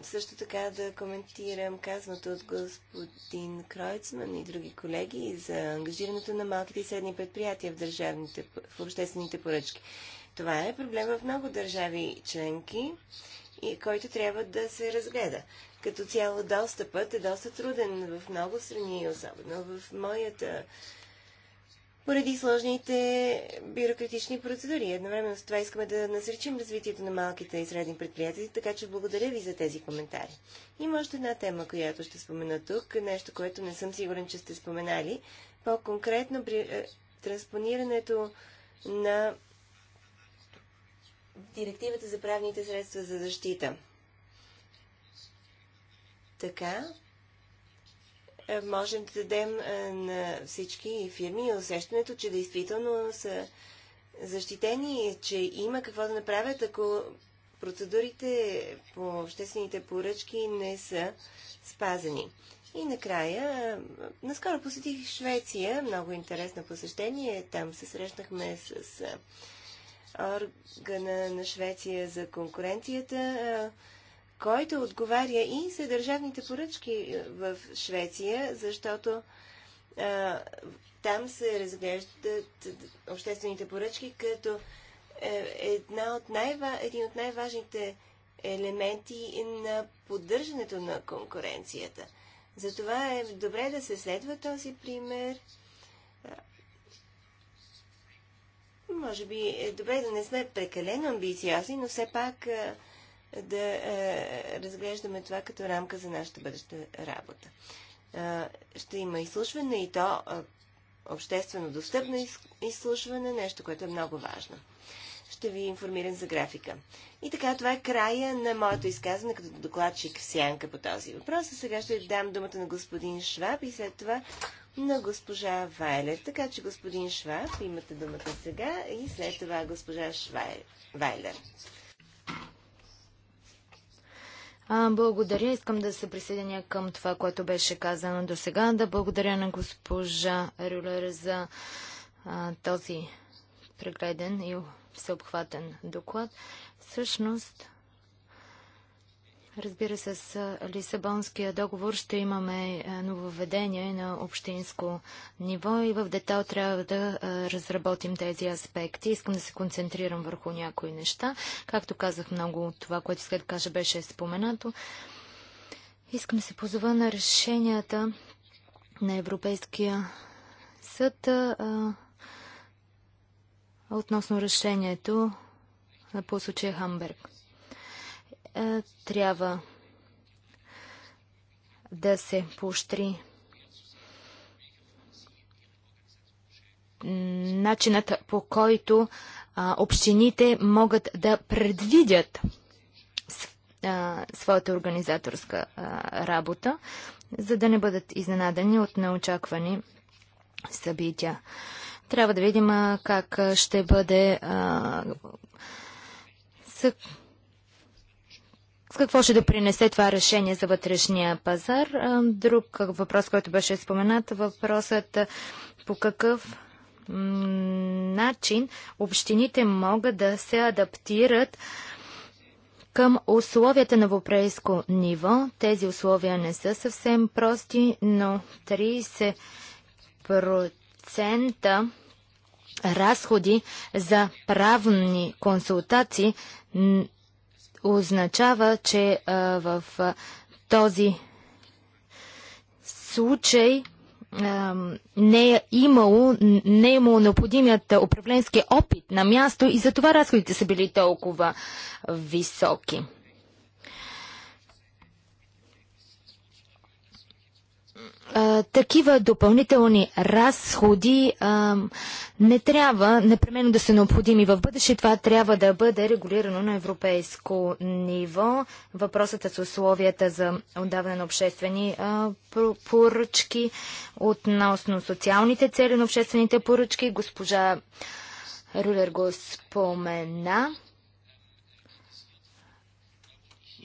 също така да коментирам казването от господин Кройцман и други колеги за ангажирането на малките и средни предприятия в, държавните, в обществените поръчки. Това е проблем в много държави членки, и който трябва да се разгледа. Като цяло достъпът е доста труден в много страни, особено в моята поради сложните бюрократични процедури. Едновременно с това искаме да насречим развитието на малките и средни предприятия, така че благодаря ви за тези коментари. Има още една тема, която ще спомена тук, нещо, което не съм сигурен, че сте споменали. По-конкретно при е, транспонирането на директивата за правните средства за защита. Така, е, можем да дадем е, на всички фирми усещането, че действително са защитени, че има какво да направят, ако процедурите по обществените поръчки не са спазени. И накрая, е, наскоро посетих Швеция, много интересно посещение. Там се срещнахме с органа на Швеция за конкуренцията който отговаря и за държавните поръчки е, в Швеция, защото а, е, там се разглеждат обществените поръчки като е, една от най един от най-важните елементи на поддържането на конкуренцията. Затова е добре да се следва този пример. Може би е добре да не сме прекалено амбициозни, но все пак да е, разглеждаме това като рамка за нашата бъдеща работа. Е, ще има изслушване и то е, обществено достъпно изслушване, нещо, което е много важно. Ще ви информирам за графика. И така, това е края на моето изказване като докладчик в сянка по този въпрос. А сега ще дам думата на господин Шваб и след това на госпожа Вайлер. Така че, господин Шваб, имате думата сега и след това госпожа Швай... Вайлер. А, благодаря. Искам да се присъединя към това, което беше казано до сега. Да благодаря на госпожа Рюлер за а, този прегледен и всеобхватен доклад. Всъщност, Разбира се, с Лисабонския договор ще имаме нововведение на общинско ниво и в детал трябва да разработим тези аспекти. Искам да се концентрирам върху някои неща. Както казах, много от това, което след кажа, беше споменато. Искам да се позова на решенията на Европейския съд а, относно решението по случая Хамберг. Е, трябва да се поощри начинът по който а, общините могат да предвидят а, своята организаторска а, работа, за да не бъдат изненадани от неочаквани събития. Трябва да видим а, как ще бъде а, с какво ще допринесе това решение за вътрешния пазар? Друг въпрос, който беше споменат, въпросът по какъв начин общините могат да се адаптират към условията на европейско ниво. Тези условия не са съвсем прости, но 30% разходи за правни консултации означава, че а, в а, този случай а, не е имало, не е имало необходимият управленски опит на място и затова разходите са били толкова високи. а, такива допълнителни разходи а, не трябва непременно да са необходими в бъдеще. Това трябва да бъде регулирано на европейско ниво. Въпросът е с условията за отдаване на обществени а, поръчки относно социалните цели на обществените поръчки. Госпожа Рулер го спомена.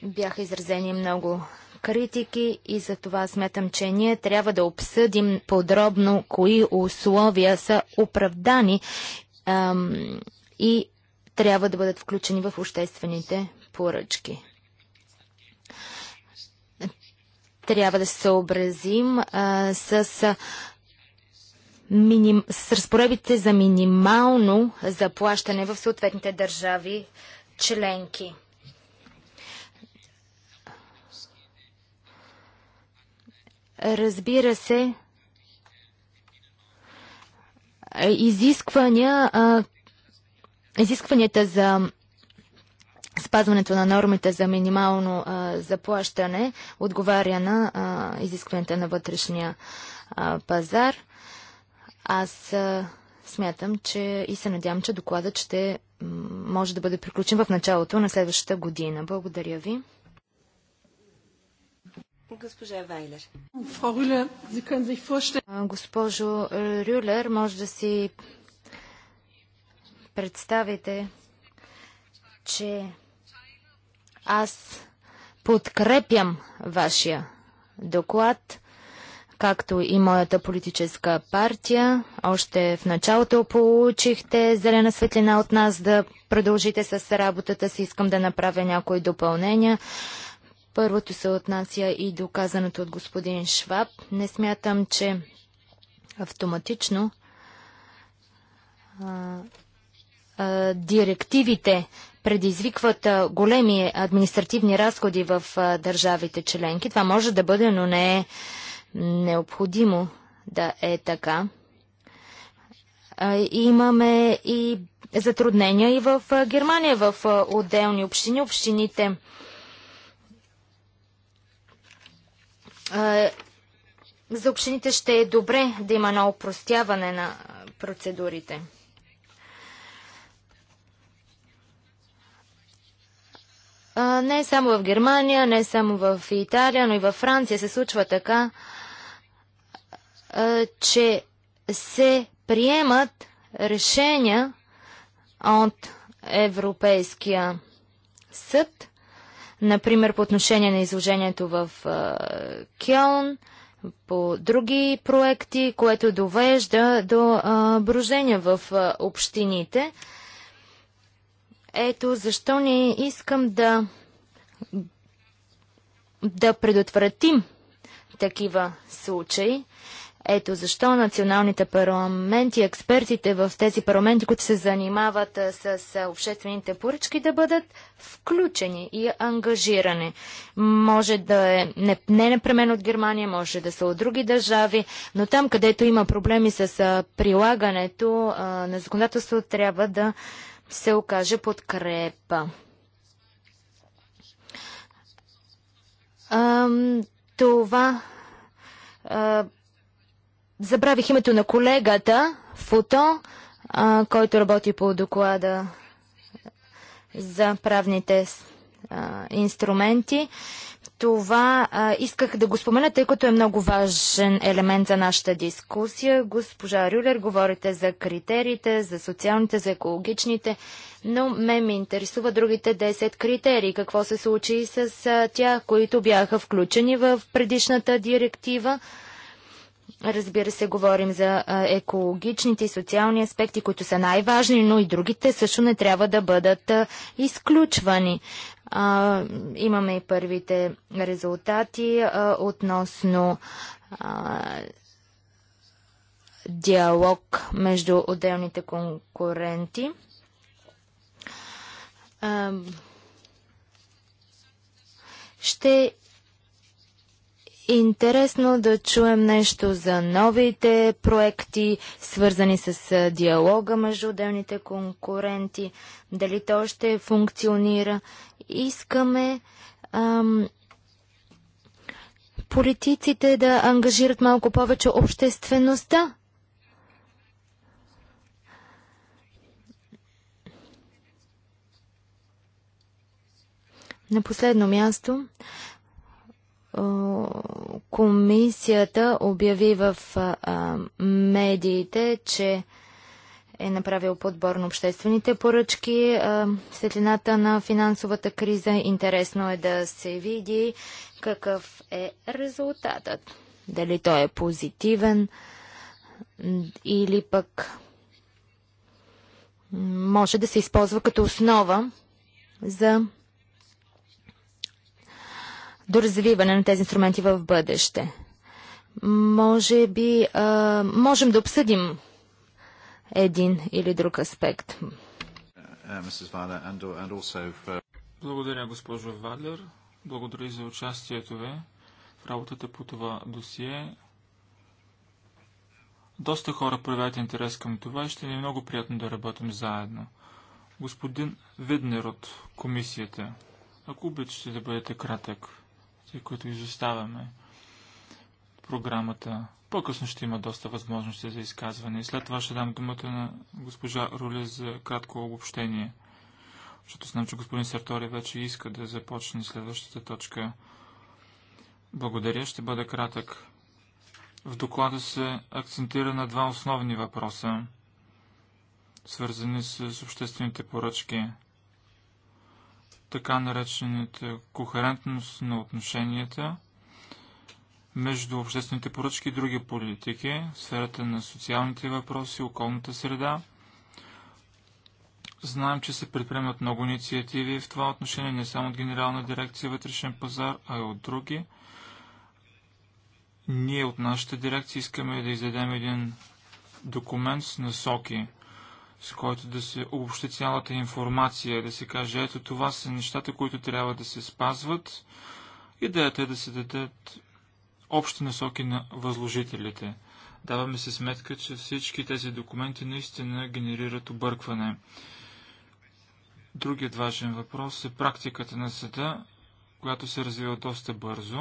Бяха изразени много критики и за това смятам, че ние трябва да обсъдим подробно кои условия са оправдани ам, и трябва да бъдат включени в обществените поръчки. Трябва да се съобразим а, с, миним, с разпоредбите за минимално заплащане в съответните държави членки. разбира се, е, изисквания, а, изискванията за спазването на нормите за минимално а, заплащане отговаря на а, изискванията на вътрешния а, пазар. Аз а, смятам, че и се надявам, че докладът ще може да бъде приключен в началото на следващата година. Благодаря ви. Госпожа Вайлер. Госпожо Рюлер, може да си представите, че аз подкрепям вашия доклад, както и моята политическа партия. Още в началото получихте зелена светлина от нас да продължите с работата си. Искам да направя някои допълнения. Първото се отнася и до казаното от господин Шваб. Не смятам, че автоматично а, а, директивите предизвикват а, големи административни разходи в а, държавите членки. Това може да бъде, но не е необходимо да е така. Имаме и затруднения и в Германия, в отделни общини. Общините за общините ще е добре да има на упростяване на процедурите. Не само в Германия, не само в Италия, но и във Франция се случва така, че се приемат решения от Европейския съд – Например, по отношение на изложението в Кьон, по други проекти, което довежда до брожения в общините. Ето защо не искам да, да предотвратим такива случаи. Ето защо националните парламенти, експертите в тези парламенти, които се занимават с обществените поръчки, да бъдат включени и ангажирани. Може да е не, не непременно от Германия, може да са от други държави, но там, където има проблеми с прилагането на законодателство, трябва да се окаже подкрепа. това а, Забравих името на колегата, Фото, а, който работи по доклада за правните а, инструменти. Това а, исках да го спомена, тъй като е много важен елемент за нашата дискусия. Госпожа Рюлер, говорите за критериите, за социалните, за екологичните, но ме ми интересува другите 10 критерии. Какво се случи с тях, които бяха включени в предишната директива? Разбира се, говорим за екологичните и социални аспекти, които са най-важни, но и другите също не трябва да бъдат изключвани. А, имаме и първите резултати а, относно а, диалог между отделните конкуренти. Ще Интересно да чуем нещо за новите проекти, свързани с диалога между отделните конкуренти, дали то ще функционира. Искаме ам, политиците да ангажират малко повече обществеността. На последно място, е, комисията обяви в е, е, медиите, че е направил подбор на обществените поръчки. Светлината на финансовата криза интересно е да се види какъв е резултатът. Дали той е позитивен или пък може да се използва като основа за до развиване на тези инструменти в бъдеще. Може би а, можем да обсъдим един или друг аспект. Uh, uh, uh, Благодаря, госпожо Вадлер. Благодаря за участието ви в работата по това досие. Доста хора проявяват интерес към това и ще ни е много приятно да работим заедно. Господин Виднер от комисията, ако обичате да бъдете кратък тъй които изоставяме програмата. По-късно ще има доста възможности за изказване. След това ще дам думата на госпожа Руле за кратко обобщение, защото знам, че господин Сартори вече иска да започне следващата точка. Благодаря, ще бъда кратък. В доклада се акцентира на два основни въпроса, свързани с обществените поръчки – така наречената кохерентност на отношенията между обществените поръчки и други политики, сферата на социалните въпроси, околната среда. Знаем, че се предприемат много инициативи в това отношение, не само от Генерална дирекция вътрешен пазар, а и от други. Ние от нашата дирекция искаме да издадем един документ с насоки с който да се обобщи цялата информация, да се каже, ето това са нещата, които трябва да се спазват. Идеята е да се дадат общи насоки на възложителите. Даваме се сметка, че всички тези документи наистина генерират объркване. Другият важен въпрос е практиката на съда, която се развива доста бързо.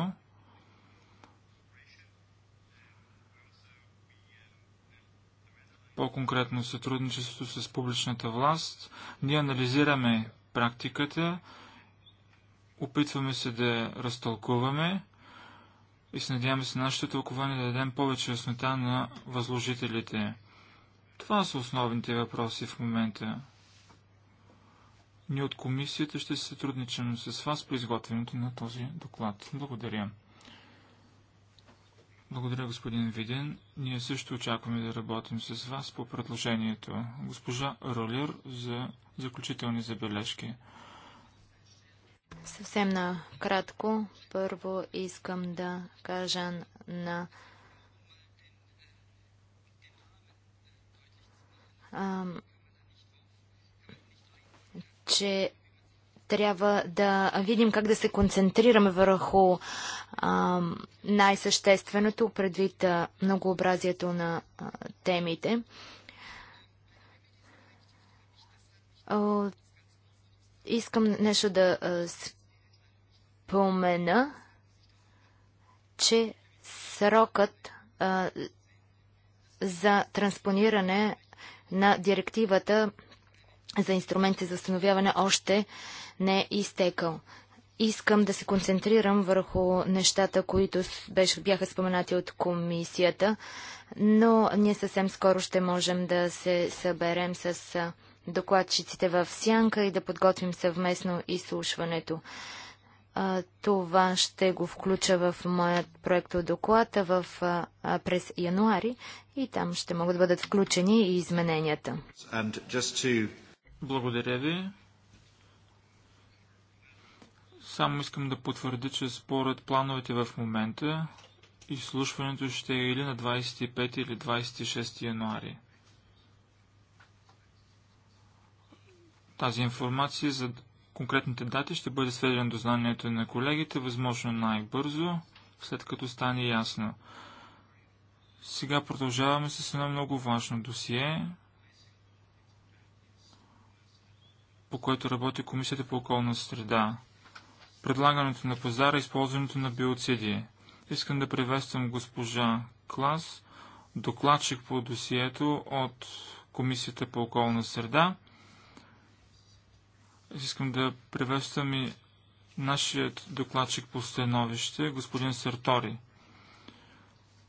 по-конкретно сътрудничеството с публичната власт. Ние анализираме практиката, опитваме се да я разтълкуваме и се надяваме се нашето тълкование да дадем повече яснота на възложителите. Това са основните въпроси в момента. Ние от комисията ще се сътрудничим с вас по изготвянето на този доклад. Благодаря. Благодаря, господин Виден. Ние също очакваме да работим с вас по предложението. Госпожа Ролер за заключителни забележки. Съвсем накратко, първо искам да кажа на че трябва да видим как да се концентрираме върху най-същественото предвид а, многообразието на а, темите. О, искам нещо да а, спомена, че срокът за транспониране на директивата за инструменти за установяване още не е изтекал. Искам да се концентрирам върху нещата, които беше, бяха споменати от комисията, но ние съвсем скоро ще можем да се съберем с докладчиците в Сянка и да подготвим съвместно изслушването. Това ще го включа в моят проект доклад в, през януари и там ще могат да бъдат включени и измененията. To, благодаря ви. Само искам да потвърдя, че според плановете в момента изслушването ще е или на 25 или 26 януари. Тази информация за конкретните дати ще бъде сведена до знанието на колегите, възможно най-бързо, след като стане ясно. Сега продължаваме с едно много важно досие по което работи Комисията по околна среда. Предлагането на пазара и използването на биоциди. Искам да приветствам госпожа Клас, докладчик по досието от Комисията по околна среда. Искам да приветствам и нашият докладчик по становище, господин Сартори.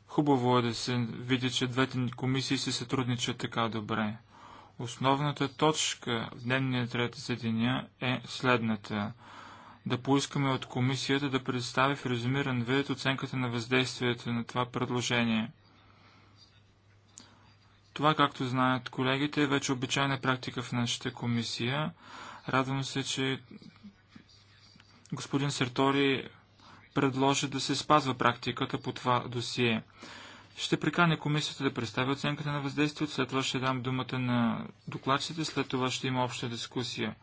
Хубаво е да се види, че двете комисии се сътрудничат така добре. Основната точка в дневния ред за деня е следната. Да поискаме от комисията да представи в резюмиран вид оценката на въздействието на това предложение. Това, както знаят колегите, е вече обичайна практика в нашата комисия. Радвам се, че господин Сертори предложи да се спазва практиката по това досие. Ще приканя комисията да представи оценката на въздействието, след това ще дам думата на докладчите, след това ще има обща дискусия.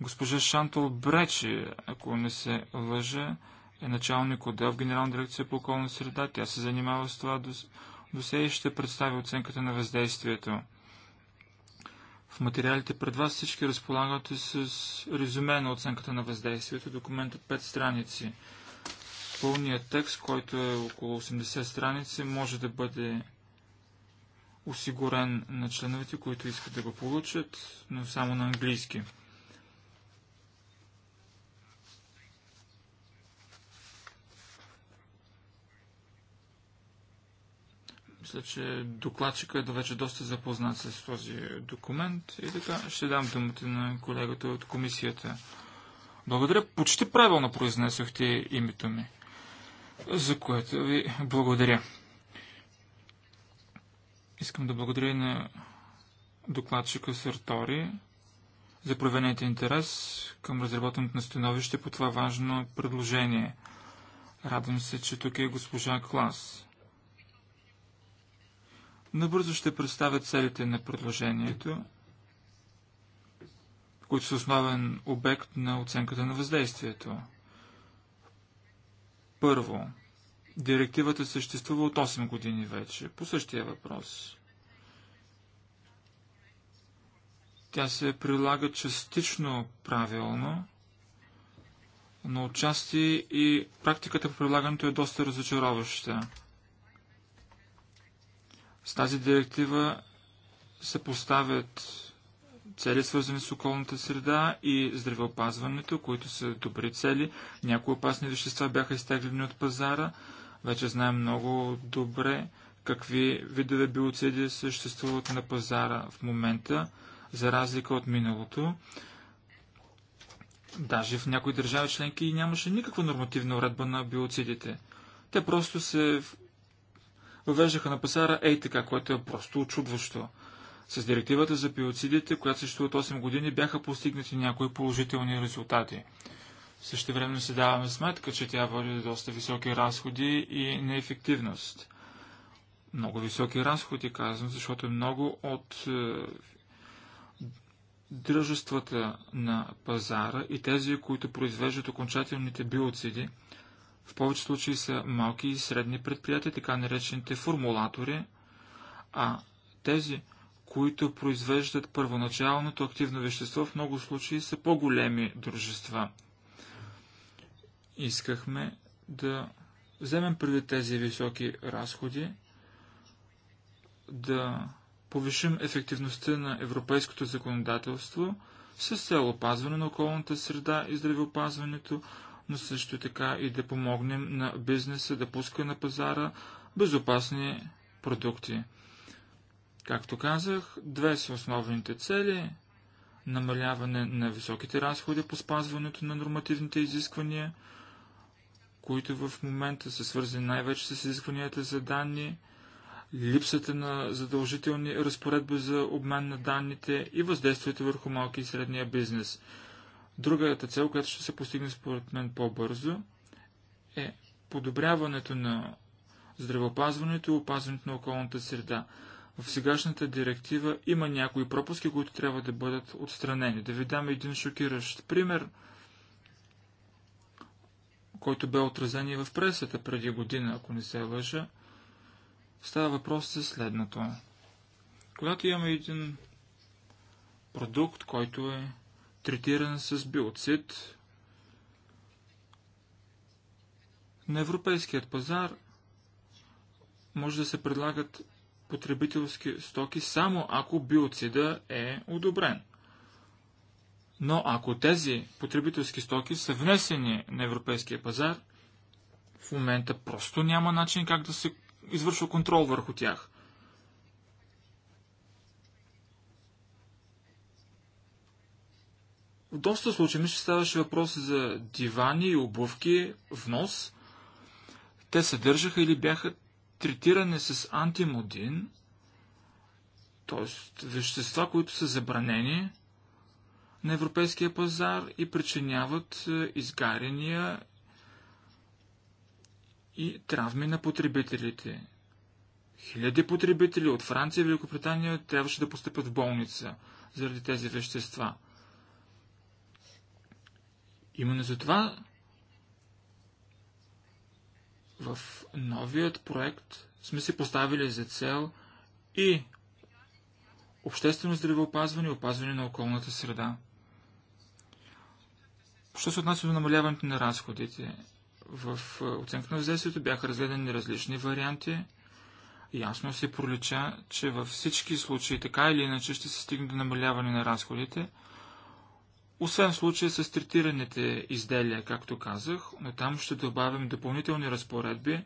Госпожа Шантол Бречи, ако не се лъжа, е началник отдел в Генерална дирекция по околна среда. Тя се занимава с това досе и ще представи оценката на въздействието. В материалите пред вас всички разполагате с резюме на оценката на въздействието, документ от 5 страници. Пълният текст, който е около 80 страници, може да бъде осигурен на членовете, които искат да го получат, но само на английски. Мисля, че докладчика е вече доста запознат с този документ и така ще дам думата на колегата от комисията. Благодаря, почти правилно произнесохте името ми за което ви благодаря. Искам да благодаря на докладчика Сартори за проявените интерес към разработването на становище по това важно предложение. Радвам се, че тук е госпожа Клас. Набързо ще представя целите на предложението, които са основен обект на оценката на въздействието. Първо, директивата съществува от 8 години вече, по същия въпрос. Тя се прилага частично правилно, но отчасти и практиката по прилагането е доста разочароваща. С тази директива се поставят цели свързани с околната среда и здравеопазването, които са добри цели. Някои опасни вещества бяха изтеглени от пазара. Вече знаем много добре какви видове биоциди съществуват на пазара в момента, за разлика от миналото. Даже в някои държави членки нямаше никаква нормативна уредба на биоцидите. Те просто се въвеждаха на пазара ей така, което е просто очудващо. С директивата за биоцидите, която също от 8 години, бяха постигнати някои положителни резултати. Също време се даваме сметка, че тя води до доста високи разходи и неефективност. Много високи разходи, казвам, защото много от е, дружествата на пазара и тези, които произвеждат окончателните биоциди, в повече случаи са малки и средни предприятия, така наречените формулатори, а тези, които произвеждат първоначалното активно вещество, в много случаи са по-големи дружества. Искахме да вземем преди тези високи разходи, да повишим ефективността на европейското законодателство с цел опазване на околната среда и здравеопазването, но също така и да помогнем на бизнеса да пуска на пазара безопасни продукти. Както казах, две са основните цели – намаляване на високите разходи по спазването на нормативните изисквания, които в момента са свързани най-вече с изискванията за данни, липсата на задължителни разпоредби за обмен на данните и въздействието върху малки и средния бизнес. Другата цел, която ще се постигне според мен по-бързо, е подобряването на здравеопазването и опазването на околната среда в сегашната директива има някои пропуски, които трябва да бъдат отстранени. Да ви дам един шокиращ пример, който бе отразен и в пресата преди година, ако не се лъжа. Става въпрос за следното. Когато имаме един продукт, който е третиран с биоцид, на европейският пазар може да се предлагат потребителски стоки само ако биоцида е одобрен. Но ако тези потребителски стоки са внесени на европейския пазар, в момента просто няма начин как да се извършва контрол върху тях. В доста случаи ми ще ставаше въпрос за дивани и обувки, внос. Те съдържаха или бяха третиране с антимодин, т.е. вещества, които са забранени на европейския пазар и причиняват е, изгаряния и травми на потребителите. Хиляди потребители от Франция и Великобритания трябваше да постъпят в болница заради тези вещества. Именно за това в новият проект сме си поставили за цел и обществено здравеопазване и опазване на околната среда. Що се отнася до намаляването на разходите? В е, оценка на взесието бяха разгледани различни варианти. Ясно се пролича, че във всички случаи така или иначе ще се стигне до намаляване на разходите – освен случая с третираните изделия, както казах, но там ще добавим допълнителни разпоредби,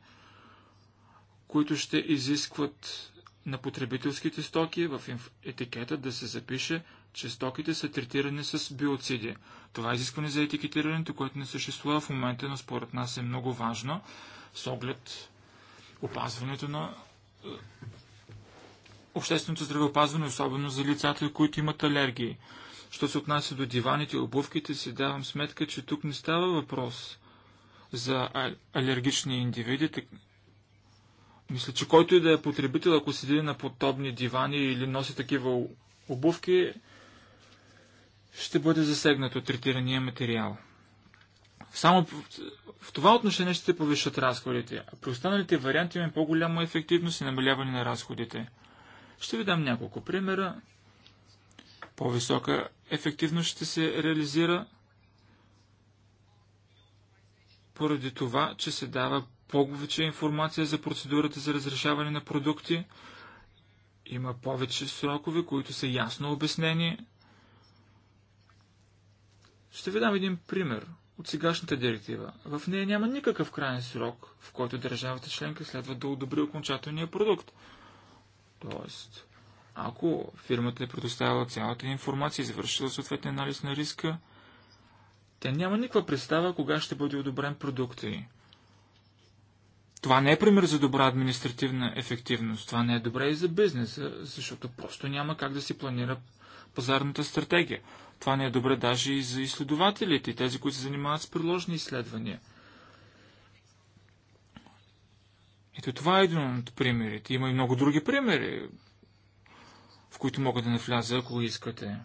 които ще изискват на потребителските стоки в етикета да се запише, че стоките са третирани с биоциди. Това е изискване за етикетирането, което не съществува в момента, но според нас е много важно с оглед опазването на е, общественото здравеопазване, особено за лицата, които имат алергии. Що се отнася до диваните и обувките, си давам сметка, че тук не става въпрос за алергични индивиди. Мисля, че който и да е потребител, ако седи на подобни дивани или носи такива обувки, ще бъде засегнат от третирания материал. Само в това отношение ще се повишат разходите, а при останалите варианти има по-голяма ефективност и намаляване на разходите. Ще ви дам няколко примера по-висока ефективност ще се реализира поради това, че се дава повече информация за процедурата за разрешаване на продукти, има повече срокове, които са ясно обяснени. Ще ви дам един пример от сегашната директива. В нея няма никакъв крайен срок, в който държавата членка следва да одобри окончателния продукт. Тоест, ако фирмата е предоставила цялата информация, извършила съответния анализ на риска, тя няма никаква представа кога ще бъде одобрен продукта й. Това не е пример за добра административна ефективност. Това не е добре и за бизнеса, защото просто няма как да си планира пазарната стратегия. Това не е добре даже и за изследователите, и тези, които се занимават с приложни изследвания. Ето това е един от примерите. Има и много други примери в които мога да навляза, ако искате.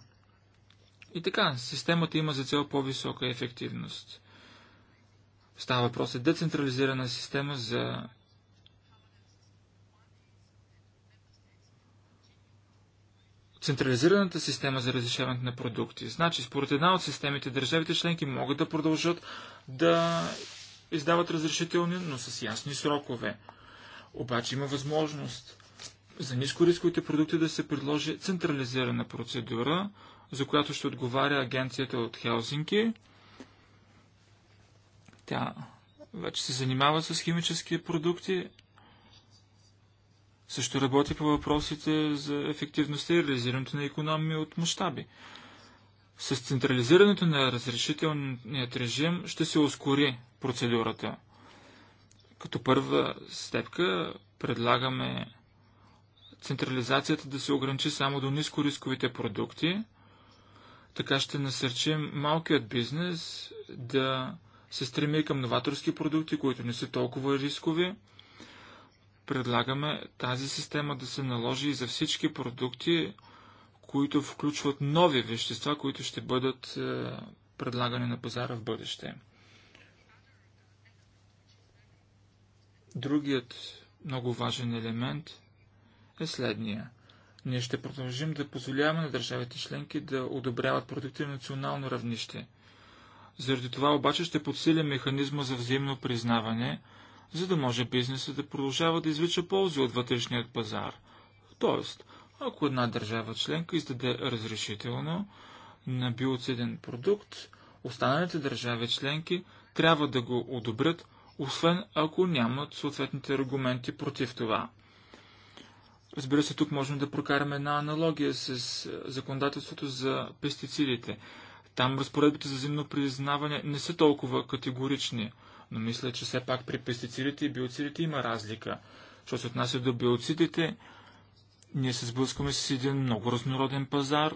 И така, системата има за цел по-висока ефективност. Става въпрос за е децентрализирана система за централизираната система за разрешаването на продукти. Значи, според една от системите, държавите членки могат да продължат да издават разрешителни, но с ясни срокове. Обаче има възможност за нискорисковите продукти да се предложи централизирана процедура, за която ще отговаря агенцията от Хелзинки. Тя вече се занимава с химически продукти, също работи по въпросите за ефективността и реализирането на економии от мащаби. С централизирането на разрешителният режим ще се ускори процедурата. Като първа степка предлагаме централизацията да се ограничи само до нискорисковите продукти. Така ще насърчим малкият бизнес да се стреми към новаторски продукти, които не са толкова рискови. Предлагаме тази система да се наложи и за всички продукти, които включват нови вещества, които ще бъдат е, предлагани на пазара в бъдеще. Другият много важен елемент е следния. Ние ще продължим да позволяваме на държавите членки да одобряват продукти на национално равнище. Заради това обаче ще подсиля механизма за взаимно признаване, за да може бизнеса да продължава да извлича ползи от вътрешният пазар. Тоест, ако една държава членка издаде разрешително на биоциден продукт, останалите държави членки трябва да го одобрят, освен ако нямат съответните аргументи против това. Разбира се, тук можем да прокараме една аналогия с е, законодателството за пестицидите. Там разпоредбите за зимно признаване не са толкова категорични, но мисля, че все пак при пестицидите и биоцидите има разлика. Що се отнася до биоцидите, ние се сблъскваме с един много разнороден пазар.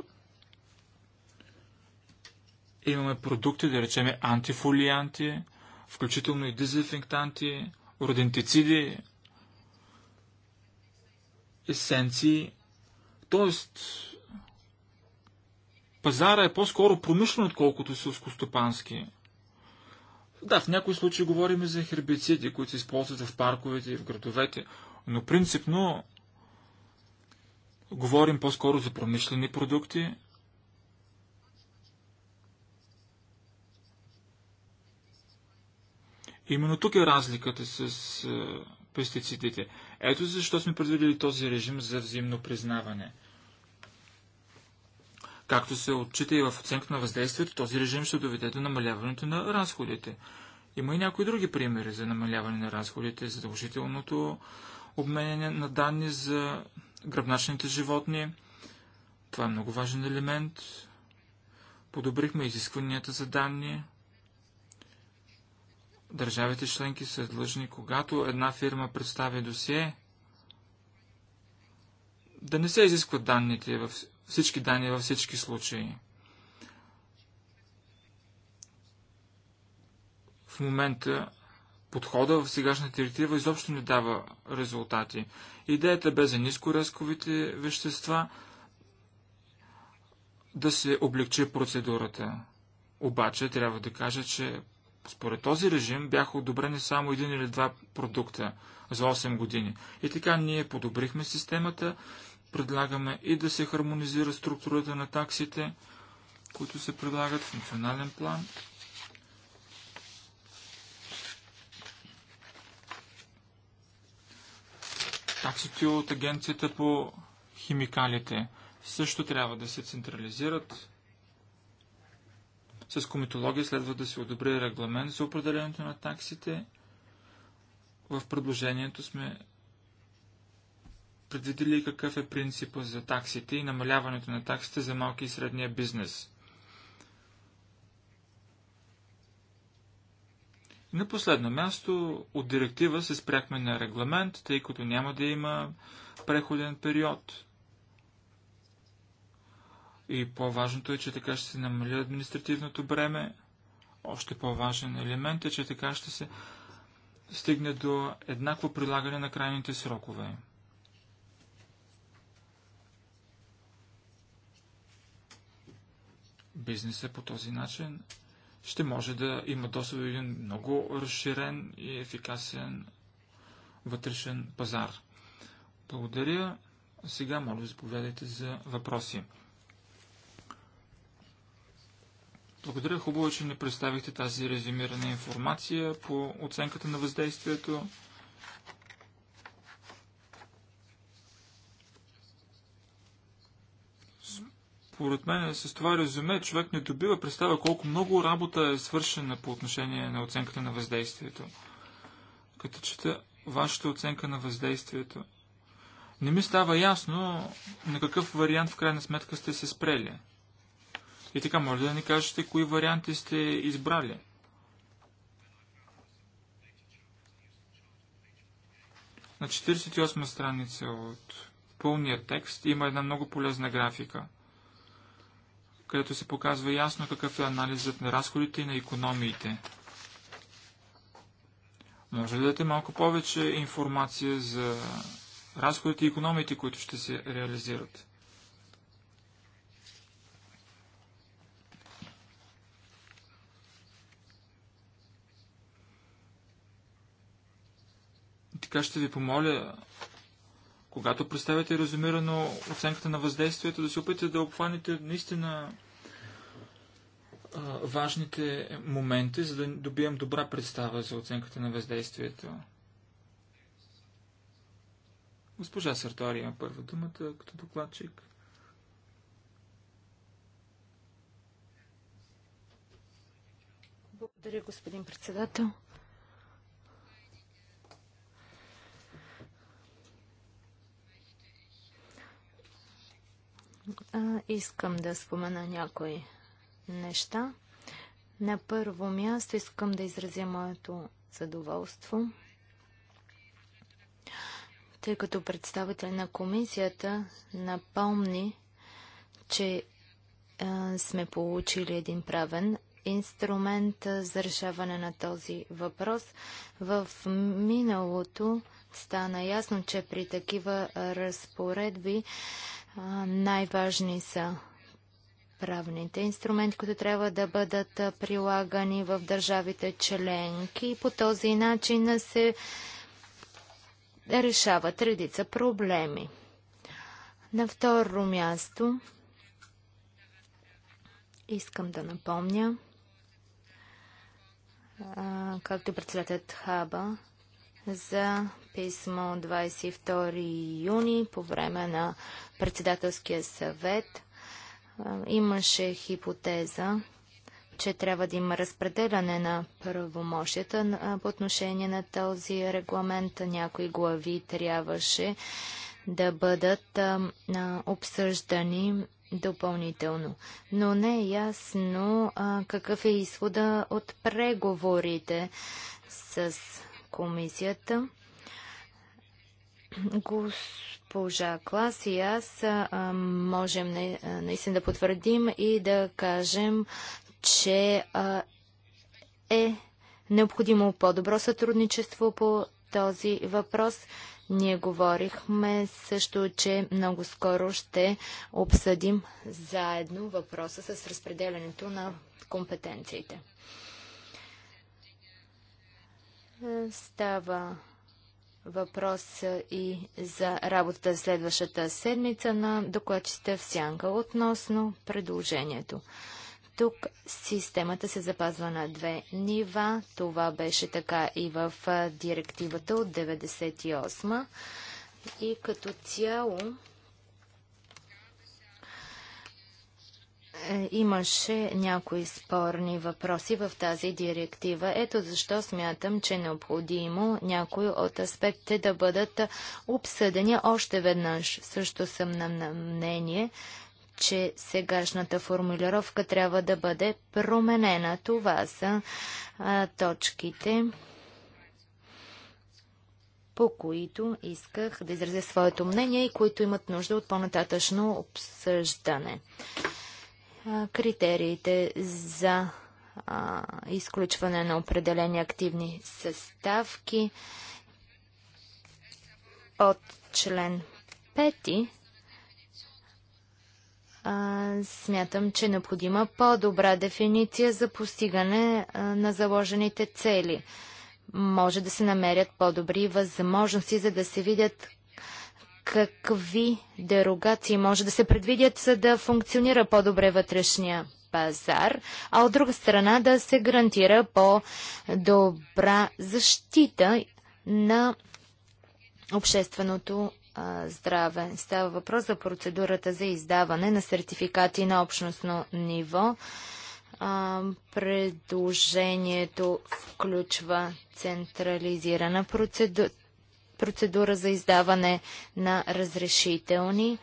Имаме продукти, да речем антифолианти, включително и дезинфектанти, родентициди, есенции. Тоест, пазара е по-скоро промишлен, отколкото сълскостопански. Да, в някои случаи говорим и за хербициди, които се използват в парковете и в градовете, но принципно говорим по-скоро за промишлени продукти. Именно тук е разликата с е, пестицидите. Ето защо сме предвидили този режим за взаимно признаване. Както се отчита и в оценка на въздействието, този режим ще доведе до намаляването на разходите. Има и някои други примери за намаляване на разходите, задължителното обменяне на данни за гръбначните животни. Това е много важен елемент. Подобрихме изискванията за данни. Държавите членки са длъжни, когато една фирма представи досие, да не се изискват данните във всички данни във всички случаи. В момента подхода в сегашната директива изобщо не дава резултати. Идеята бе за нискоръсковите вещества да се облегчи процедурата. Обаче трябва да кажа, че според този режим бяха одобрени само един или два продукта за 8 години. И така ние подобрихме системата, предлагаме и да се хармонизира структурата на таксите, които се предлагат в национален план. Таксите от агенцията по химикалите също трябва да се централизират с комитология следва да се одобри регламент за определението на таксите. В предложението сме предвидили какъв е принципът за таксите и намаляването на таксите за малки и средния бизнес. И на последно място, от директива се спряхме на регламент, тъй като няма да има преходен период. И по-важното е, че така ще се намали административното бреме. Още по-важен елемент е, че така ще се стигне до еднакво прилагане на крайните срокове. Бизнеса по този начин ще може да има достъп до един много разширен и ефикасен вътрешен пазар. Благодаря. Сега моля, заповядайте за въпроси. Благодаря. Хубаво, е, че ни представихте тази резюмирана информация по оценката на въздействието. Според мен с това резюме човек не добива представа колко много работа е свършена по отношение на оценката на въздействието. Като чета вашата оценка на въздействието, не ми става ясно на какъв вариант в крайна сметка сте се спрели. И така, може да ни кажете кои варианти сте избрали? На 48 страница от пълния текст има една много полезна графика, където се показва ясно какъв е анализът на разходите и на економиите. Може да дадете малко повече информация за разходите и економиите, които ще се реализират? Така ще ви помоля, когато представяте резюмирано оценката на въздействието, да се опитате да обхванете наистина а, важните моменти, за да добием добра представа за оценката на въздействието. Госпожа Сартори има първа думата като докладчик. Благодаря, господин председател. а, искам да спомена някои неща. На първо място искам да изразя моето задоволство, тъй като представител на комисията напомни, че а, сме получили един правен инструмент за решаване на този въпрос. В миналото стана ясно, че при такива разпоредби най-важни са правните инструменти, които трябва да бъдат прилагани в държавите членки. По този начин се решават редица проблеми. На второ място искам да напомня, както председателят Хаба за писмо 22 юни по време на председателския съвет. Имаше хипотеза, че трябва да има разпределяне на правомощията по отношение на този регламент. Някои глави трябваше да бъдат обсъждани допълнително. Но не е ясно какъв е изхода от преговорите с комисията. Госпожа Клас и аз можем наистина да потвърдим и да кажем, че е необходимо по-добро сътрудничество по този въпрос. Ние говорихме също, че много скоро ще обсъдим заедно въпроса с разпределянето на компетенциите. Става въпрос и за работата следващата седмица на докладчите в Сянка относно предложението. Тук системата се запазва на две нива. Това беше така и в директивата от 98 и като цяло Е, имаше някои спорни въпроси в тази директива. Ето защо смятам, че е необходимо някои от аспектите да бъдат обсъдени още веднъж. Също съм на мнение, че сегашната формулировка трябва да бъде променена. Това са а, точките, по които исках да изразя своето мнение и които имат нужда от по-нататъчно обсъждане критериите за изключване на определени активни съставки от член 5 смятам, че е необходима по-добра дефиниция за постигане на заложените цели. Може да се намерят по-добри възможности, за да се видят какви дерогации може да се предвидят, за да функционира по-добре вътрешния пазар, а от друга страна да се гарантира по-добра защита на общественото здраве. Става въпрос за процедурата за издаване на сертификати на общностно ниво. предложението включва централизирана процедура процедура за издаване на разрешителни.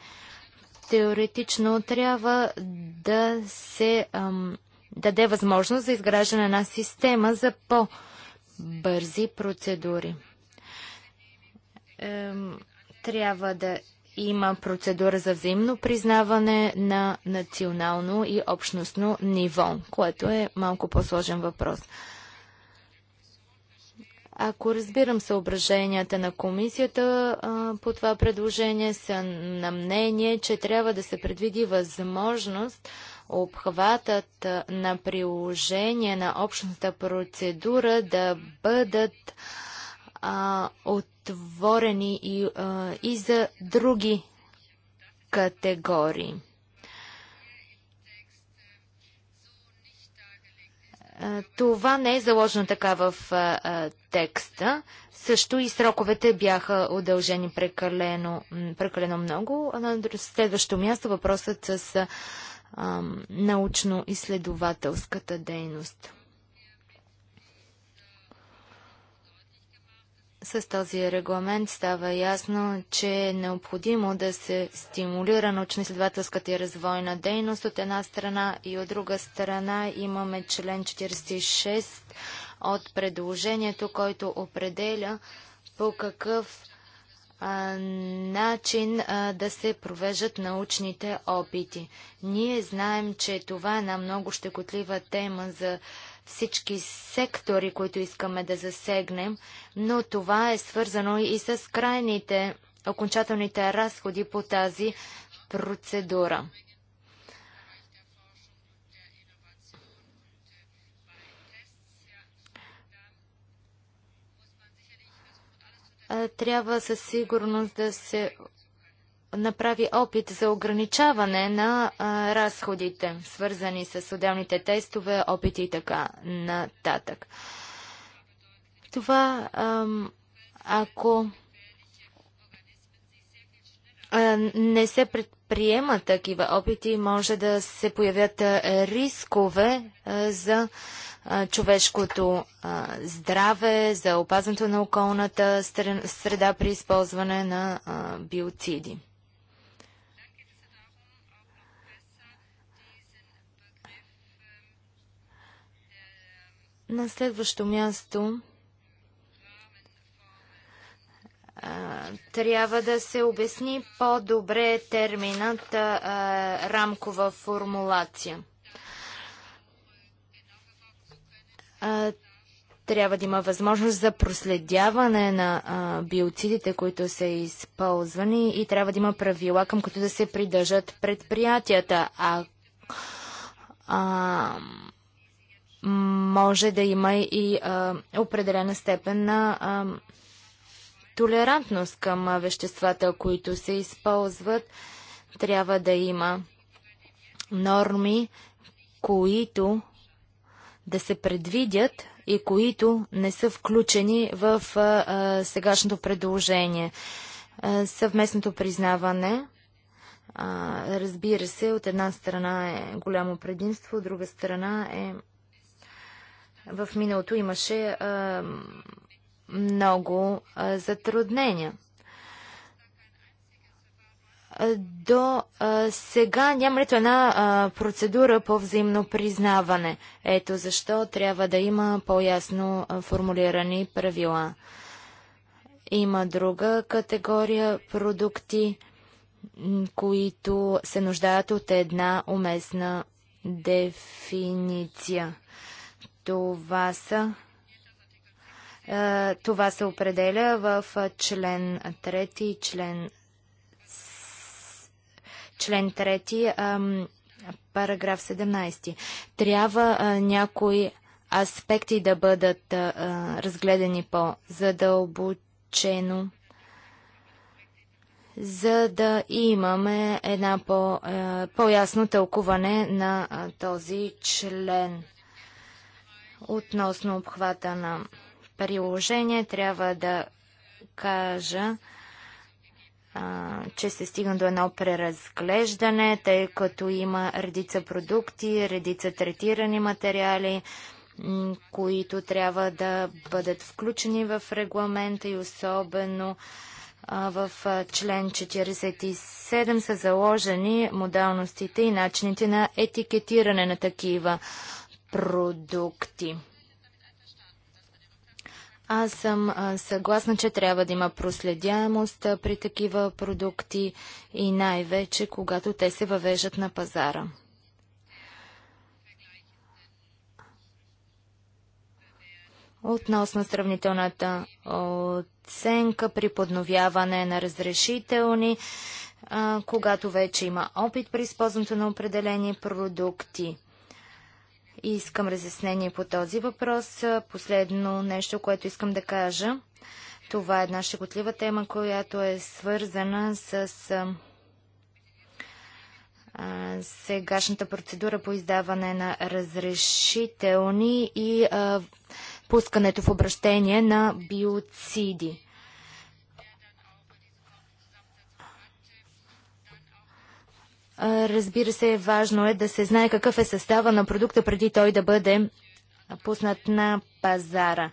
Теоретично трябва да се ам, даде възможност за изграждане на система за по-бързи процедури. Ем, трябва да има процедура за взаимно признаване на национално и общностно ниво, което е малко по-сложен въпрос. Ако разбирам съображенията на комисията по това предложение, са на мнение, че трябва да се предвиди възможност обхватът на приложение на общността процедура да бъдат а, отворени и, а, и за други категории. Това не е заложено така в а, текста. Също и сроковете бяха удължени прекалено, прекалено много. На следващо място въпросът с научно-изследователската дейност. С този регламент става ясно, че е необходимо да се стимулира научно-изследователската и развойна дейност от една страна и от друга страна имаме член 46 от предложението, който определя по какъв а, начин а, да се провеждат научните опити. Ние знаем, че това е една много щекотлива тема за всички сектори, които искаме да засегнем, но това е свързано и с крайните окончателните разходи по тази процедура. Трябва със сигурност да се направи опит за ограничаване на а, разходите, свързани с отделните тестове, опити и така нататък. Това, ако а, не се предприема такива опити, може да се появят а, рискове за човешкото а, здраве, за опазването на околната среда при използване на а, биоциди. На следващо място трябва да се обясни по-добре терминът рамкова формулация. трябва да има възможност за проследяване на биоцидите, които са използвани и трябва да има правила, към които да се придържат предприятията. А, а може да има и а, определена степен на а, толерантност към веществата, които се използват. Трябва да има норми, които да се предвидят и които не са включени в а, а, сегашното предложение. А, съвместното признаване, а, разбира се, от една страна е голямо предимство, от друга страна е в миналото имаше а, много а, затруднения. До а, сега няма нито една а, процедура по взаимно признаване. Ето защо трябва да има по-ясно формулирани правила. Има друга категория продукти, които се нуждаят от една уместна дефиниция. Това са е, това се определя в член 3, член, член 3, параграф 17. Трябва е, някои аспекти да бъдат е, разгледани по-задълбочено, за да имаме една по, по-ясно тълкуване на този член. Относно обхвата на приложение, трябва да кажа, че се стигна до едно преразглеждане, тъй като има редица продукти, редица третирани материали, които трябва да бъдат включени в регламента и особено в член 47 са заложени модалностите и начините на етикетиране на такива продукти. Аз съм съгласна, че трябва да има проследяемост при такива продукти и най-вече, когато те се въвеждат на пазара. Относно сравнителната оценка при подновяване на разрешителни, когато вече има опит при използването на определени продукти искам разяснение по този въпрос. Последно нещо, което искам да кажа. Това е една шеготлива тема, която е свързана с а, сегашната процедура по издаване на разрешителни и а, пускането в обращение на биоциди. Разбира се, важно е да се знае какъв е състава на продукта преди той да бъде пуснат на пазара.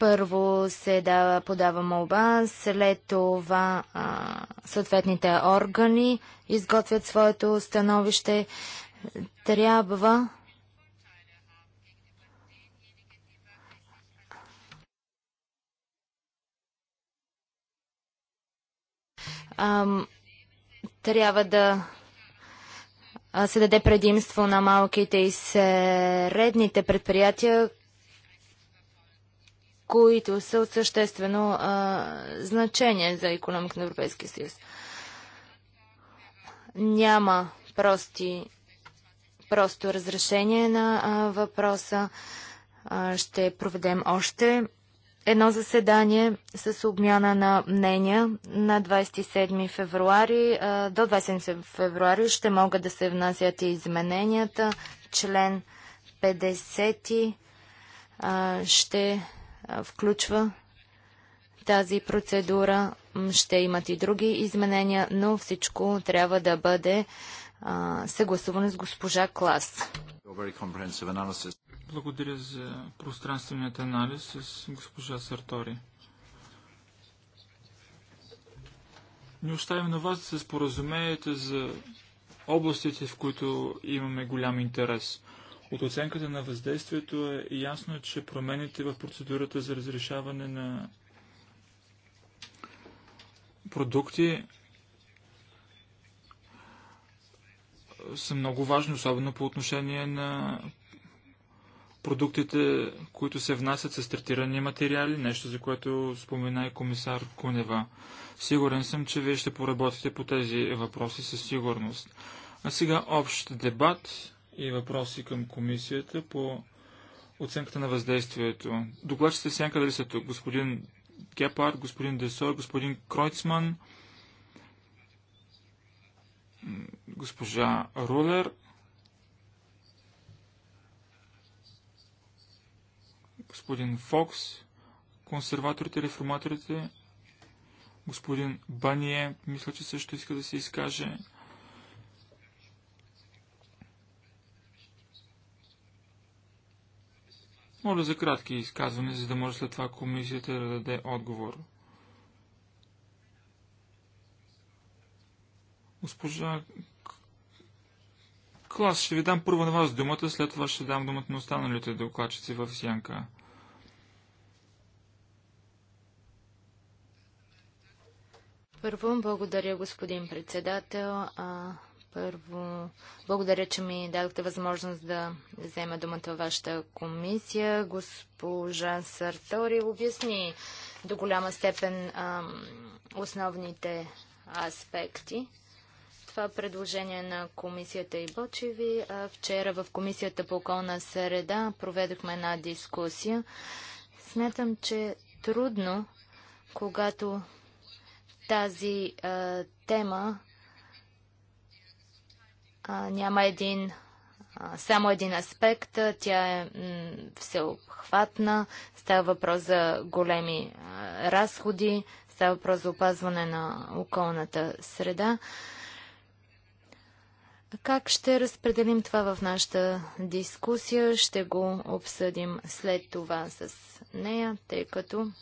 Първо се дава, подава молба, след това а, съответните органи изготвят своето становище. Трябва ам, трябва да се даде предимство на малките и средните предприятия, които са от съществено а, значение за економика на Европейския съюз. Няма прости, просто разрешение на а, въпроса. А, ще проведем още едно заседание с обмяна на мнения на 27 февруари. До 27 февруари ще могат да се внасят и измененията. Член 50 ще включва тази процедура. Ще имат и други изменения, но всичко трябва да бъде съгласувано с госпожа Клас. Благодаря за пространственият анализ с госпожа Сартори. Не оставим на вас да се споразумеете за областите, в които имаме голям интерес. От оценката на въздействието е ясно, че промените в процедурата за разрешаване на продукти са много важни, особено по отношение на продуктите, които се внасят с третирани материали, нещо за което спомена и комисар Кунева. Сигурен съм, че вие ще поработите по тези въпроси със сигурност. А сега общ дебат и въпроси към комисията по оценката на въздействието. Докладчите сянка дали са тук? Господин Гепард, господин Десой, господин Кройцман, госпожа Рулер, господин Фокс, консерваторите, реформаторите, господин Бание, мисля, че също иска да се изкаже. Моля за кратки изказвания, за да може след това комисията да даде отговор. Госпожа Клас, ще ви дам първо на вас думата, след това ще дам думата на останалите докладчици в сянка. Първо, благодаря, господин председател. А, първо, благодаря, че ми дадохте възможност да взема думата във вашата комисия. Госпожа Сартори обясни до голяма степен а, основните аспекти. Това предложение на комисията и Бочеви. А, вчера в комисията по околна среда проведохме една дискусия. Смятам, че е трудно, когато тази а, тема а, няма един, а, само един аспект. Тя е всеобхватна. Става въпрос за големи а, разходи, става въпрос за опазване на околната среда. Как ще разпределим това в нашата дискусия? Ще го обсъдим след това с нея, тъй като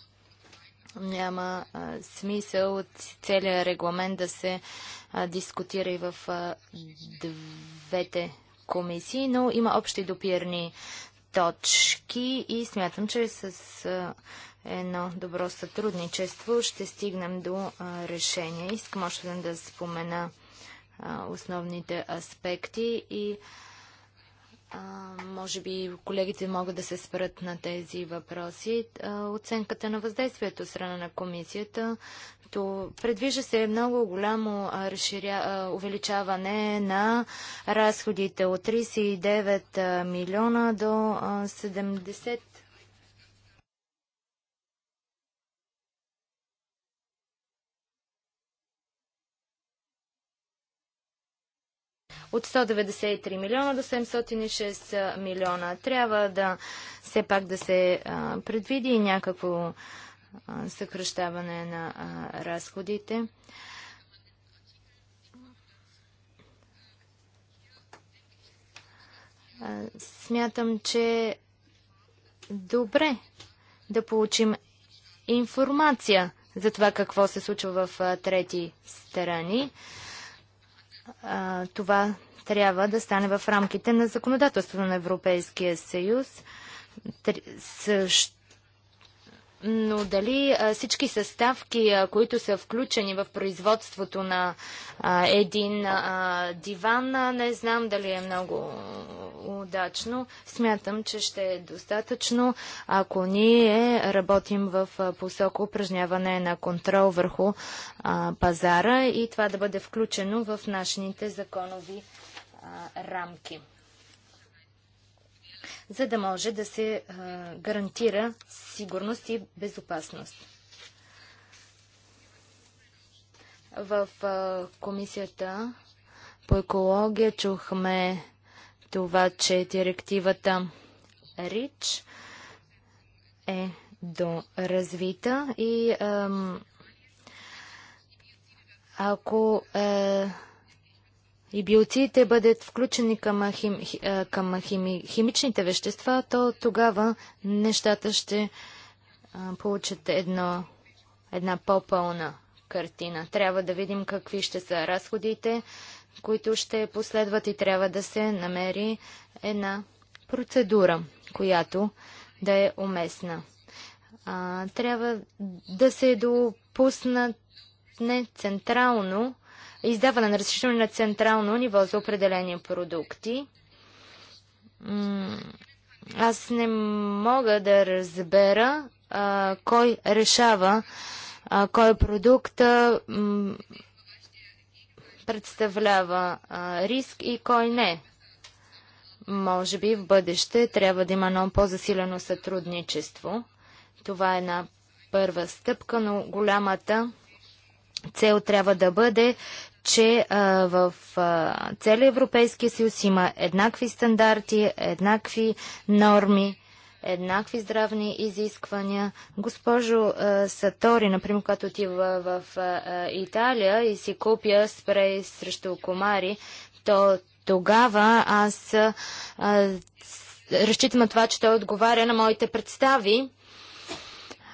няма а, смисъл от целият регламент да се а, дискутира и в а, двете комисии, но има общи допирни точки и смятам, че с а, едно добро сътрудничество ще стигнем до а, решение. Искам още да спомена а, основните аспекти и а, а, може би колегите могат да се спрат на тези въпроси. А, оценката на въздействието от страна на комисията. То предвижда се много голямо а, разширя, увеличаване на разходите от 39 милиона до 70 от 193 милиона до 706 милиона. Трябва да все пак да се а, предвиди и някакво а, съкръщаване на а, разходите. Смятам, че добре да получим информация за това какво се случва в трети страни а, това трябва да стане в рамките на законодателството на Европейския съюз. Тр... Също но дали всички съставки, които са включени в производството на един диван, не знам дали е много удачно. Смятам, че ще е достатъчно, ако ние работим в посока упражняване на контрол върху пазара и това да бъде включено в нашите законови рамки за да може да се а, гарантира сигурност и безопасност. В а, комисията по екология чухме това, че директивата РИЧ е доразвита и ако е, и биоциите бъдат включени към, хим, към хими, химичните вещества, то тогава нещата ще получат едно, една по-пълна картина. Трябва да видим какви ще са разходите, които ще последват и трябва да се намери една процедура, която да е уместна. А, трябва да се допуснат не централно издаване на разрешение на централно ниво за определени продукти. Аз не мога да разбера а, кой решава а, кой продукт а, представлява а, риск и кой не. Може би в бъдеще трябва да има едно по-засилено сътрудничество. Това е една първа стъпка, но голямата цел трябва да бъде, че а, в а, целия Европейски съюз има еднакви стандарти, еднакви норми, еднакви здравни изисквания. Госпожо а, Сатори, например, когато отива в а, Италия и си купя спрей срещу комари, то тогава аз а, разчитам на това, че той отговаря на моите представи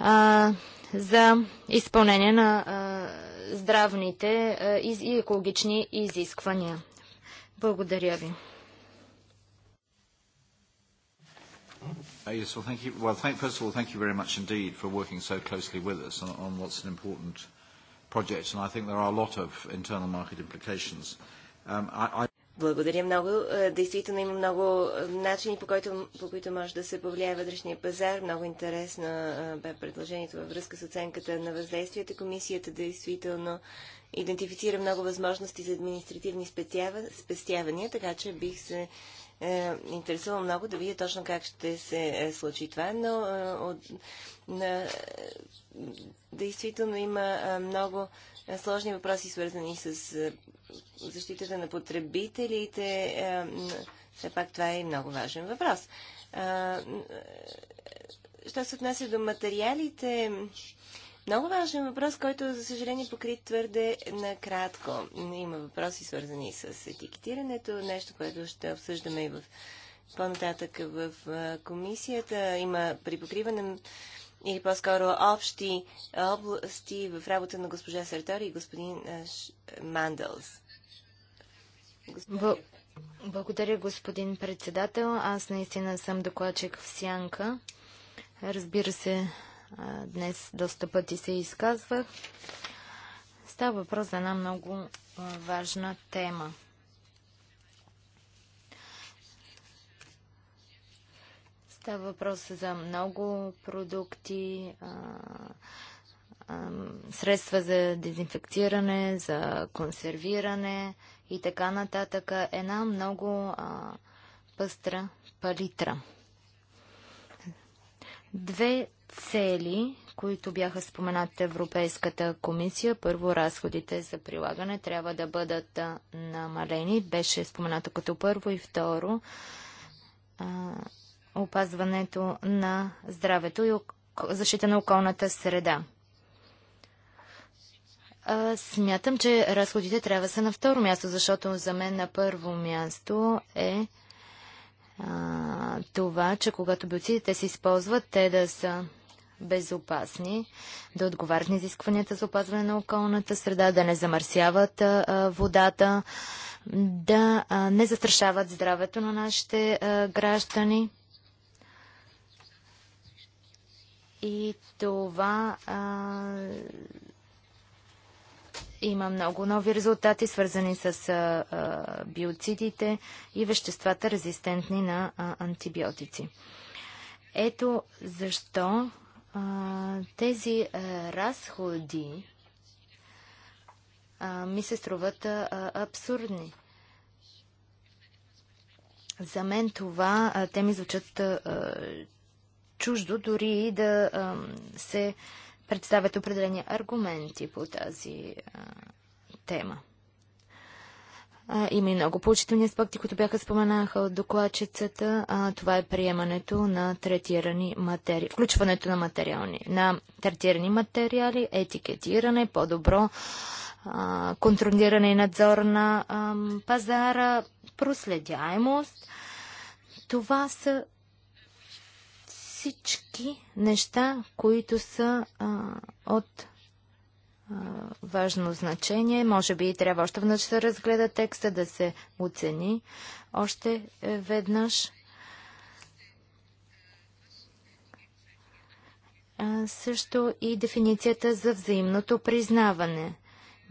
а, за изпълнение на а, здравните и екологични изисквания. Благодаря ви. Yes, well, thank you. Well, thank, first of all, thank you very much indeed for working so closely with us on, on what's an important project, and I think there are a lot of internal market implications. Um, I, I благодаря много. Е, действително има много е, начини, по които, по които може да се повлияе вътрешния пазар. Много интересно е, бе предложението във връзка с оценката на въздействията. Комисията действително идентифицира много възможности за административни спестявания, така че бих се е, интересувал много да видя точно как ще се случи това, но е, от, на, действително има много е, сложни въпроси, свързани с е, защитата на потребителите. Е, все пак това е много важен въпрос. Що се отнася до материалите, много важен въпрос, който, за съжаление, покрит твърде накратко. Има въпроси, свързани с етикетирането, нещо, което ще обсъждаме и в по-нататък в комисията. Има припокриване или по-скоро общи области в работа на госпожа Сартори и господин Мандълс. Благодаря, господин председател. Аз наистина съм докладчик в Сянка. Разбира се, днес доста пъти се изказвах. Става въпрос за една много важна тема. Става въпрос за много продукти, а, а, средства за дезинфекциране, за консервиране и така нататък. Една много а, пъстра палитра. Две цели, които бяха споменати Европейската комисия. Първо, разходите за прилагане трябва да бъдат намалени. Беше споменато като първо и второ опазването на здравето и защита на околната среда. А, смятам, че разходите трябва са на второ място, защото за мен на първо място е а, това, че когато биоцидите се използват, те да са безопасни, да отговарят на изискванията за опазване на околната среда, да не замърсяват а, водата, да а, не застрашават здравето на нашите а, граждани. И това а, има много нови резултати, свързани с а, а, биоцидите и веществата, резистентни на а, антибиотици. Ето защо а, тези а, разходи а, ми се струват а, абсурдни. За мен това, а, те ми звучат а, чуждо дори и да а, се представят определени аргументи по тази а, тема. А, има и много поучителни аспекти, които бяха споменаха от докладчицата. А, това е приемането на третирани материали, включването на материални, на третирани материали, етикетиране, по-добро контролиране и надзор на а, пазара, проследяемост. Това са всички неща, които са а, от а, важно значение. Може би трябва още веднъж да разгледа текста, да се оцени още е, веднъж. А, също и дефиницията за взаимното признаване.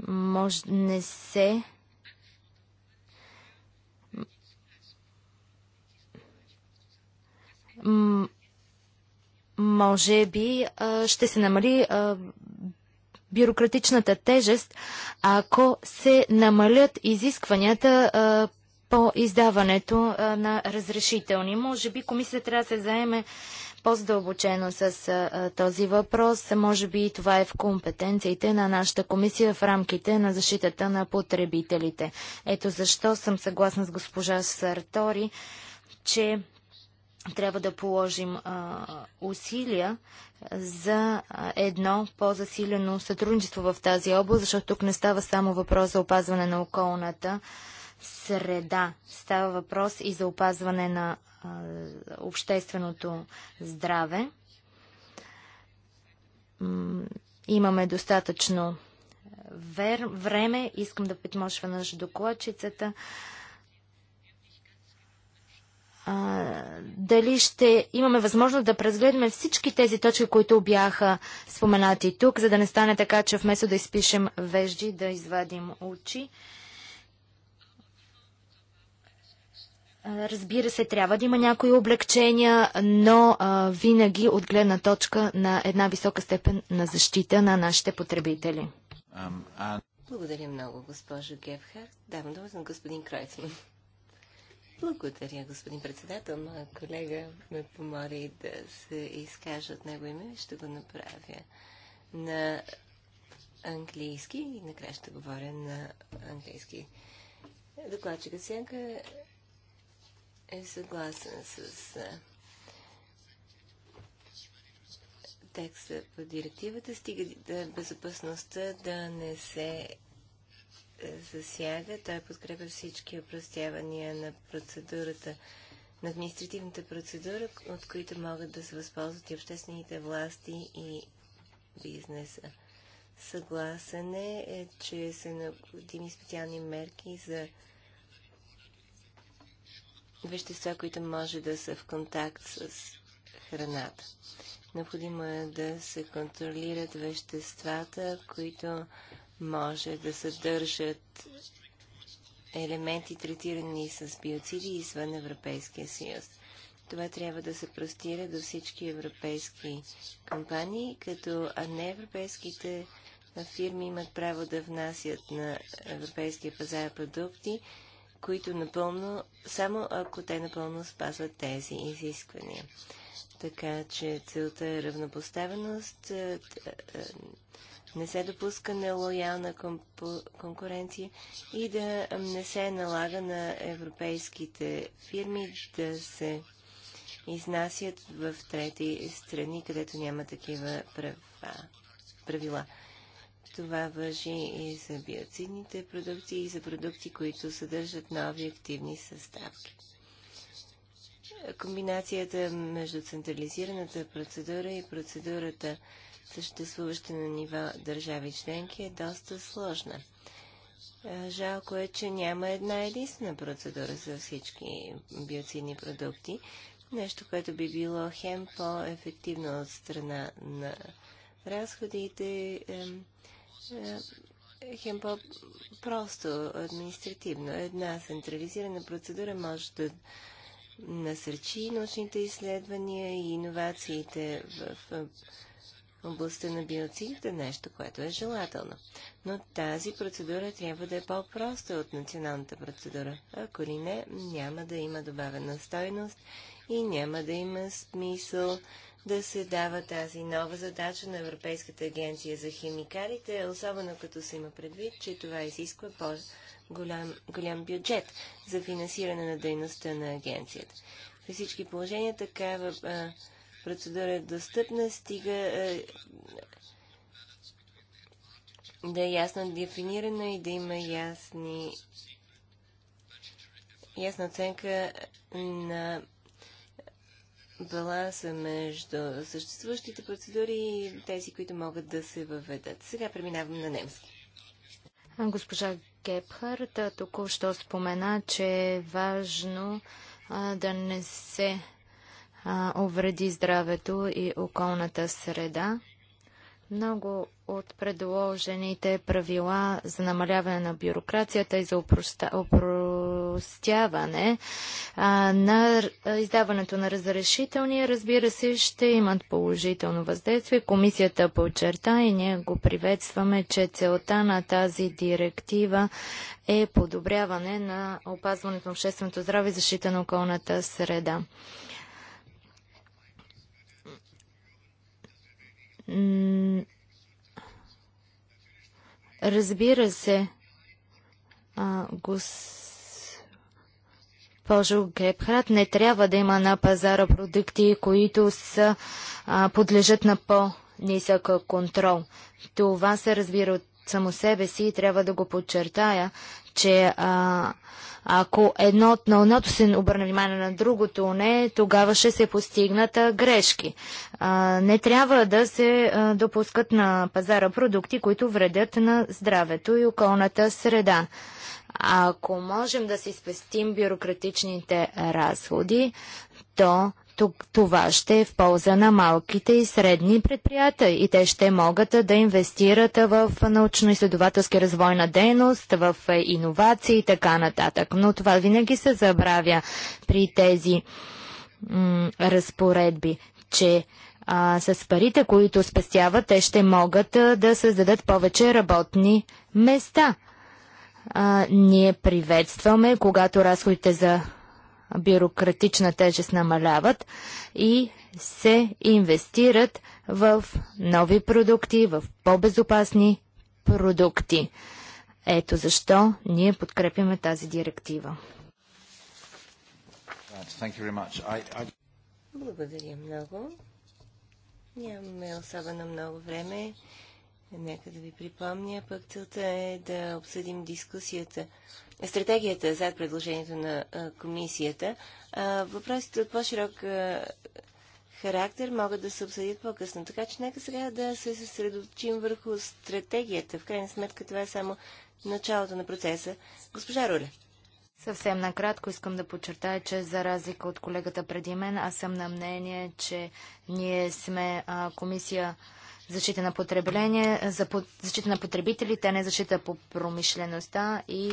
Може не се може би ще се намали бюрократичната тежест, ако се намалят изискванията по издаването на разрешителни. Може би комисията трябва да се заеме по-задълбочено с а, този въпрос. Може би това е в компетенциите на нашата комисия в рамките на защитата на потребителите. Ето защо съм съгласна с госпожа Сартори, че трябва да положим а, усилия за едно по-засилено сътрудничество в тази област, защото тук не става само въпрос за опазване на околната среда. Става въпрос и за опазване на а, общественото здраве. М имаме достатъчно вер, време. Искам да подмошва наш докладчицата а, дали ще имаме възможност да презгледаме всички тези точки, които бяха споменати тук, за да не стане така, че вместо да изпишем вежди, да извадим очи. Разбира се, трябва да има някои облегчения, но а, винаги от гледна точка на една висока степен на защита на нашите потребители. Благодаря много, госпожо Гефхард. Давам дума на господин Крайцман. Благодаря, господин председател. Моя колега ме помоли да се изкажа от него име ще го направя на английски и накрая ще говоря на английски. Докладчика Сянка е съгласен с текста по директивата, стига да безопасността да не се засяга. Той подкрепя всички опростявания на процедурата, на административната процедура, от които могат да се възползват и обществените власти и бизнеса. Съгласен е, е че са необходими специални мерки за вещества, които може да са в контакт с храната. Необходимо е да се контролират веществата, които може да съдържат елементи, третирани с биоциди извън Европейския съюз. Това трябва да се простира до всички европейски компании, като а не европейските фирми имат право да внасят на европейския пазар продукти, които напълно, само ако те напълно спазват тези изисквания. Така че целта е равнопоставеност, е, е, не се допуска нелоялна конкуренция и да не се налага на европейските фирми да се изнасят в трети страни, където няма такива права, правила. Това въжи и за биоцидните продукти, и за продукти, които съдържат нови активни съставки. Комбинацията между централизираната процедура и процедурата съществуваща на ниво държави членки, е доста сложна. Е, жалко е, че няма една единствена процедура за всички биоцидни продукти. Нещо, което би било хем по-ефективно от страна на разходите, е, е, хем по-просто административно. Една централизирана процедура може да насърчи научните изследвания и иновациите в областта на биоцидите, нещо, което е желателно. Но тази процедура трябва да е по-проста от националната процедура. Ако ли не, няма да има добавена стойност и няма да има смисъл да се дава тази нова задача на Европейската агенция за химикалите, особено като се има предвид, че това изисква по-голям голям бюджет за финансиране на дейността на агенцията. При всички положения такава а, процедура е достъпна, стига е, да е ясно дефинирана и да има ясни, ясна оценка на баланса между съществуващите процедури и тези, които могат да се въведат. Сега преминавам на немски. Госпожа Гепхарт току-що спомена, че е важно а, да не се увреди здравето и околната среда. Много от предложените правила за намаляване на бюрокрацията и за упростяване опростяване а, на издаването на разрешителни, разбира се, ще имат положително въздействие. Комисията подчерта и ние го приветстваме, че целта на тази директива е подобряване на опазването на общественото здраве и защита на околната среда. Разбира се, а, госпожо Гепхрат, не трябва да има на пазара продукти, които са, а, подлежат на по-нисък контрол. Това се разбира от само себе си и трябва да го подчертая, че а, ако едно, на едното се обърне внимание на другото не, тогава ще се постигнат а, грешки. А, не трябва да се а, допускат на пазара продукти, които вредят на здравето и околната среда. Ако можем да си спестим бюрократичните разходи, то тук това ще е в полза на малките и средни предприятия и те ще могат да инвестират в научно-изследователски развойна дейност, в е, иновации и така нататък. Но това винаги се забравя при тези разпоредби, че а, с парите, които спестяват, те ще могат да създадат повече работни места. А, ние приветстваме, когато разходите за бюрократична тежест намаляват и се инвестират в нови продукти, в по-безопасни продукти. Ето защо ние подкрепяме тази директива. Благодаря много. Нямаме особено много време. Нека да ви припомня, пък целта е да обсъдим дискусията, стратегията зад предложението на комисията. Въпросите от по-широк характер могат да се обсъдят по-късно. Така че нека сега да се съсредоточим върху стратегията. В крайна сметка това е само началото на процеса. Госпожа Руля. Съвсем накратко искам да подчертая, че за разлика от колегата преди мен, аз съм на мнение, че ние сме а, комисия защита на потребление, за по, защита на потребителите, а не е защита по промишлеността и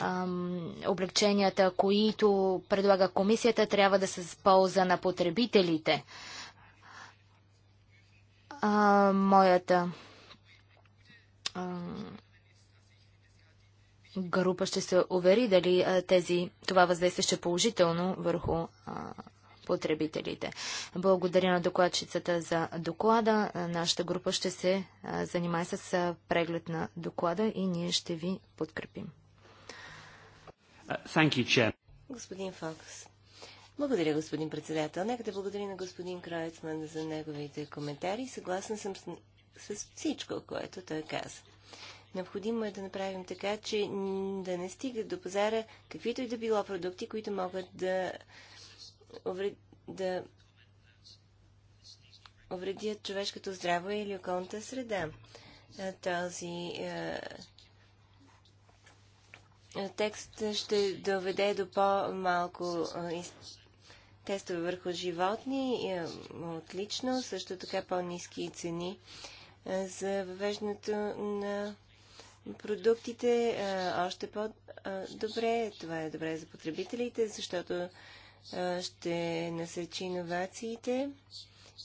ам, облегченията, които предлага комисията, трябва да се полза на потребителите. А, моята ам, група ще се увери дали а, тези, това въздействие ще е положително върху а, потребителите. Благодаря на докладчицата за доклада. Нашата група ще се занимае с преглед на доклада и ние ще ви подкрепим. Uh, you, господин Фокс. Благодаря, господин председател. Нека да благодаря на господин Кройцман за неговите коментари. Съгласна съм с, с всичко, което той каза. Необходимо е да направим така, че да не стигат до пазара каквито и да било продукти, които могат да да увредят човешкото здраве или околната среда. Този текст ще доведе до по-малко тестове върху животни, отлично, също така по-низки цени за въвеждането на продуктите още по-добре. Това е добре за потребителите, защото ще насърчи иновациите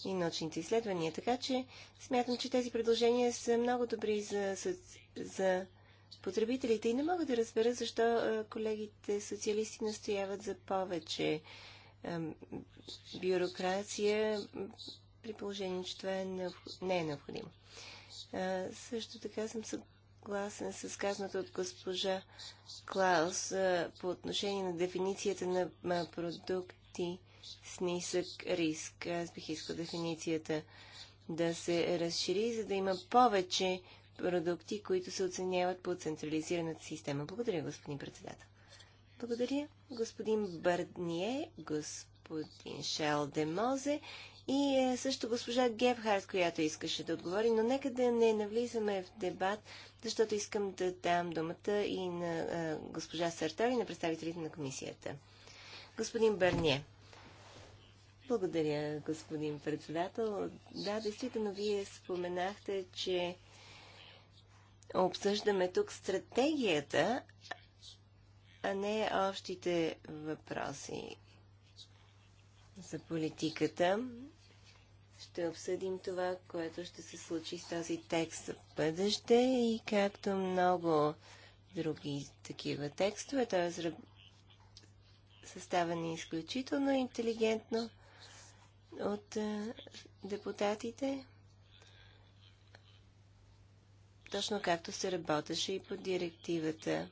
и научните изследвания. Така че смятам, че тези предложения са много добри за, за потребителите и не мога да разбера защо колегите социалисти настояват за повече бюрокрация при положение, че това е необх... не е необходимо. Също така съм съгласен с казаното от госпожа Клаус по отношение на дефиницията на продукти с нисък риск. Аз бих искал дефиницията да се разшири, за да има повече продукти, които се оценяват по централизираната система. Благодаря, господин председател. Благодаря, господин Бърдние, господин Шел Демозе и е, също госпожа Гебхард, която искаше да отговори, но нека да не навлизаме в дебат защото искам да дам думата и на госпожа Сартор и на представителите на комисията. Господин Бърние. Благодаря, господин председател. Да, действително, вие споменахте, че обсъждаме тук стратегията, а не общите въпроси за политиката ще обсъдим това, което ще се случи с този текст в бъдеще и както много други такива текстове. Той е съставен изключително интелигентно от депутатите, точно както се работеше и по директивата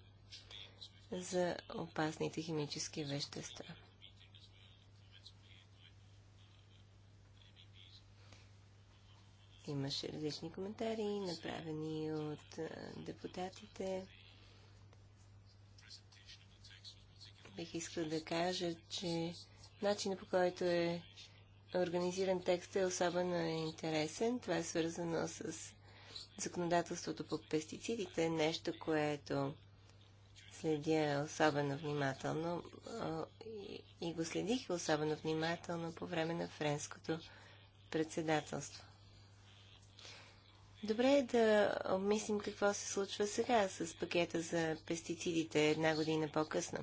за опасните химически вещества. Имаше различни коментари, направени от депутатите. Бих искал да кажа, че начинът по който е организиран текст е особено интересен. Това е свързано с законодателството по пестицидите, нещо, което следя особено внимателно и го следих особено внимателно по време на френското председателство. Добре е да обмислим какво се случва сега с пакета за пестицидите една година по-късно.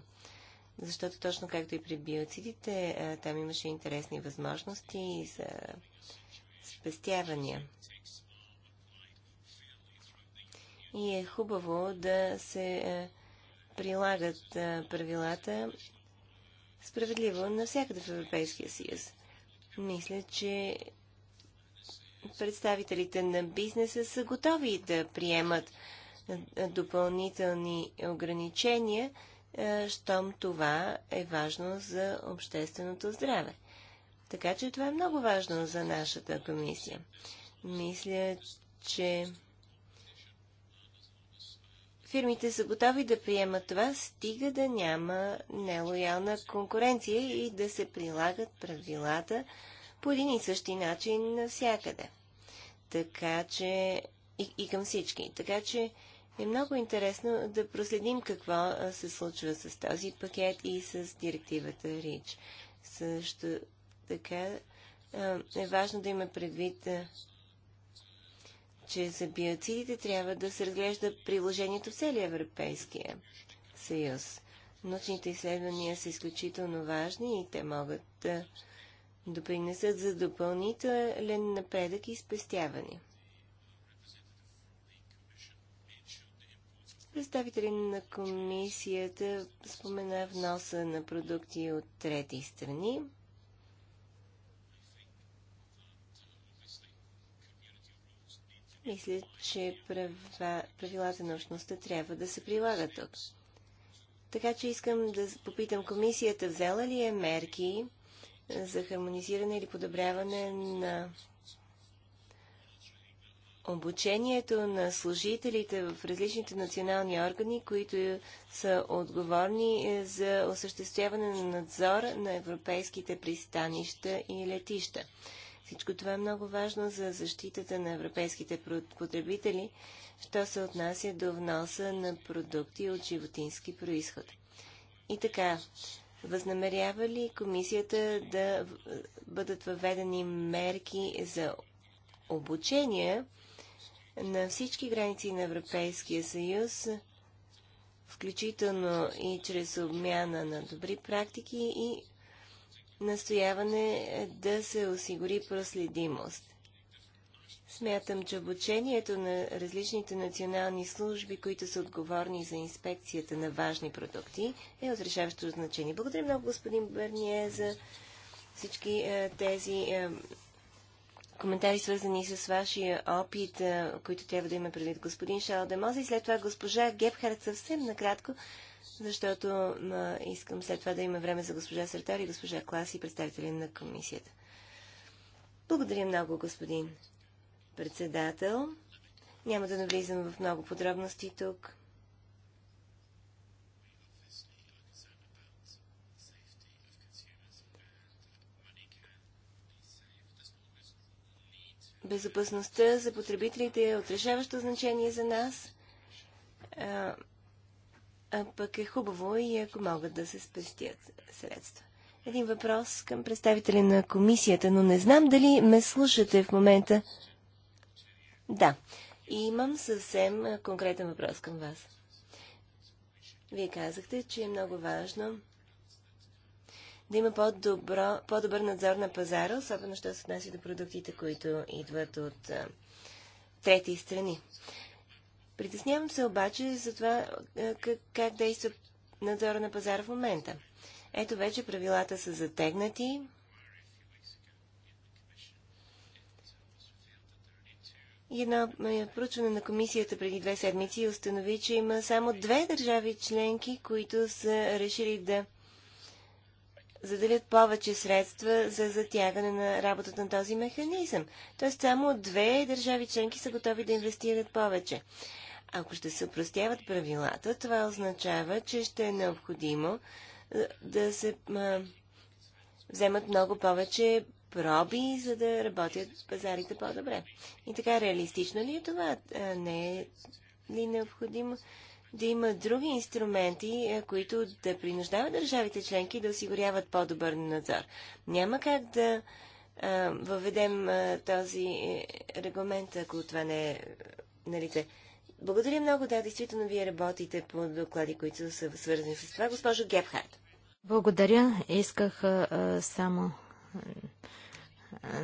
Защото точно както и при биоцидите, там имаше интересни възможности за спестявания. И е хубаво да се прилагат правилата справедливо навсякъде в Европейския съюз. Мисля, че представителите на бизнеса са готови да приемат допълнителни ограничения, щом това е важно за общественото здраве. Така че това е много важно за нашата комисия. Мисля, че фирмите са готови да приемат това, стига да няма нелоялна конкуренция и да се прилагат правилата по един и същи начин навсякъде. Така че и, и към всички. Така че е много интересно да проследим какво се случва с този пакет и с директивата РИЧ. Също така е важно да има предвид, че за биоцидите трябва да се разглежда приложението в целия Европейския съюз. Научните изследвания са изключително важни и те могат да допринесат за допълнителен напредък и спестяване. Представители на комисията спомена вноса на продукти от трети страни. Мисля, че права, правилата на общността трябва да се прилагат тук. Така че искам да попитам комисията, взела ли е мерки за хармонизиране или подобряване на обучението на служителите в различните национални органи, които са отговорни е, за осъществяване на надзор на европейските пристанища и летища. Всичко това е много важно за защитата на европейските потребители, що се отнася до вноса на продукти от животински происход. И така, Възнамерява ли комисията да бъдат въведени мерки за обучение на всички граници на Европейския съюз, включително и чрез обмяна на добри практики и настояване да се осигури проследимост? Смятам, че обучението на различните национални служби, които са отговорни за инспекцията на важни продукти, е от решаващо значение. Благодаря много, господин Берние за всички е, тези е, коментари, свързани с вашия опит, е, които трябва да има предвид господин Шал Демоза и след това госпожа Гепхард съвсем накратко, защото искам след това да има време за госпожа Сартар и госпожа Класи, представители на комисията. Благодаря много, господин председател. Няма да навлизам в много подробности тук. Безопасността за потребителите е отрешаващо значение за нас. А, а пък е хубаво и ако могат да се спестят средства. Един въпрос към представителя на комисията, но не знам дали ме слушате в момента. Да. И имам съвсем конкретен въпрос към вас. Вие казахте, че е много важно да има по-добро, по-добър надзор на пазара, особено що се отнася до продуктите, които идват от а, трети страни. Притеснявам се обаче за това а, как, как действа надзора на пазара в момента. Ето вече правилата са затегнати, И едно проучване на комисията преди две седмици установи, че има само две държави членки, които са решили да заделят повече средства за затягане на работата на този механизъм. Тоест само две държави членки са готови да инвестират повече. Ако ще се упростяват правилата, това означава, че ще е необходимо е, да се вземат много повече проби, за да работят пазарите по-добре. И така, реалистично ли е това? Не е ли необходимо да има други инструменти, които да принуждават държавите членки да осигуряват по-добър надзор? Няма как да а, въведем а, този е, регламент, ако това не е на лице. Благодаря много, да, действително вие работите по доклади, които са свързани с това. Госпожо Гепхарт. Благодаря. Исках а, само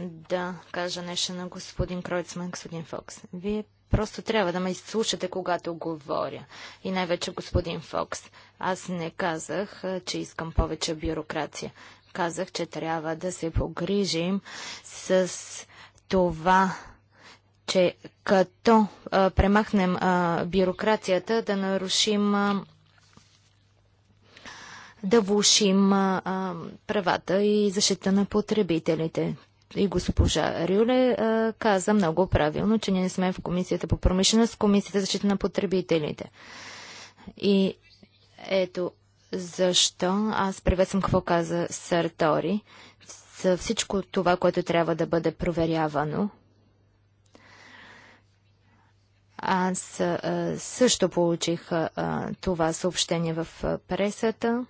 да кажа нещо на господин Кройцман, господин Фокс. Вие просто трябва да ме изслушате, когато говоря. И най-вече господин Фокс. Аз не казах, че искам повече бюрокрация. Казах, че трябва да се погрижим с това, че като а, премахнем а, бюрокрацията, да нарушим а, да влушим а, правата и защита на потребителите. И госпожа Рюле а, каза много правилно, че ние не сме в Комисията по промишленост, Комисията за защита на потребителите. И ето защо аз приветствам какво каза Сър Тори за всичко това, което трябва да бъде проверявано. Аз а, също получих а, това съобщение в пресата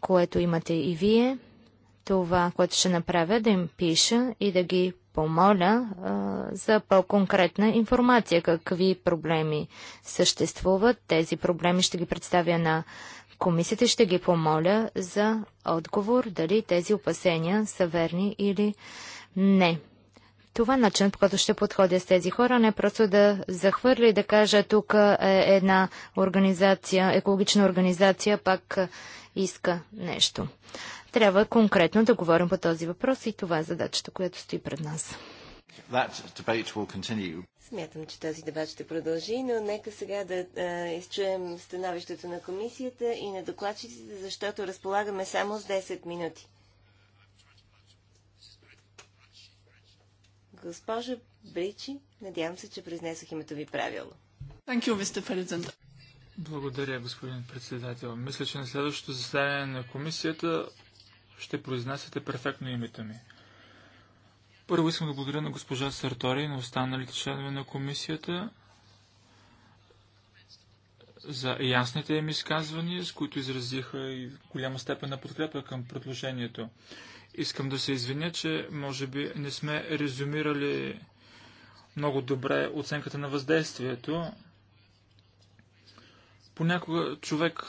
което имате и вие, това, което ще направя, да им пиша и да ги помоля а, за по-конкретна информация, какви проблеми съществуват. Тези проблеми ще ги представя на комисията, ще ги помоля за отговор, дали тези опасения са верни или не. Това е начин, по който ще подходя с тези хора, не просто да захвърля и да кажа, тук е една организация, екологична организация, пак иска нещо. Трябва конкретно да говорим по този въпрос и това е задачата, която стои пред нас. Смятам, че този дебат ще продължи, но нека сега да а, изчуем становището на комисията и на докладчиците, защото разполагаме само с 10 минути. Госпожа Бричи, надявам се, че произнесох името ви правилно. Thank you, Mr. President. Благодаря, господин председател. Мисля, че на следващото заседание на комисията ще произнасяте перфектно името ми. Първо искам да благодаря на госпожа Сартори и на останалите членове на комисията за ясните им изказвания, с които изразиха и голяма степен на подкрепа към предложението. Искам да се извиня, че може би не сме резюмирали много добре оценката на въздействието, Понякога човек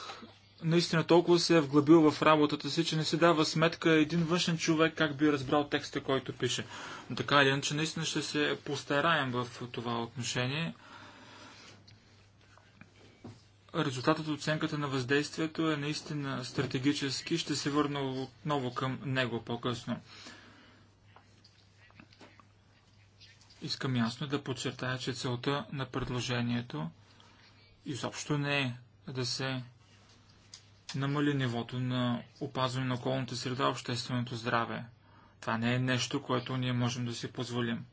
наистина толкова се е вглъбил в работата си, че не си дава сметка един външен човек как би разбрал текста, който пише. Но така или иначе, наистина ще се постараем в това отношение. Резултатът от оценката на въздействието е наистина стратегически. Ще се върна отново към него по-късно. Искам ясно да подчертая, че целта на предложението изобщо не е да се намали нивото на опазване на околната среда общественото здраве. Това не е нещо, което ние можем да си позволим.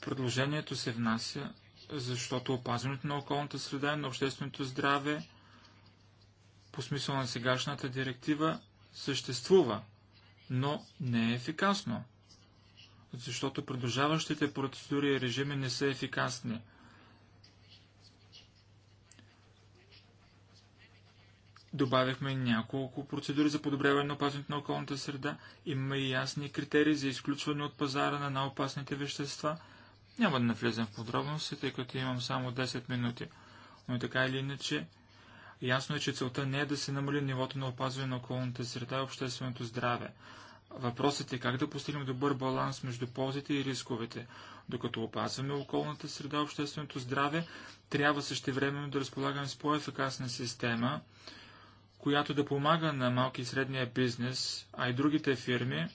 Предложението се внася, защото опазването на околната среда и на общественото здраве по смисъл на сегашната директива съществува, но не е ефикасно, защото продължаващите процедури и режими не са ефикасни – Добавихме няколко процедури за подобряване на опазването на околната среда. Имаме и ясни критерии за изключване от пазара на най-опасните вещества. Няма да навлезем в подробности, тъй като имам само 10 минути. Но така или иначе, ясно е, че целта не е да се намали нивото на опазване на околната среда и общественото здраве. Въпросът е как да постигнем добър баланс между ползите и рисковете. Докато опазваме околната среда и общественото здраве, трябва същевременно да разполагаме с по-ефикасна система, която да помага на малки и средния бизнес, а и другите фирми,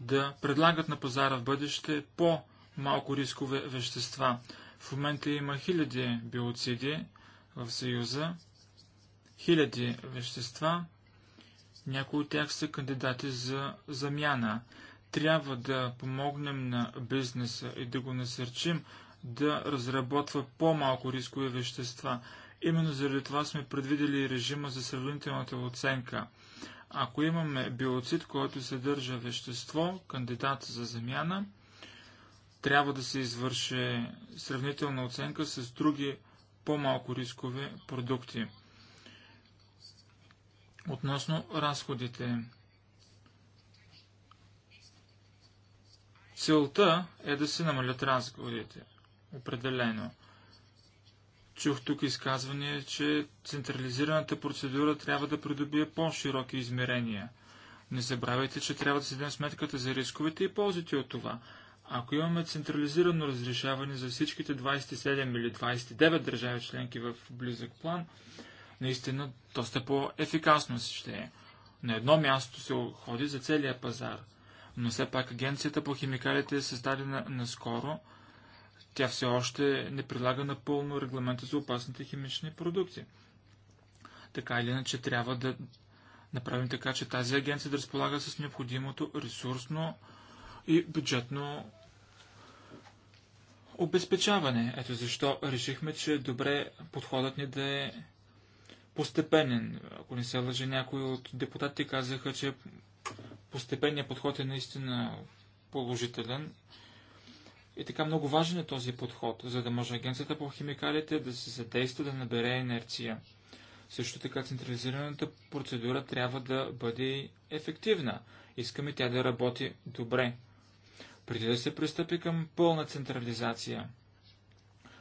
да предлагат на пазара в бъдеще по-малко рискове вещества. В момента има хиляди биоциди в Съюза, хиляди вещества, някои от тях са кандидати за замяна. Трябва да помогнем на бизнеса и да го насърчим да разработва по-малко рискови вещества. Именно заради това сме предвидели режима за сравнителната оценка. Ако имаме биоцид, който съдържа вещество, кандидат за замяна, трябва да се извърши сравнителна оценка с други по-малко рискови продукти. Относно разходите. Целта е да се намалят разходите. Определено. Чух тук изказване, че централизираната процедура трябва да придобие по-широки измерения. Не забравяйте, че трябва да си дадем сметката за рисковете и ползите от това. Ако имаме централизирано разрешаване за всичките 27 или 29 държави членки в близък план, наистина доста по-ефикасно ще е. На едно място се ходи за целия пазар, но все пак агенцията по химикалите е създадена наскоро – тя все още не прилага напълно регламента за опасните химични продукти. Така или иначе трябва да направим така, че тази агенция да разполага с необходимото ресурсно и бюджетно обезпечаване. Ето защо решихме, че е добре подходът ни да е постепенен. Ако не се лъжи, някои от депутатите казаха, че постепенният подход е наистина положителен. И така много важен е този подход, за да може агенцията по химикалите да се задейства да набере инерция. Също така централизираната процедура трябва да бъде ефективна. Искаме тя да работи добре. Преди да се пристъпи към пълна централизация.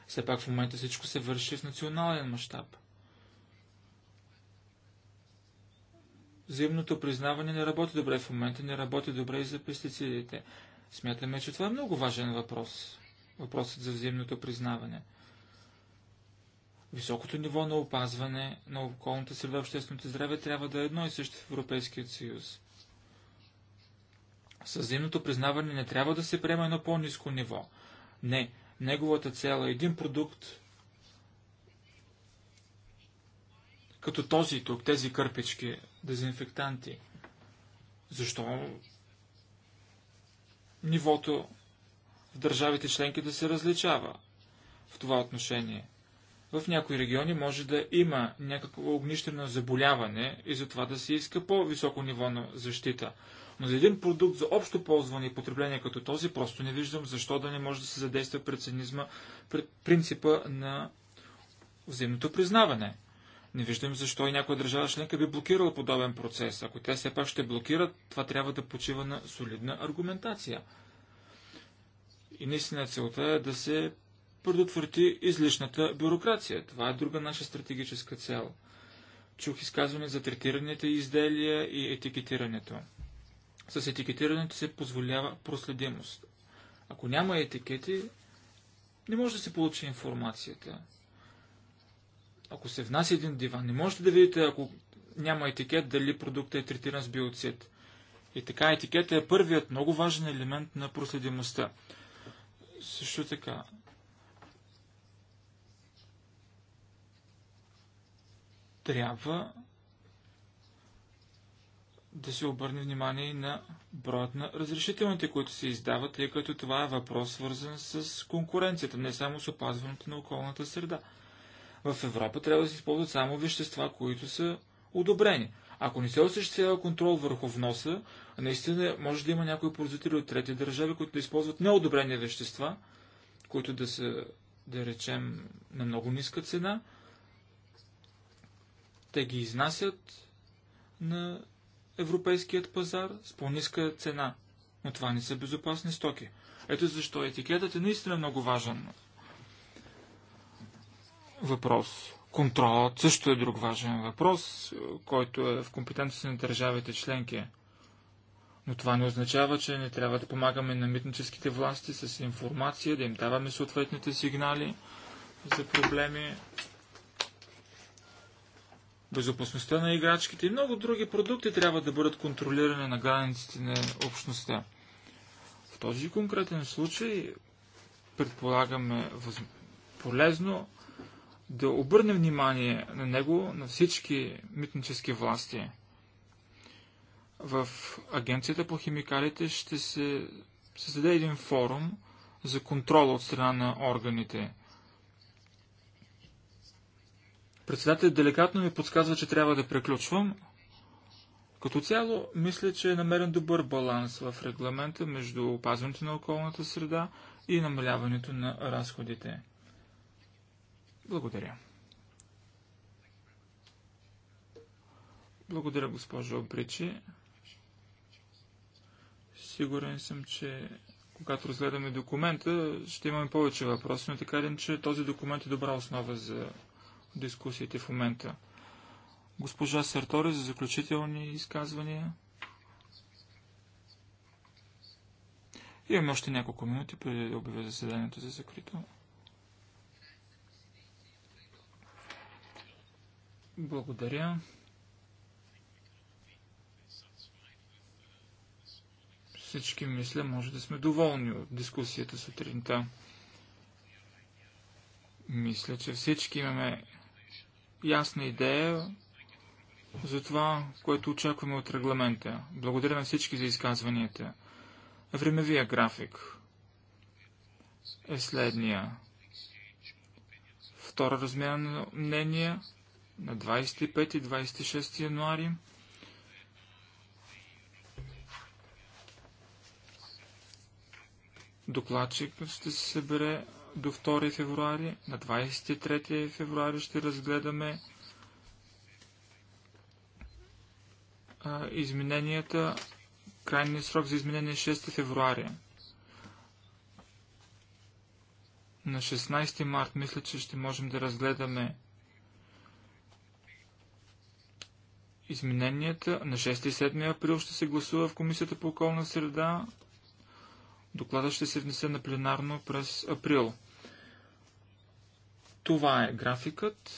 Все пак в момента всичко се върши в национален мащаб. Взаимното признаване не работи добре в момента, не работи добре и за пестицидите. Смятаме, че това е много важен въпрос. Въпросът за взаимното признаване. Високото ниво на опазване на околната среда и общественото здраве трябва да е едно и също в Европейския съюз. Със взаимното признаване не трябва да се приема на по-низко ниво. Не, неговата цел е един продукт, като този тук, тези кърпички, дезинфектанти. Защо нивото в държавите членки да се различава в това отношение. В някои региони може да има някакво огнищено заболяване и затова да се иска по-високо ниво на защита. Но за един продукт за общо ползване и потребление като този, просто не виждам защо да не може да се задейства цинизма, пред принципа на взаимното признаване. Не виждам защо и някоя държава членка би блокирала подобен процес. Ако тя все пак ще блокира, това трябва да почива на солидна аргументация. И наистина целта е да се предотврати излишната бюрокрация. Това е друга наша стратегическа цел. Чух изказване за третираните изделия и етикетирането. С етикетирането се позволява проследимост. Ако няма етикети, не може да се получи информацията. Ако се внася един диван, не можете да видите, ако няма етикет, дали продуктът е третиран с биоцид. И така етикета е първият много важен елемент на проследимостта. Също така, трябва да се обърне внимание и на броят на разрешителните, които се издават, тъй като това е въпрос свързан с конкуренцията, не само с опазването на околната среда в Европа трябва да се използват само вещества, които са одобрени. Ако не се осъществява контрол върху вноса, наистина може да има някои производители от трети държави, които да използват неодобрени вещества, които да са, да речем, на много ниска цена. Те ги изнасят на европейският пазар с по-ниска цена. Но това не са безопасни стоки. Ето защо етикетът е наистина много важен въпрос. Контролът също е друг важен въпрос, който е в компетентност на държавите членки. Но това не означава, че не трябва да помагаме на митническите власти с информация, да им даваме съответните сигнали за проблеми, безопасността на играчките и много други продукти трябва да бъдат контролирани на границите на общността. В този конкретен случай предполагаме полезно да обърнем внимание на него, на всички митнически власти. В Агенцията по химикалите ще се създаде един форум за контрол от страна на органите. Председателят деликатно ми подсказва, че трябва да преключвам. Като цяло, мисля, че е намерен добър баланс в регламента между опазването на околната среда и намаляването на разходите. Благодаря. Благодаря, госпожо Бричи. Сигурен съм, че когато разгледаме документа, ще имаме повече въпроси, но така един, че този документ е добра основа за дискусиите в момента. Госпожа Сартори за заключителни изказвания. Имаме още няколко минути преди да обявя заседанието за закрито. Благодаря. Всички, мисля, може да сме доволни от дискусията сутринта. Мисля, че всички имаме ясна идея за това, което очакваме от регламента. Благодаря на всички за изказванията. Времевия график е следния. Втора размяна на мнения на 25 26 януари. Докладчик ще се събере до 2 февруари. На 23 февруари ще разгледаме а, измененията. Крайният срок за изменение е 6 февруари. На 16 март мисля, че ще можем да разгледаме Измененията на 6 и 7 април ще се гласува в Комисията по околна среда. Доклада ще се внесе на пленарно през април. Това е графикът.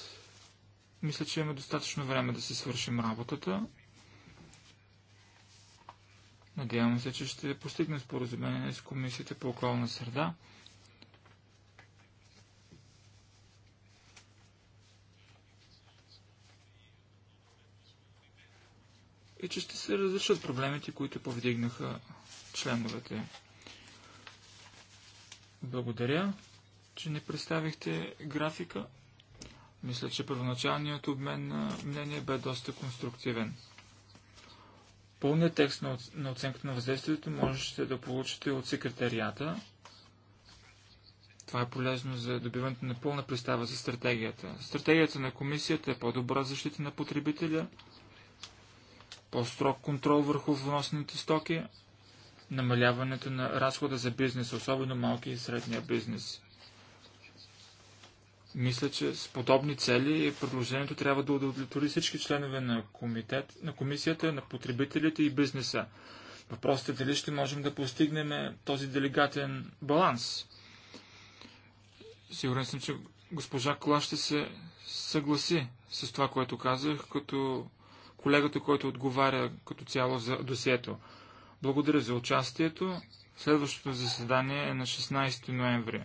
Мисля, че имаме достатъчно време да си свършим работата. Надявам се, че ще постигнем споразумение с Комисията по околна среда. и че ще се разрешат проблемите, които повдигнаха членовете. Благодаря, че не представихте графика. Мисля, че първоначалният обмен на мнение бе доста конструктивен. Пълният текст на, оценката на въздействието можете да получите от секретарията. Това е полезно за добиването на пълна представа за стратегията. Стратегията на комисията е по-добра защита на потребителя – по-строг контрол върху вносните стоки, намаляването на разхода за бизнес, особено малки и средния бизнес. Мисля, че с подобни цели предложението трябва да удовлетвори всички членове на, комитет, на комисията, на потребителите и бизнеса. Въпросът е дали ще можем да постигнем този делегатен баланс. Сигурен съм, че госпожа Кола ще се съгласи с това, което казах, като колегата, който отговаря като цяло за досието. Благодаря за участието. Следващото заседание е на 16 ноември.